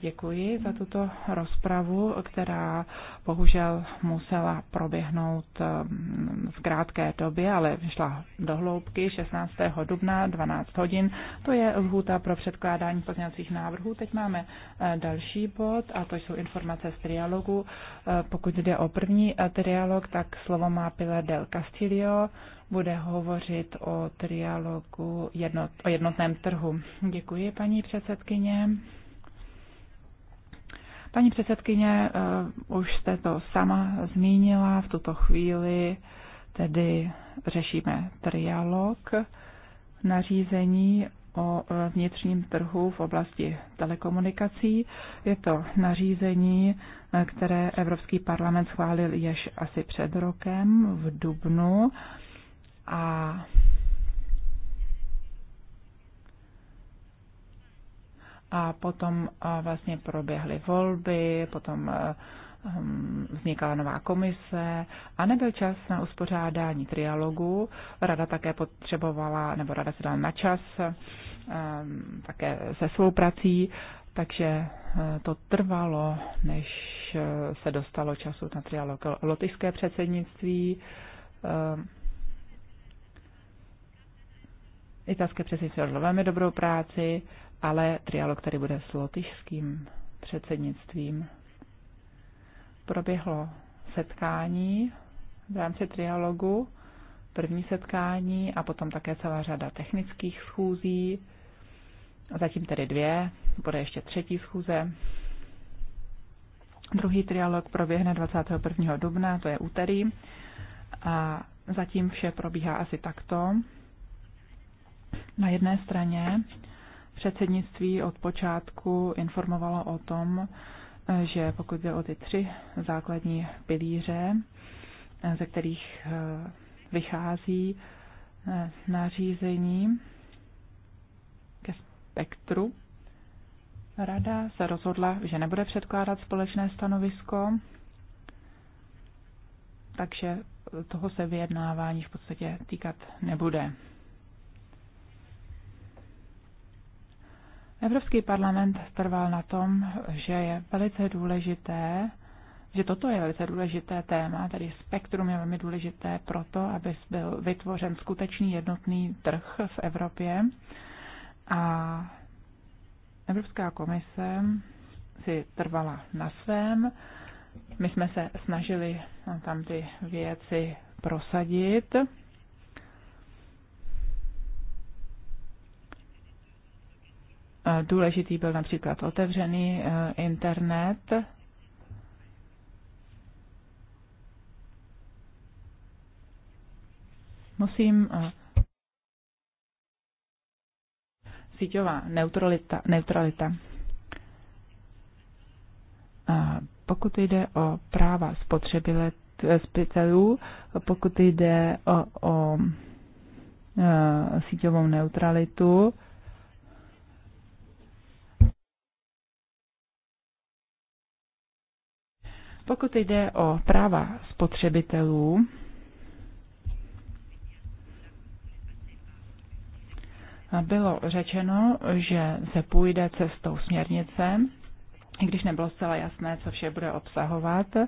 Děkuji za tuto rozpravu, která bohužel musela proběhnout um, v krátké době, ale vyšla do hloubky 16. dubna 12 hodin. To je lhůta pro předkládání pozměňovacích návrhů. Teď máme eh, další bod a to jsou informace z trialogu. Eh, pokud jde o první eh, trialog, tak slovo má Pilar del Castillo bude hovořit o trialogu jednot, o jednotném trhu. Děkuji, paní předsedkyně. Paní předsedkyně, eh, už jste to sama zmínila, v tuto chvíli tedy řešíme trialog nařízení o eh, vnitřním trhu v oblasti telekomunikací. Je to nařízení, eh, které Evropský parlament schválil již asi před rokem v Dubnu a a potom vlastně proběhly volby, potom hm, vznikala nová komise a nebyl čas na uspořádání trialogu. Rada také potřebovala, nebo rada se dala na čas hm, také se svou prací, takže hm, to trvalo, než se dostalo času na trialog. Lotyšské předsednictví italské předsednictví dalo velmi dobrou práci ale trialog tady bude s lotyšským předsednictvím. Proběhlo setkání v rámci trialogu, první setkání a potom také celá řada technických schůzí, zatím tedy dvě, bude ještě třetí schůze. Druhý trialog proběhne 21. dubna, to je úterý. A zatím vše probíhá asi takto. Na jedné straně Předsednictví od počátku informovalo o tom, že pokud jde o ty tři základní pilíře, ze kterých eh, vychází eh, nařízení ke spektru, Rada se rozhodla, že nebude předkládat společné stanovisko, takže toho se vyjednávání v podstatě týkat nebude. Evropský parlament trval na tom, že je velice důležité, že toto je velice důležité téma, tedy spektrum je velmi důležité proto, aby byl vytvořen skutečný jednotný trh v Evropě. A Evropská komise si trvala na svém. My jsme se snažili tam ty věci prosadit Důležitý byl například otevřený eh, internet. Musím eh, síťová neutralita, neutralita. Pokud jde o práva eh, spotřebitelů, pokud jde o, o síťovou neutralitu, Pokud jde o práva spotřebitelů, bylo řečeno, že se půjde cestou směrnice, i když nebylo zcela jasné, co vše bude obsahovat. Eh,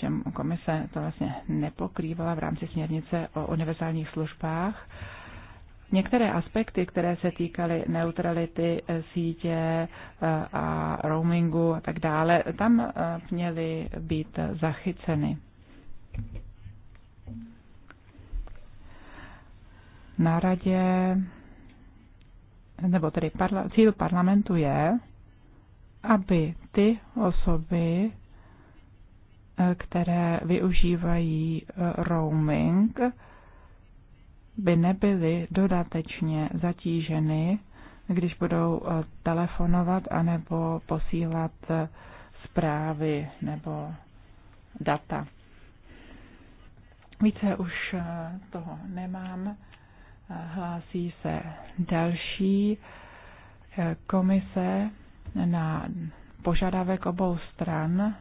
že komise to vlastně nepokrývala v rámci směrnice o univerzálních službách Některé aspekty, které se týkaly neutrality eh, sítě eh, a roamingu a tak dále, tam eh, měly být zachyceny. Na radě, nebo tedy parla, cíl parlamentu je, aby ty osoby, které využívají roaming, by nebyly dodatečně zatíženy, když budou eh, telefonovat anebo posílat eh, zprávy nebo data. Více už eh, toho nemám. Hlásí se další komise na požadavek obou stran.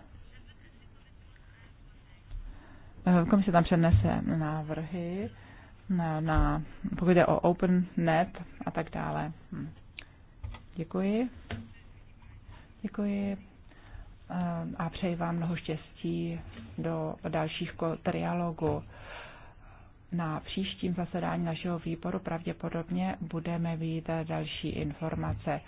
Komise tam přednese návrhy na, na, pokud jde o Open Net a tak dále. Hm. Děkuji. Děkuji eh, a přeji vám mnoho štěstí do dalších trialogů. Na příštím zasedání našeho výboru pravděpodobně budeme vidět další informace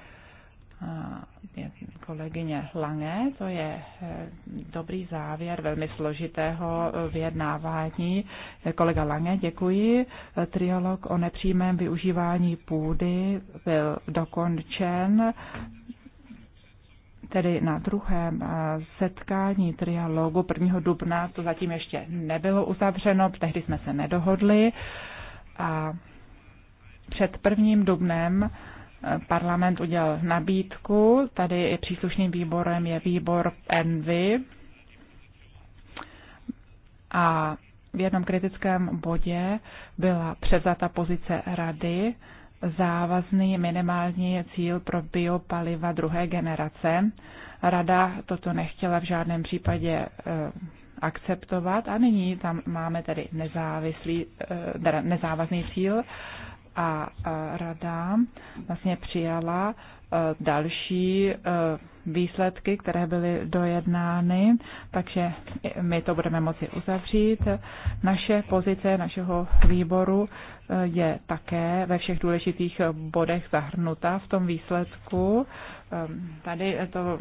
kolegyně Lange. To je e, dobrý závěr velmi složitého e, vyjednávání. E, kolega Lange, děkuji. Triolog o nepřímém využívání půdy byl dokončen tedy na druhém setkání trialogu 1. dubna, to zatím ještě nebylo uzavřeno, tehdy jsme se nedohodli a před 1. dubnem parlament udělal nabídku, tady je příslušným výborem je výbor Envy a v jednom kritickém bodě byla převzata pozice rady závazný minimální cíl pro biopaliva druhé generace. Rada toto nechtěla v žádném případě eh, akceptovat a nyní tam máme tedy nezávislý, eh, nezávazný cíl a rada vlastně přijala e, další e, výsledky, které byly dojednány, takže my to budeme moci uzavřít. Naše pozice našeho výboru e, je také ve všech důležitých bodech zahrnuta v tom výsledku. Tady to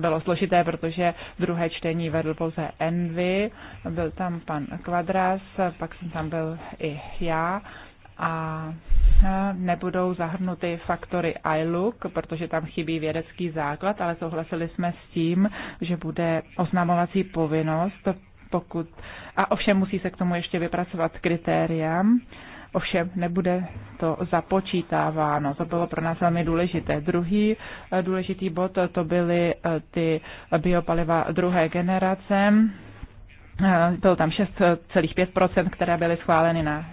bylo složité, protože druhé čtení vedl pouze Envy, byl tam pan Kvadras, pak jsem tam byl i já a nebudou zahrnuty faktory iLook, protože tam chybí vědecký základ, ale souhlasili jsme s tím, že bude oznamovací povinnost, pokud, a ovšem musí se k tomu ještě vypracovat kritéria, ovšem nebude to započítáváno. To bylo pro nás velmi důležité. Druhý e, důležitý bod to byly e, ty biopaliva druhé generace, e, bylo tam 6,5%, které byly schváleny na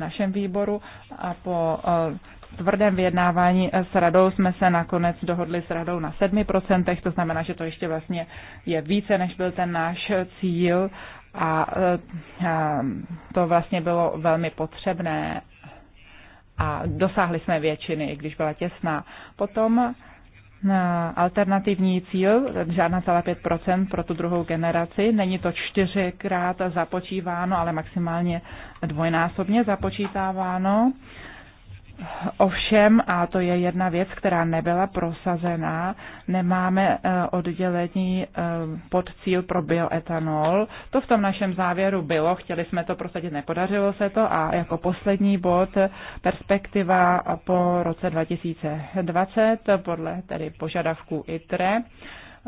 našem výboru a po eh, tvrdém vyjednávání s radou jsme se nakonec dohodli s radou na 7%, to znamená, že to ještě vlastně je více, než byl ten náš cíl eh, a to vlastně bylo velmi potřebné a dosáhli jsme většiny, i když byla těsná. Potom alternativní cíl, žádná celá 5% pro tu druhou generaci. Není to čtyřikrát započíváno, ale maximálně dvojnásobně započítáváno. Ovšem, a to je jedna věc, která nebyla prosazená, nemáme eh, oddělení eh, pod cíl pro bioetanol. To v tom našem závěru bylo, chtěli jsme to prosadit, nepodařilo se to a jako poslední bod perspektiva po roce 2020 podle tedy požadavků ITRE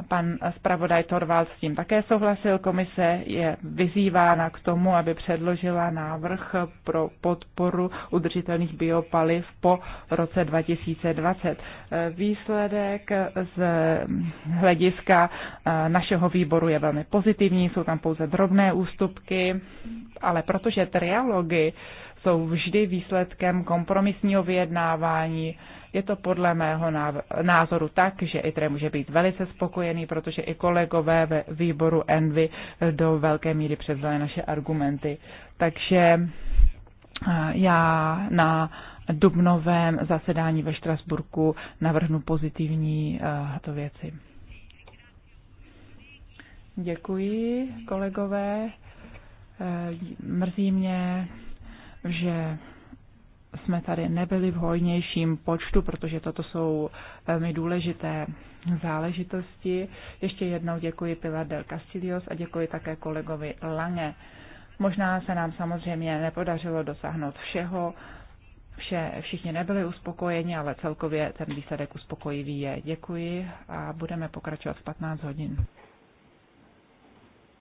Pan zpravodaj Torval s tím také souhlasil. Komise je vyzývána k tomu, aby předložila návrh pro podporu udržitelných biopaliv po roce 2020. Výsledek z hlediska eh, našeho výboru je velmi pozitivní, jsou tam pouze drobné ústupky, ale protože trialogy jsou vždy výsledkem kompromisního vyjednávání, je to podle mého názoru tak, že ITRE může být velice spokojený, protože i kolegové ve výboru ENVY do velké míry převzali naše argumenty. Takže já na dubnovém zasedání ve Štrasburku navrhnu pozitivní to věci. Děkuji, kolegové. E, mrzí mě, že jsme tady nebyli v hojnějším počtu, protože toto jsou velmi důležité záležitosti. Ještě jednou děkuji Pilar del Castillos a děkuji také kolegovi Lange. Možná se nám samozřejmě nepodařilo dosáhnout všeho, vše, všichni nebyli uspokojeni, ale celkově ten výsledek uspokojivý je. Děkuji a budeme pokračovat v 15 hodin.